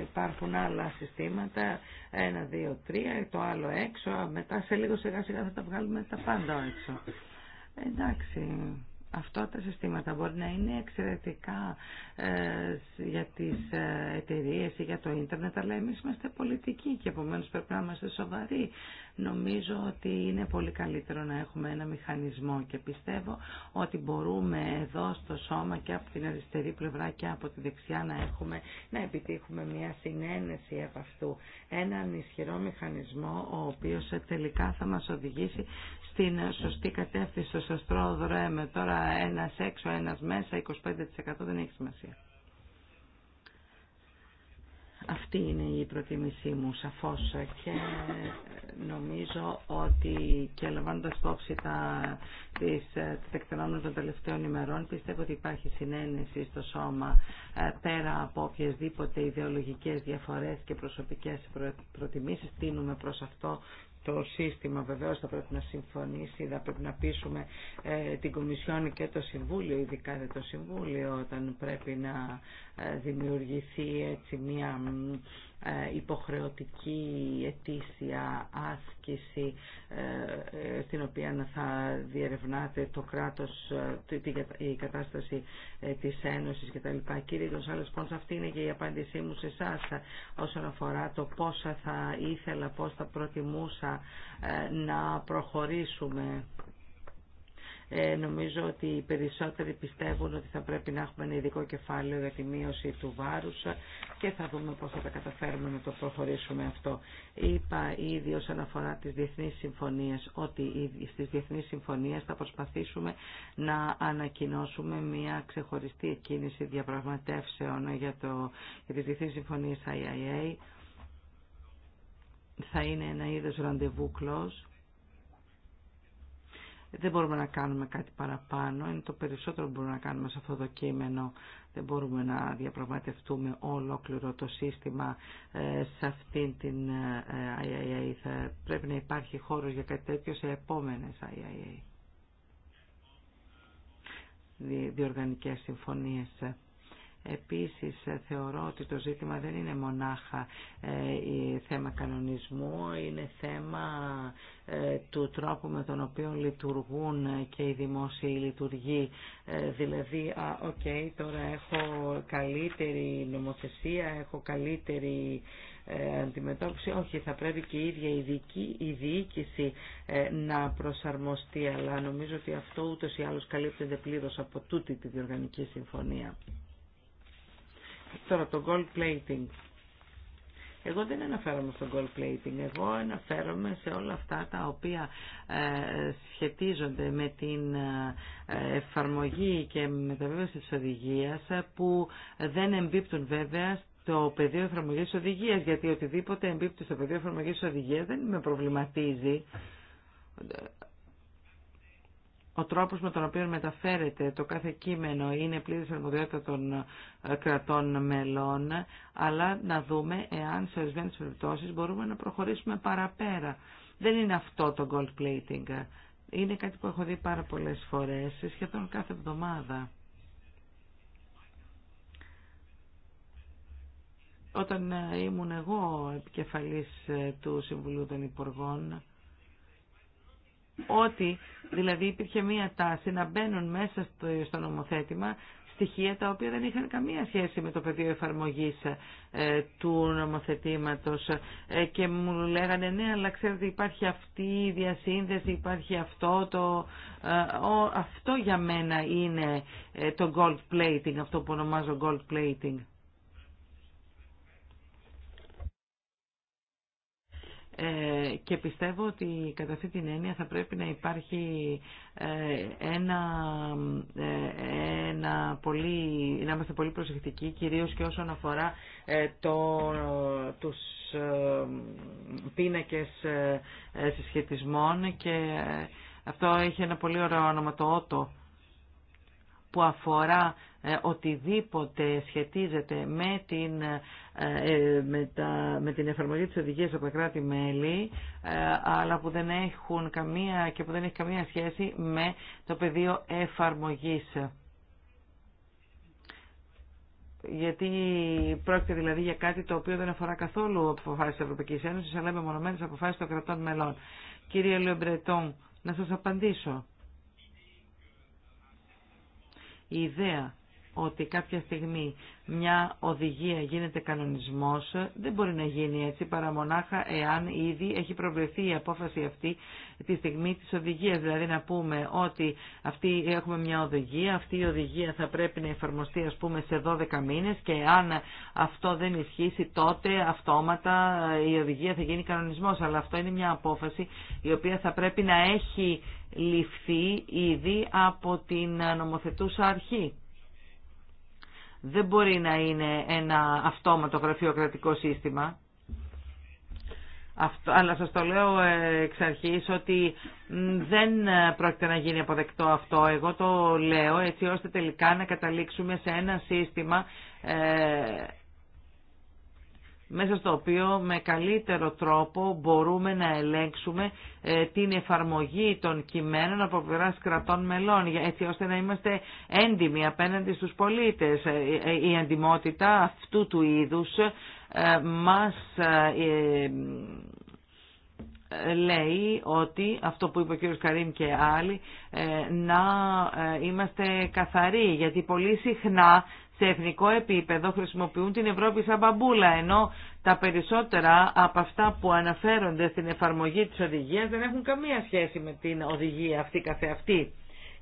υπάρχουν άλλα συστήματα, ένα, δύο, τρία, το άλλο έξω, μετά σε λίγο σιγά σιγά θα τα βγάλουμε τα πάντα έξω. Εντάξει, Αυτά τα συστήματα μπορεί να είναι εξαιρετικά ε, για τις ε, εταιρείε ή για το ίντερνετ, αλλά εμείς είμαστε πολιτικοί και επομένως πρέπει να είμαστε σοβαροί. Νομίζω ότι είναι πολύ καλύτερο να έχουμε ένα μηχανισμό και πιστεύω ότι μπορούμε εδώ στο σώμα και από την αριστερή πλευρά και από τη δεξιά να, έχουμε, να επιτύχουμε μια συνένεση από αυτού. Έναν ισχυρό μηχανισμό ο οποίος τελικά θα μας οδηγήσει στην σωστή κατεύθυνση, στο σωστό δρόμο. Τώρα ένα έξω, ένα μέσα, 25% δεν έχει σημασία. Αυτή είναι η προτίμησή μου σαφώς και νομίζω ότι και λαμβάνοντας υπόψη τα, τις, των τελευταίων ημερών πιστεύω ότι υπάρχει συνένεση στο σώμα ε, πέρα από οποιασδήποτε ιδεολογικές διαφορές και προσωπικές προτιμήσει. τίνουμε προ αυτό το σύστημα βεβαίως θα πρέπει να συμφωνήσει, θα πρέπει να πείσουμε ε, την Κομισιόν και το Συμβούλιο, ειδικά το Συμβούλιο όταν πρέπει να ε, δημιουργηθεί έτσι μια ε, υποχρεωτική ετήσια άσκηση στην ε, οποία θα διερευνάτε το κράτος, η κατάσταση της Ένωσης κτλ. Κύριε Γκονσάλες αυτή είναι και η απάντησή μου σε εσά όσον αφορά το πόσα θα ήθελα, πώς θα προτιμούσα να προχωρήσουμε. Ε, νομίζω ότι οι περισσότεροι πιστεύουν ότι θα πρέπει να έχουμε ένα ειδικό κεφάλαιο για τη μείωση του βάρους και θα δούμε πώς θα τα καταφέρουμε να το προχωρήσουμε αυτό. Είπα ήδη όσον αφορά τις διεθνείς συμφωνίες ότι στις διεθνείς συμφωνίες θα προσπαθήσουμε να ανακοινώσουμε μια ξεχωριστή κίνηση διαπραγματεύσεων για, το, για τις διεθνείς συμφωνίες IIA. Θα είναι ένα είδος ραντεβού δεν μπορούμε να κάνουμε κάτι παραπάνω, είναι το περισσότερο που μπορούμε να κάνουμε σε αυτό το κείμενο. Δεν μπορούμε να διαπραγματευτούμε ολόκληρο το σύστημα ε, σε αυτήν την ε, ε, IIA. Θα πρέπει να υπάρχει χώρος για κάτι τέτοιο σε επόμενες IIA. Διοργανικές συμφωνίες. Επίσης ε, θεωρώ ότι το ζήτημα δεν είναι μονάχα ε, θέμα κανονισμού, είναι θέμα ε, του τρόπου με τον οποίο λειτουργούν και οι δημόσιοι λειτουργοί. Δηλαδή, α, okay, τώρα έχω καλύτερη νομοθεσία, έχω καλύτερη αντιμετώπιση. Όχι, θα πρέπει και η ίδια η, δική, η διοίκηση να προσαρμοστεί, αλλά νομίζω ότι αυτό ούτως ή άλλως καλύπτεται πλήρως από τούτη τη διοργανική συμφωνία. Τώρα το gold plating. Εγώ δεν αναφέρομαι στο gold plating, εγώ αναφέρομαι σε όλα αυτά τα οποία ε, σχετίζονται με την ε, εφαρμογή και μεταβίβαση της οδηγίας που δεν εμπίπτουν βέβαια στο πεδίο εφαρμογή οδηγία. Γιατί οτιδήποτε εμπίπτει στο πεδίο εφαρμογή οδηγία δεν με προβληματίζει ο τρόπος με τον οποίο μεταφέρεται το κάθε κείμενο είναι πλήρης αρμοδιότητα των ε, κρατών μελών, αλλά να δούμε εάν σε ορισμένες περιπτώσεις μπορούμε να προχωρήσουμε παραπέρα. Δεν είναι αυτό το gold plating. Είναι κάτι που έχω δει πάρα πολλές φορές, σχεδόν κάθε εβδομάδα. Όταν ε, ήμουν εγώ επικεφαλής ε, του Συμβουλίου των Υπουργών, ότι δηλαδή υπήρχε μία τάση να μπαίνουν μέσα στο νομοθέτημα στοιχεία τα οποία δεν είχαν καμία σχέση με το πεδίο εφαρμογής ε, του νομοθετήματος ε, και μου λέγανε ναι αλλά ξέρετε υπάρχει αυτή η διασύνδεση, υπάρχει αυτό το... Ε, αυτό για μένα είναι το gold plating, αυτό που ονομάζω gold plating. Ε, και πιστεύω ότι κατά αυτή την έννοια θα πρέπει να υπάρχει ε, ένα, ε, ένα πολύ, να είμαστε πολύ προσεκτικοί κυρίως και όσον αφορά το, τους πίνακες συσχετισμών και αυτό έχει ένα πολύ ωραίο όνομα το ότο που αφορά ε, οτιδήποτε σχετίζεται με την, ε, ε, με τα, με την εφαρμογή της οδηγίας από κράτη-μέλη αλλά που δεν έχουν καμία και που δεν έχει καμία σχέση με το πεδίο εφαρμογής. Γιατί πρόκειται δηλαδή για κάτι το οποίο δεν αφορά καθόλου αποφάσεις της Ευρωπαϊκής Ένωσης αλλά με μονομένες αποφάσεις των κρατών μελών. Κύριε Λεμπρετών, να σας απαντήσω. Η ιδέα ότι κάποια στιγμή μια οδηγία γίνεται κανονισμός, δεν μπορεί να γίνει έτσι παρά μονάχα εάν ήδη έχει προβληθεί η απόφαση αυτή τη στιγμή της οδηγίας. Δηλαδή να πούμε ότι αυτή έχουμε μια οδηγία, αυτή η οδηγία θα πρέπει να εφαρμοστεί ας πούμε σε 12 μήνες και αν αυτό δεν ισχύσει τότε αυτόματα η οδηγία θα γίνει κανονισμός. Αλλά αυτό είναι μια απόφαση η οποία θα πρέπει να έχει ληφθεί ήδη από την νομοθετούσα αρχή δεν μπορεί να είναι ένα αυτόματο γραφειοκρατικό σύστημα. Αυτό, αλλά σας το λέω ε, εξ αρχής ότι δεν ε, πρόκειται να γίνει αποδεκτό αυτό. Εγώ το λέω έτσι ώστε τελικά να καταλήξουμε σε ένα σύστημα ε, μέσα στο οποίο με καλύτερο τρόπο μπορούμε να ελέγξουμε ε, την εφαρμογή των κειμένων από πλευρά κρατών μελών, έτσι ώστε να είμαστε έντιμοι απέναντι στους πολίτες. Ε, ε, η εντιμότητα αυτού του είδους μας λέει ότι αυτό που είπε ο κ. Καρίν και άλλοι να είμαστε καθαροί γιατί πολύ συχνά σε εθνικό επίπεδο χρησιμοποιούν την Ευρώπη σαν μπαμπούλα, ενώ τα περισσότερα από αυτά που αναφέρονται στην εφαρμογή της οδηγίας δεν έχουν καμία σχέση με την οδηγία αυτή καθεαυτή.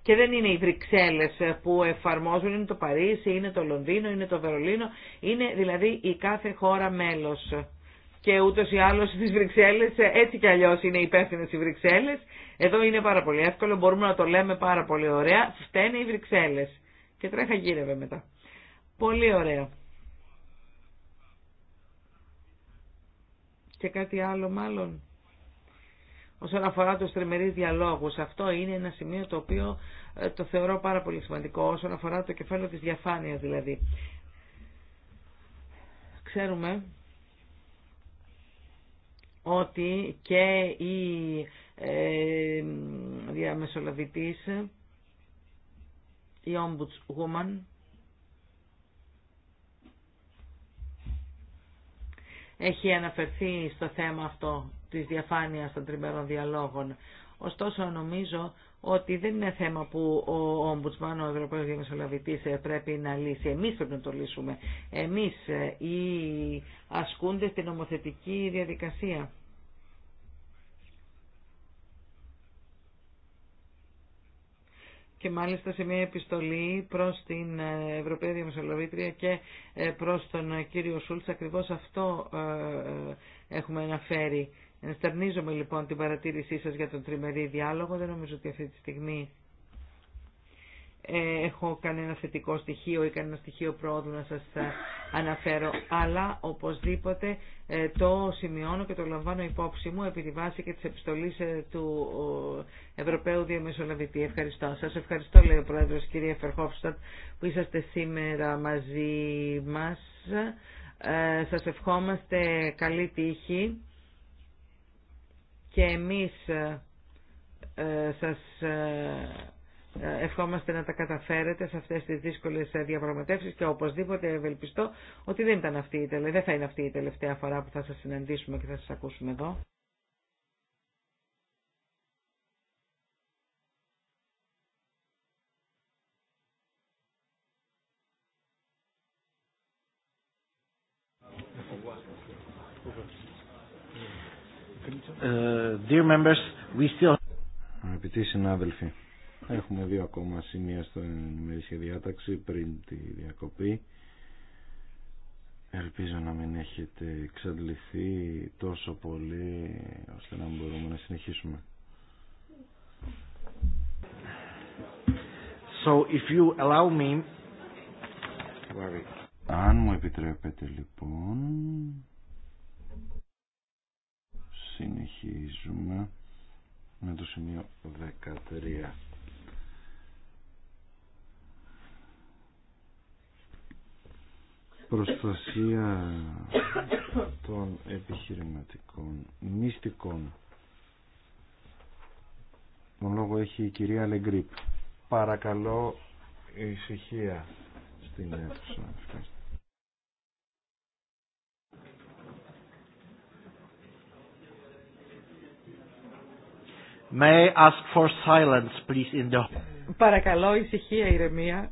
Και δεν είναι οι Βρυξέλλες που εφαρμόζουν, είναι το Παρίσι, είναι το Λονδίνο, είναι το Βερολίνο, είναι δηλαδή η κάθε χώρα μέλος. Και ούτω ή άλλω στι Βρυξέλλε, έτσι κι αλλιώ είναι υπεύθυνε οι Βρυξέλλε. Εδώ είναι πάρα πολύ εύκολο, μπορούμε να το λέμε πάρα πολύ ωραία. Φταίνε οι Βρυξέλλε. Και τρέχα γύρευε μετά. Πολύ ωραία. Και κάτι άλλο μάλλον. Όσον αφορά τους τριμερείς διαλόγους, αυτό είναι ένα σημείο το οποίο ε, το θεωρώ πάρα πολύ σημαντικό, όσον αφορά το κεφάλαιο της διαφάνειας δηλαδή. Ξέρουμε ότι και η ε, διαμεσολαβητής, η ombudswoman, έχει αναφερθεί στο θέμα αυτό της διαφάνειας των τριμερών διαλόγων. Ωστόσο νομίζω ότι δεν είναι θέμα που ο Ομπουτσμάν, ο Ευρωπαίος Διαμεσολαβητής ε, πρέπει να λύσει. Εμείς πρέπει να το λύσουμε. Εμείς ε, οι ασκούντες στην νομοθετική διαδικασία. και μάλιστα σε μια επιστολή προς την ε, Ευρωπαϊκή Διαμεσολαβήτρια και ε, προς τον ε, κύριο Σούλτς ακριβώς αυτό έχουμε αναφέρει. Ενστερνίζομαι λοιπόν την παρατήρησή σας για τον τριμερή διάλογο. Δεν νομίζω ότι αυτή τη στιγμή ε, έχω κανένα θετικό στοιχείο ή κανένα στοιχείο πρόοδου να σας ε, αναφέρω, αλλά οπωσδήποτε ε, το σημειώνω και το λαμβάνω υπόψη μου επί τη βάση και της επιστολής του Ευρωπαίου Διαμεσολαβητή. Ευχαριστώ. Σας ευχαριστώ, λέει ο Πρόεδρος, κυρία Φερχόφστατ, που είσαστε σήμερα μαζί μας. Σας ευχόμαστε καλή τύχη και εμείς σας ευχόμαστε να τα καταφέρετε σε αυτές τις δύσκολες ε, διαπραγματεύσεις και οπωσδήποτε ευελπιστώ ότι δεν, ήταν αυτή η, δεν θα είναι αυτή η τελευταία φορά που θα σας συναντήσουμε και θα σας ακούσουμε εδώ. Uh, dear members, we still... Αγαπητοί συνάδελφοι, Έχουμε δύο ακόμα σημεία στην ημερήσια διάταξη πριν τη διακοπή. Ελπίζω να μην έχετε εξαντληθεί τόσο πολύ ώστε να μπορούμε να συνεχίσουμε. So if you allow me... Αν μου επιτρέπετε λοιπόν... Συνεχίζουμε με το σημείο 13. προστασία των επιχειρηματικών μυστικών. Τον λόγο έχει η κυρία Λεγκρίπ. Παρακαλώ ησυχία στην αίθουσα Παρακαλώ ησυχία, ηρεμία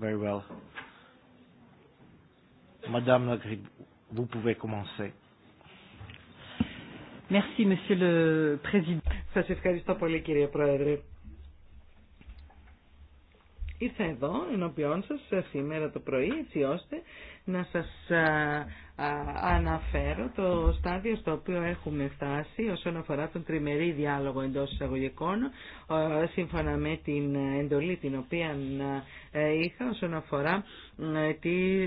Very Σας ευχαριστώ πολύ, κύριε Πρόεδρε. Ήρθα εδώ ενώπιόν σα ε, σήμερα το πρωί έτσι ώστε να σας ε, αναφέρω το στάδιο στο οποίο έχουμε φτάσει όσον αφορά τον τριμερή διάλογο εντός εισαγωγικών σύμφωνα με την εντολή την οποία είχα όσον αφορά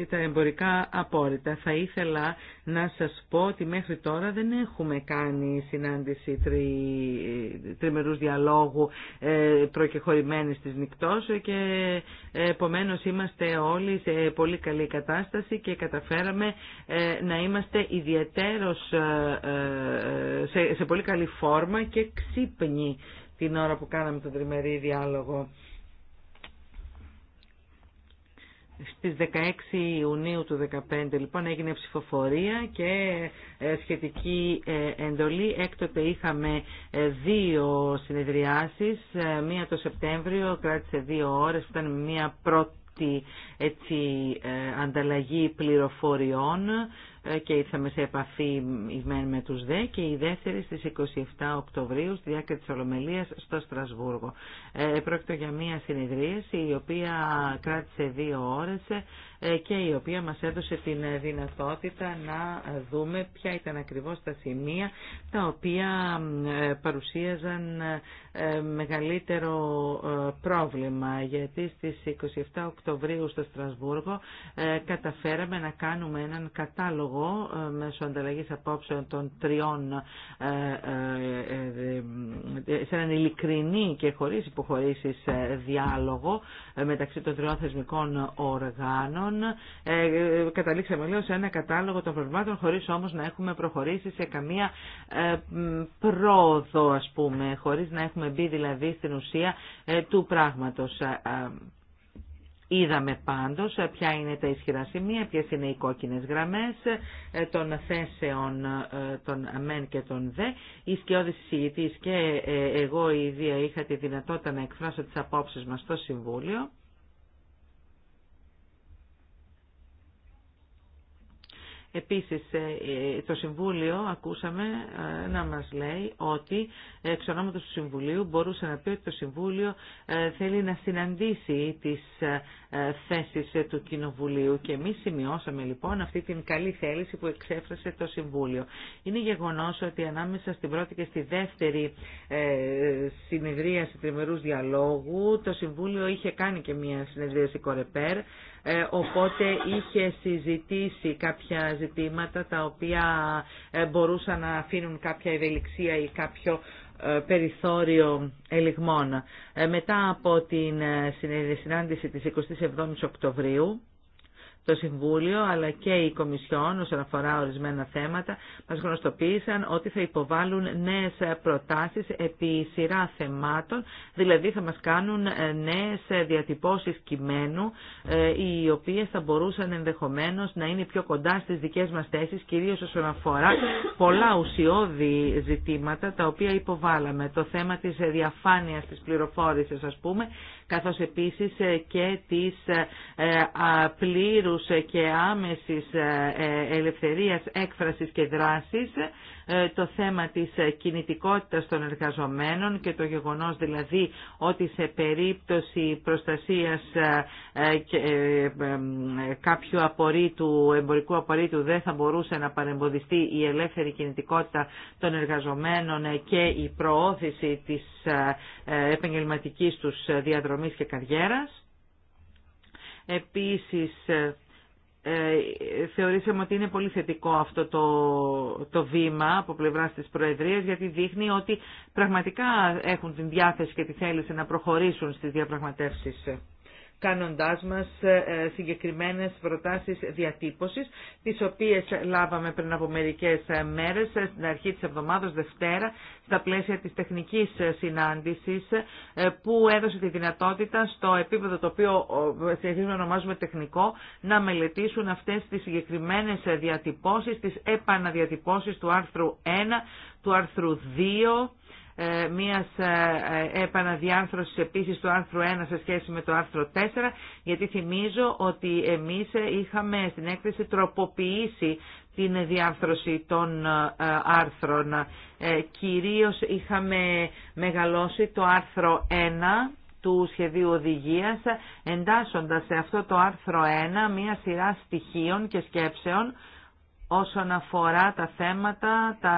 τα εμπορικά απόρριτα. Θα ήθελα να σας πω ότι μέχρι τώρα δεν έχουμε κάνει συνάντηση τρι, τριμερούς διαλόγου ε, προκεχωρημένη της νυχτός και επομένως είμαστε όλοι σε πολύ καλή κατάσταση και καταφέραμε ε, ε, να είμαστε ιδιαίτερος ε, ε, σε, σε πολύ καλή φόρμα και ξύπνοι την ώρα που κάναμε τον τριμερή διάλογο. Στις 16 Ιουνίου του 2015 λοιπόν έγινε ψηφοφορία και σχετική εντολή. Έκτοτε είχαμε δύο συνεδριάσεις, μία το Σεπτέμβριο κράτησε δύο ώρες, ήταν μια πρώτη την έτσι, ε, ανταλλαγή πληροφοριών ε, και ήρθαμε σε επαφή με τους ΔΕ και η δεύτερη στις 27 Οκτωβρίου στη διάρκεια της Ολομελίας στο Στρασβούργο. Ε, πρόκειται για μία συνεδρίαση η οποία κράτησε δύο ώρες ε, και η οποία μας έδωσε την ε, δυνατότητα να ε, δούμε ποια ήταν ακριβώς τα σημεία τα οποία παρουσίαζαν μεγαλύτερο πρόβλημα γιατί στις 27 Οκτωβρίου στο Στρασβούργο καταφέραμε να κάνουμε έναν κατάλογο μέσω ανταλλαγής απόψεων των τριών σε έναν ειλικρινή και χωρίς υποχωρήσεις διάλογο μεταξύ των τριών θεσμικών οργάνων ε, καταλήξαμε λέω σε ένα κατάλογο των προβλημάτων χωρίς όμως να έχουμε προχωρήσει σε καμία ε, πρόοδο ας πούμε, χωρίς να έχουμε μπει δηλαδή στην ουσία ε, του πράγματος. Είδαμε πάντως ποια είναι τα ισχυρά σημεία, ποιες είναι οι κόκκινες γραμμές των θέσεων των μεν και των δε. Η σκιώδη συζητής και εγώ η ίδια είχα τη δυνατότητα να εκφράσω τις απόψεις μας στο Συμβούλιο. Επίσης ε, ε, το Συμβούλιο ακούσαμε ε, να μας λέει ότι εξ ονόματος του Συμβουλίου μπορούσε να πει ότι το Συμβούλιο θέλει να συναντήσει τις ε, θέσεις ε, του Κοινοβουλίου και εμείς σημειώσαμε λοιπόν αυτή την καλή θέληση που εξέφρασε το Συμβούλιο. Είναι γεγονός ότι ανάμεσα στην πρώτη και στη δεύτερη ε, συνεδρίαση τριμερούς διαλόγου το Συμβούλιο είχε κάνει και μια συνεδρίαση κορεπέρ οπότε είχε συζητήσει κάποια ζητήματα τα οποία μπορούσαν να αφήνουν κάποια ευελιξία ή κάποιο ε, περιθώριο ελιγμών. Ε, μετά από την ε, συνάντηση της 27ης Οκτωβρίου, το Συμβούλιο αλλά και η Κομισιόν όσον αφορά ορισμένα θέματα μας γνωστοποίησαν ότι θα υποβάλουν νέες προτάσεις επί σειρά θεμάτων, δηλαδή θα μας κάνουν ε, νέες διατυπώσεις κειμένου ε, οι οποίες θα μπορούσαν ενδεχομένως να είναι πιο κοντά στις δικές μας θέσεις κυρίως όσον αφορά πολλά ουσιώδη ζητήματα τα οποία υποβάλαμε. Το θέμα της διαφάνειας της πληροφόρησης ας πούμε καθώς επίσης ε, και της πλήρου και άμεσης ε, ε, ελευθερίας έκφρασης και δράσης, ε, το θέμα της κινητικότητας των εργαζομένων και το γεγονός δηλαδή ότι σε περίπτωση προστασίας κάποιου απορρίτου, εμπορικού απορρίτου δεν θα μπορούσε να παρεμποδιστεί η ελεύθερη κινητικότητα των εργαζομένων και η προώθηση της επαγγελματικής τους διαδρομής και καριέρας. Επίσης, ε, θεωρήσαμε ότι είναι πολύ θετικό αυτό το, το βήμα από πλευρά της Προεδρίας γιατί δείχνει ότι πραγματικά έχουν την διάθεση και τη θέληση να προχωρήσουν στι διαπραγματεύσεις κάνοντάς μας ε, ε, συγκεκριμένες προτάσεις διατύπωσης, τις οποίες λάβαμε πριν από μερικές ε, μέρες, στην αρχή της εβδομάδας, Δευτέρα, στα πλαίσια της τεχνικής συνάντησης, που έδωσε τη δυνατότητα στο επίπεδο το οποίο συνεχίζουμε να ονομάζουμε τεχνικό, να μελετήσουν αυτές τις συγκεκριμένες διατυπώσεις, τις επαναδιατυπώσεις του άρθρου 1, του άρθρου 2, ε, μιας ε, ε, επαναδιάρθρωσης επίσης του άρθρου 1 σε σχέση με το άρθρο 4, γιατί θυμίζω ότι εμείς είχαμε στην έκθεση τροποποιήσει την διάρθρωση των άρθρων. Κυρίως είχαμε μεγαλώσει το άρθρο 1 του σχεδίου οδηγίας, εντάσσοντας σε αυτό το άρθρο 1 μία σειρά στοιχείων και σκέψεων, όσον αφορά τα θέματα, τα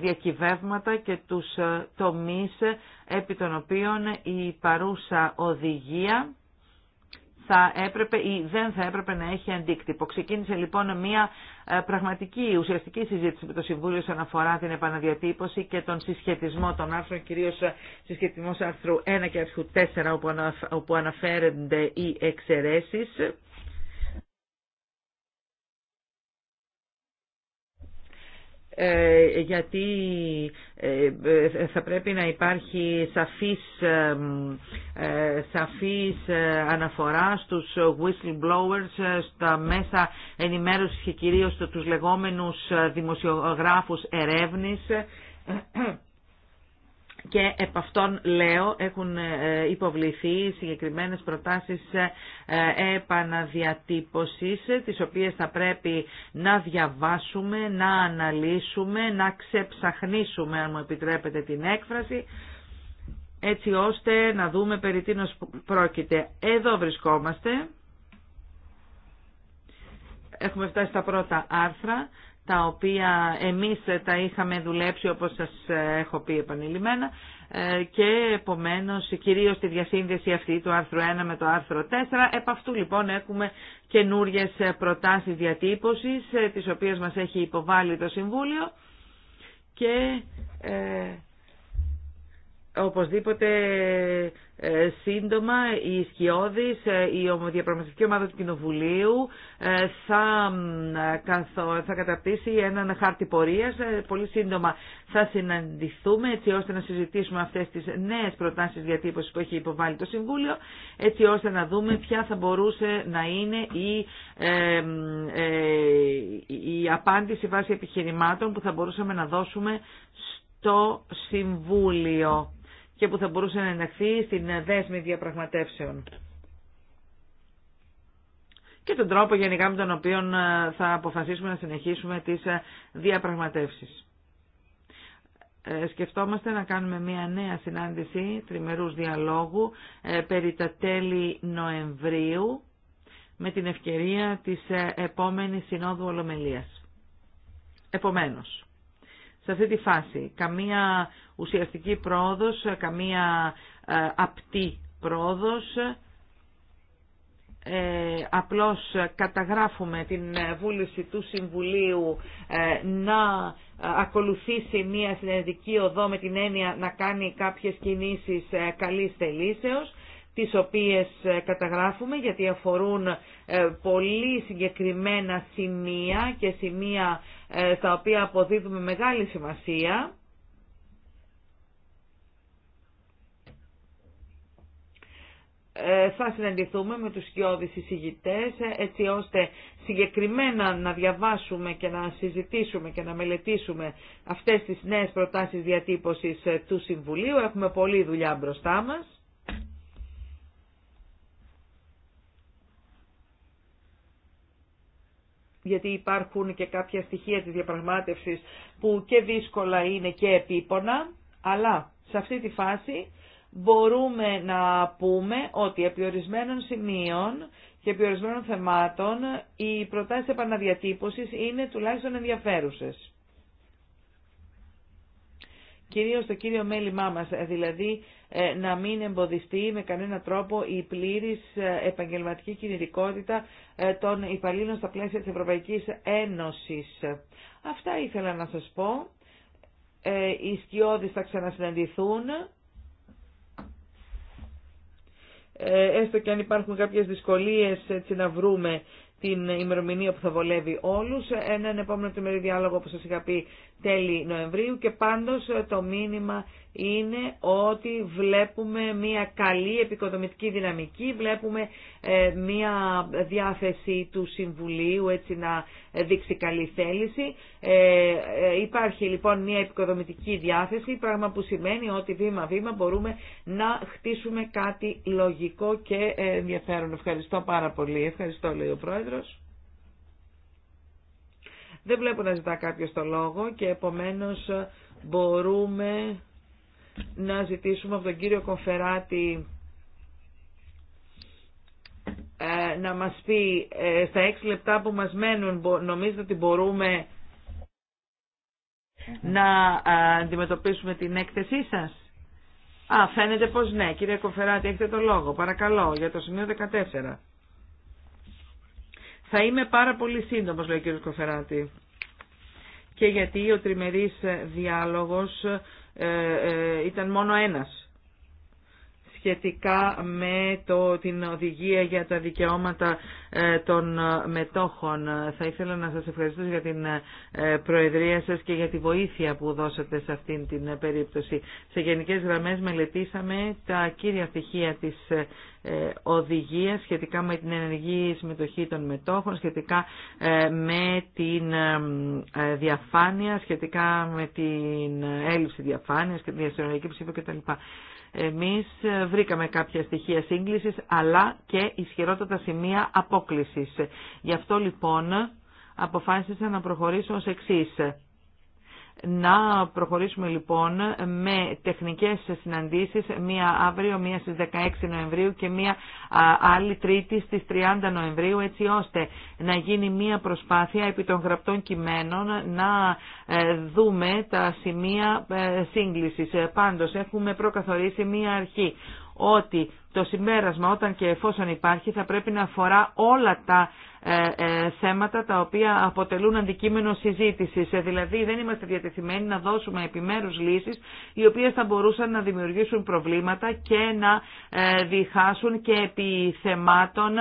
διακυβεύματα και τους ε, τομείς επί των οποίων η παρούσα οδηγία θα έπρεπε ή δεν θα έπρεπε να έχει αντίκτυπο. Ξεκίνησε λοιπόν μια ε, πραγματική ουσιαστική συζήτηση με το Συμβούλιο όσον αφορά την επαναδιατύπωση και τον συσχετισμό των άρθρων, κυρίως ε, συσχετισμός άρθρου 1 και άρθρου 4 όπου αναφέρονται οι εξαιρέσεις Ε, γιατί ε, ε, θα πρέπει να υπάρχει σαφής, σαφής αναφορά στους whistleblowers, στα μέσα ενημέρωσης και κυρίως στους λεγόμενους δημοσιογράφους ερεύνης και επ' αυτών λέω έχουν ε, υποβληθεί συγκεκριμένες προτάσεις ε, επαναδιατύπωσης ε, τις οποίες θα πρέπει να διαβάσουμε, να αναλύσουμε, να ξεψαχνίσουμε αν μου επιτρέπετε την έκφραση έτσι ώστε να δούμε περί τίνος πρόκειται. Εδώ βρισκόμαστε. Έχουμε φτάσει στα πρώτα άρθρα τα οποία εμείς τα είχαμε δουλέψει όπως σας έχω πει επανειλημμένα ε, και επομένως κυρίως τη διασύνδεση αυτή του άρθρου 1 με το άρθρο 4. Επ' αυτού λοιπόν έχουμε καινούριε προτάσεις διατύπωσης ε, τις οποίες μας έχει υποβάλει το Συμβούλιο και... Ε, Οπωσδήποτε ε, σύντομα η ε, η ομοδιαπραγματευτική ομάδα του Κοινοβουλίου ε, θα, θα καταρτήσει έναν χάρτη πορείας. Ε, πολύ σύντομα θα συναντηθούμε έτσι ώστε να συζητήσουμε αυτές τις νέες προτάσεις διατύπωσης που έχει υποβάλει το Συμβούλιο έτσι ώστε να δούμε ποια θα μπορούσε να είναι η, ε, η απάντηση βάσει επιχειρημάτων που θα μπορούσαμε να δώσουμε στο Συμβούλιο και που θα μπορούσε να ενταχθεί στην δέσμη διαπραγματεύσεων και τον τρόπο γενικά με τον οποίο ε, θα αποφασίσουμε να συνεχίσουμε τις ε, διαπραγματεύσεις. Ε, σκεφτόμαστε να κάνουμε μια νέα συνάντηση τριμερούς διαλόγου περί τα τέλη Νοεμβρίου με την ευκαιρία της επόμενης Συνόδου Ολομελίας. Επομένως, σε αυτή τη φάση. Καμία ουσιαστική πρόοδος, καμία ε, απτή πρόοδος. Ε, απλώς καταγράφουμε την βούληση του Συμβουλίου ε, να ακολουθήσει μια συνεδρική οδό με την έννοια να κάνει κάποιες κινήσεις ε, καλής θελήσεως τις οποίες ε, καταγράφουμε γιατί αφορούν ε, πολύ συγκεκριμένα σημεία και σημεία ε, στα οποία αποδίδουμε μεγάλη σημασία. θα συναντηθούμε με τους σκιώδεις εισηγητές έτσι ώστε συγκεκριμένα να διαβάσουμε και να συζητήσουμε και να μελετήσουμε αυτές τις νέες προτάσεις διατύπωσης του Συμβουλίου. Έχουμε πολλή δουλειά μπροστά μας. γιατί υπάρχουν και κάποια στοιχεία της διαπραγμάτευσης που και δύσκολα είναι και επίπονα, αλλά σε αυτή τη φάση μπορούμε να πούμε ότι επί ορισμένων σημείων και επί ορισμένων θεμάτων οι προτάσεις επαναδιατύπωσης είναι τουλάχιστον ενδιαφέρουσες. Κυρίως το κύριο μέλημά μας, ε, δηλαδή ε, να μην εμποδιστεί με κανένα τρόπο η πλήρης ε, επαγγελματική κινητικότητα ε, των υπαλλήλων στα πλαίσια της Ευρωπαϊκής Ένωσης. Αυτά ήθελα να σας πω. Οι σκιώδεις θα ξανασυναντηθούν έστω και αν υπάρχουν κάποιες δυσκολίες έτσι να βρούμε την ημερομηνία που θα βολεύει όλους. Έναν επόμενο τριμερή διάλογο, όπως σας είχα πει, τέλη Νοεμβρίου και πάντως ε, το μήνυμα είναι ότι βλέπουμε μια καλή επικοδομητική δυναμική, βλέπουμε ε, μια διάθεση του Συμβουλίου έτσι να δείξει καλή θέληση. Ε, υπάρχει λοιπόν μια επικοδομητική διάθεση, πράγμα που σημαίνει ότι βήμα-βήμα μπορούμε να χτίσουμε κάτι λογικό και ενδιαφέρον. Ευχαριστώ πάρα πολύ. Ευχαριστώ λέει ο Πρόεδρος. Δεν βλέπω να ζητά κάποιο το λόγο και επομένω μπορούμε να ζητήσουμε από τον κύριο Κοφεράτη ε, να μας πει ε, στα έξι λεπτά που μας μένουν νομίζετε ότι μπορούμε να ε, αντιμετωπίσουμε την έκθεσή σας. Α, φαίνεται πως ναι. Κύριε Κοφεράτη, έχετε το λόγο. Παρακαλώ, για το σημείο 14. Θα είμαι πάρα πολύ σύντομος, λέει ο κ. Κοφεράτη. Και γιατί ο τριμερής διάλογος ε, ε, ήταν μόνο ένας σχετικά με το, την οδηγία για τα δικαιώματα ε, των ε, μετόχων. Θα ήθελα να σας ευχαριστήσω για την ε, προεδρία σας και για τη βοήθεια που δώσατε σε αυτήν την περίπτωση. Σε γενικές γραμμές μελετήσαμε τα κύρια στοιχεία της οδηγίας σχετικά με την ενεργή συμμετοχή των μετόχων, σχετικά με την διαφάνεια, σχετικά με την έλλειψη διαφάνειας και την ψήφο κτλ. Εμείς ε, βρήκαμε κάποια στοιχεία σύγκλησης αλλά και ισχυρότατα σημεία απόκλησης. Γι' αυτό λοιπόν αποφάσισα να προχωρήσω ως εξής. Να προχωρήσουμε λοιπόν με τεχνικές συναντήσεις, μία αύριο, μία στις 16 Νοεμβρίου και μία άλλη τρίτη στις 30 Νοεμβρίου, έτσι ώστε να γίνει μία προσπάθεια επί των γραπτών κειμένων να ε, δούμε τα σημεία ε, σύγκλησης. Πάντως έχουμε προκαθορίσει μία αρχή ότι το συμπέρασμα όταν και εφόσον υπάρχει θα πρέπει να αφορά όλα τα ε, ε, θέματα τα οποία αποτελούν αντικείμενο συζήτησης. Ε, δηλαδή δεν είμαστε διατεθειμένοι να δώσουμε επιμέρους λύσεις οι οποίες θα μπορούσαν να δημιουργήσουν προβλήματα και να διχάσουν και επί θεμάτων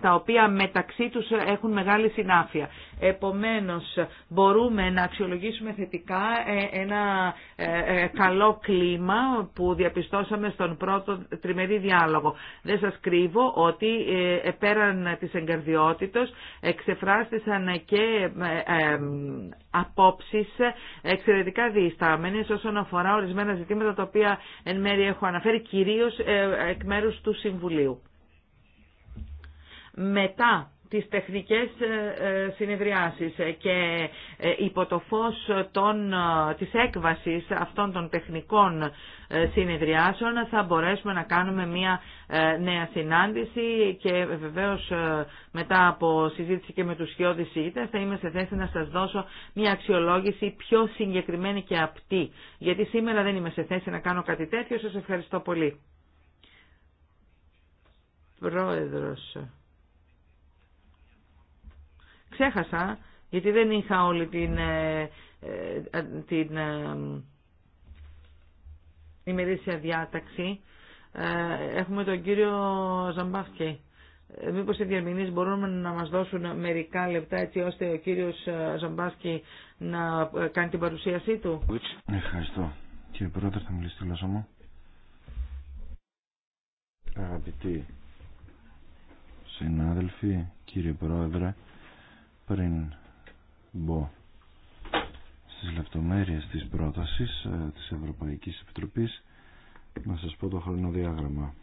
τα οποία μεταξύ τους έχουν μεγάλη συνάφεια. Επομένως μπορούμε να αξιολογήσουμε θετικά ένα καλό κλίμα που διαπιστώσαμε στον πρώτο τριμερή διάλογο. Δεν σας κρύβω ότι ε, πέραν της εγκαρδιότητος εξεφράστησαν και ε, ε, απόψεις εξαιρετικά διεστάμενες όσον αφορά ορισμένα ζητήματα τα οποία εν μέρει έχω αναφέρει κυρίως εκ μέρους του Συμβουλίου. Μετά τις τεχνικές ε, ε, συνεδριάσεις ε, και υπό το φως των, της έκβασης αυτών των τεχνικών συνεδριάσεων θα μπορέσουμε να κάνουμε μια νέα συνάντηση και βεβαίως μετά από συζήτηση και με τους χιώδης ηγητές θα είμαι σε θέση να σας δώσω μια αξιολόγηση πιο συγκεκριμένη και απτή γιατί σήμερα δεν είμαι σε θέση να κάνω κάτι τέτοιο. Σας ευχαριστώ πολύ. Πρόεδρος. Ξέχασα, γιατί δεν είχα όλη την, ε, ε, ε, την ημερήσια διάταξη. Έχουμε τον κύριο Ζαμπάφκη. Μήπως οι διερμηνείς μπορούμε να μας δώσουν μερικά λεπτά έτσι ώστε ο κύριος Ζαμπάσκη να κάνει την παρουσίασή του. Ευχαριστώ. Κύριε Πρόεδρε θα μιλήσει τη γλώσσα μου. Αγαπητοί συνάδελφοι, κύριε Πρόεδρε, πριν μπω στις λεπτομέρειες της πρότασης ε, της Ευρωπαϊκής Επιτροπής να σας πω το χρονοδιάγραμμα.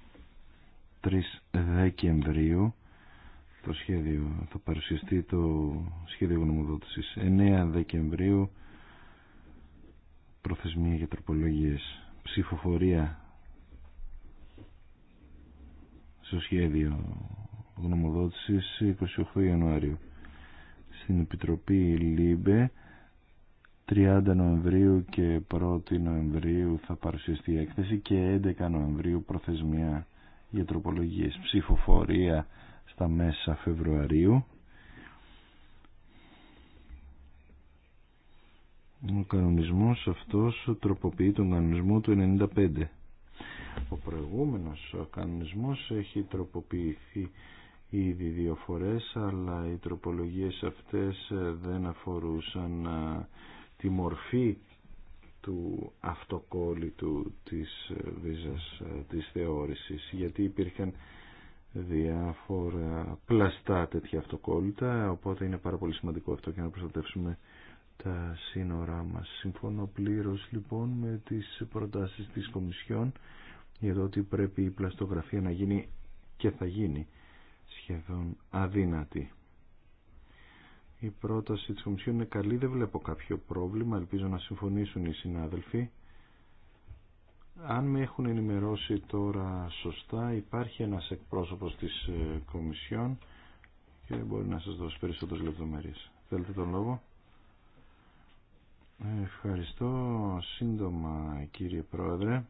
3 Δεκεμβρίου το σχέδιο θα παρουσιαστεί το σχέδιο γνωμοδότησης 9 Δεκεμβρίου προθεσμία για τροπολογίες ψηφοφορία στο σχέδιο γνωμοδότησης 28 Ιανουαρίου στην Επιτροπή ΛΥΜΠΕ 30 Νοεμβρίου και 1 Νοεμβρίου θα παρουσιαστεί η έκθεση και 11 Νοεμβρίου προθεσμία για τροπολογίες ψηφοφορία στα μέσα Φεβρουαρίου Ο κανονισμός αυτός τροποποιεί τον κανονισμό του 95 ο προηγούμενος ο κανονισμός έχει τροποποιηθεί ήδη δύο φορές αλλά οι τροπολογίες αυτές ε, δεν αφορούσαν ε, τη μορφή του αυτοκόλλητου της ε, βίζας της θεώρησης γιατί υπήρχαν διάφορα πλαστά τέτοια αυτοκόλλητα οπότε είναι πάρα πολύ σημαντικό αυτό και να προστατεύσουμε τα σύνορά μας. Συμφωνώ πλήρως λοιπόν με τις προτάσεις της Κομισιόν για το ότι πρέπει η πλαστογραφία να γίνει και θα γίνει σχεδόν αδύνατη. Η πρόταση της Κομισιόν είναι καλή, δεν βλέπω κάποιο πρόβλημα, ελπίζω να συμφωνήσουν οι συνάδελφοι. Αν με έχουν ενημερώσει τώρα σωστά, υπάρχει ένας εκπρόσωπος της ε, Κομισιόν και μπορεί να σας δώσει περισσότερες λεπτομέρειες. Θέλετε τον λόγο. Ε, ευχαριστώ σύντομα κύριε Πρόεδρε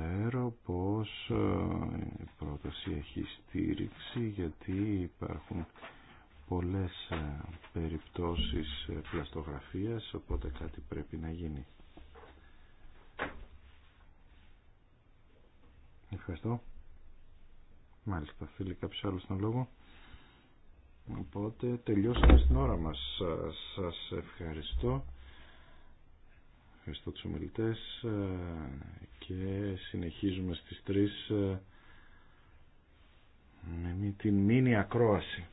ξέρω πως ε, η πρόταση έχει στήριξη γιατί υπάρχουν πολλές ε, περιπτώσεις ε, πλαστογραφίας οπότε κάτι πρέπει να γίνει. Ευχαριστώ. Μάλιστα, θέλει κάποιος άλλος τον λόγο. Οπότε τελειώσαμε στην ώρα μας. Σας ευχαριστώ. Ευχαριστώ τους ομιλητές ε, και συνεχίζουμε στις 3 ε, με την μήνυα ακρόαση.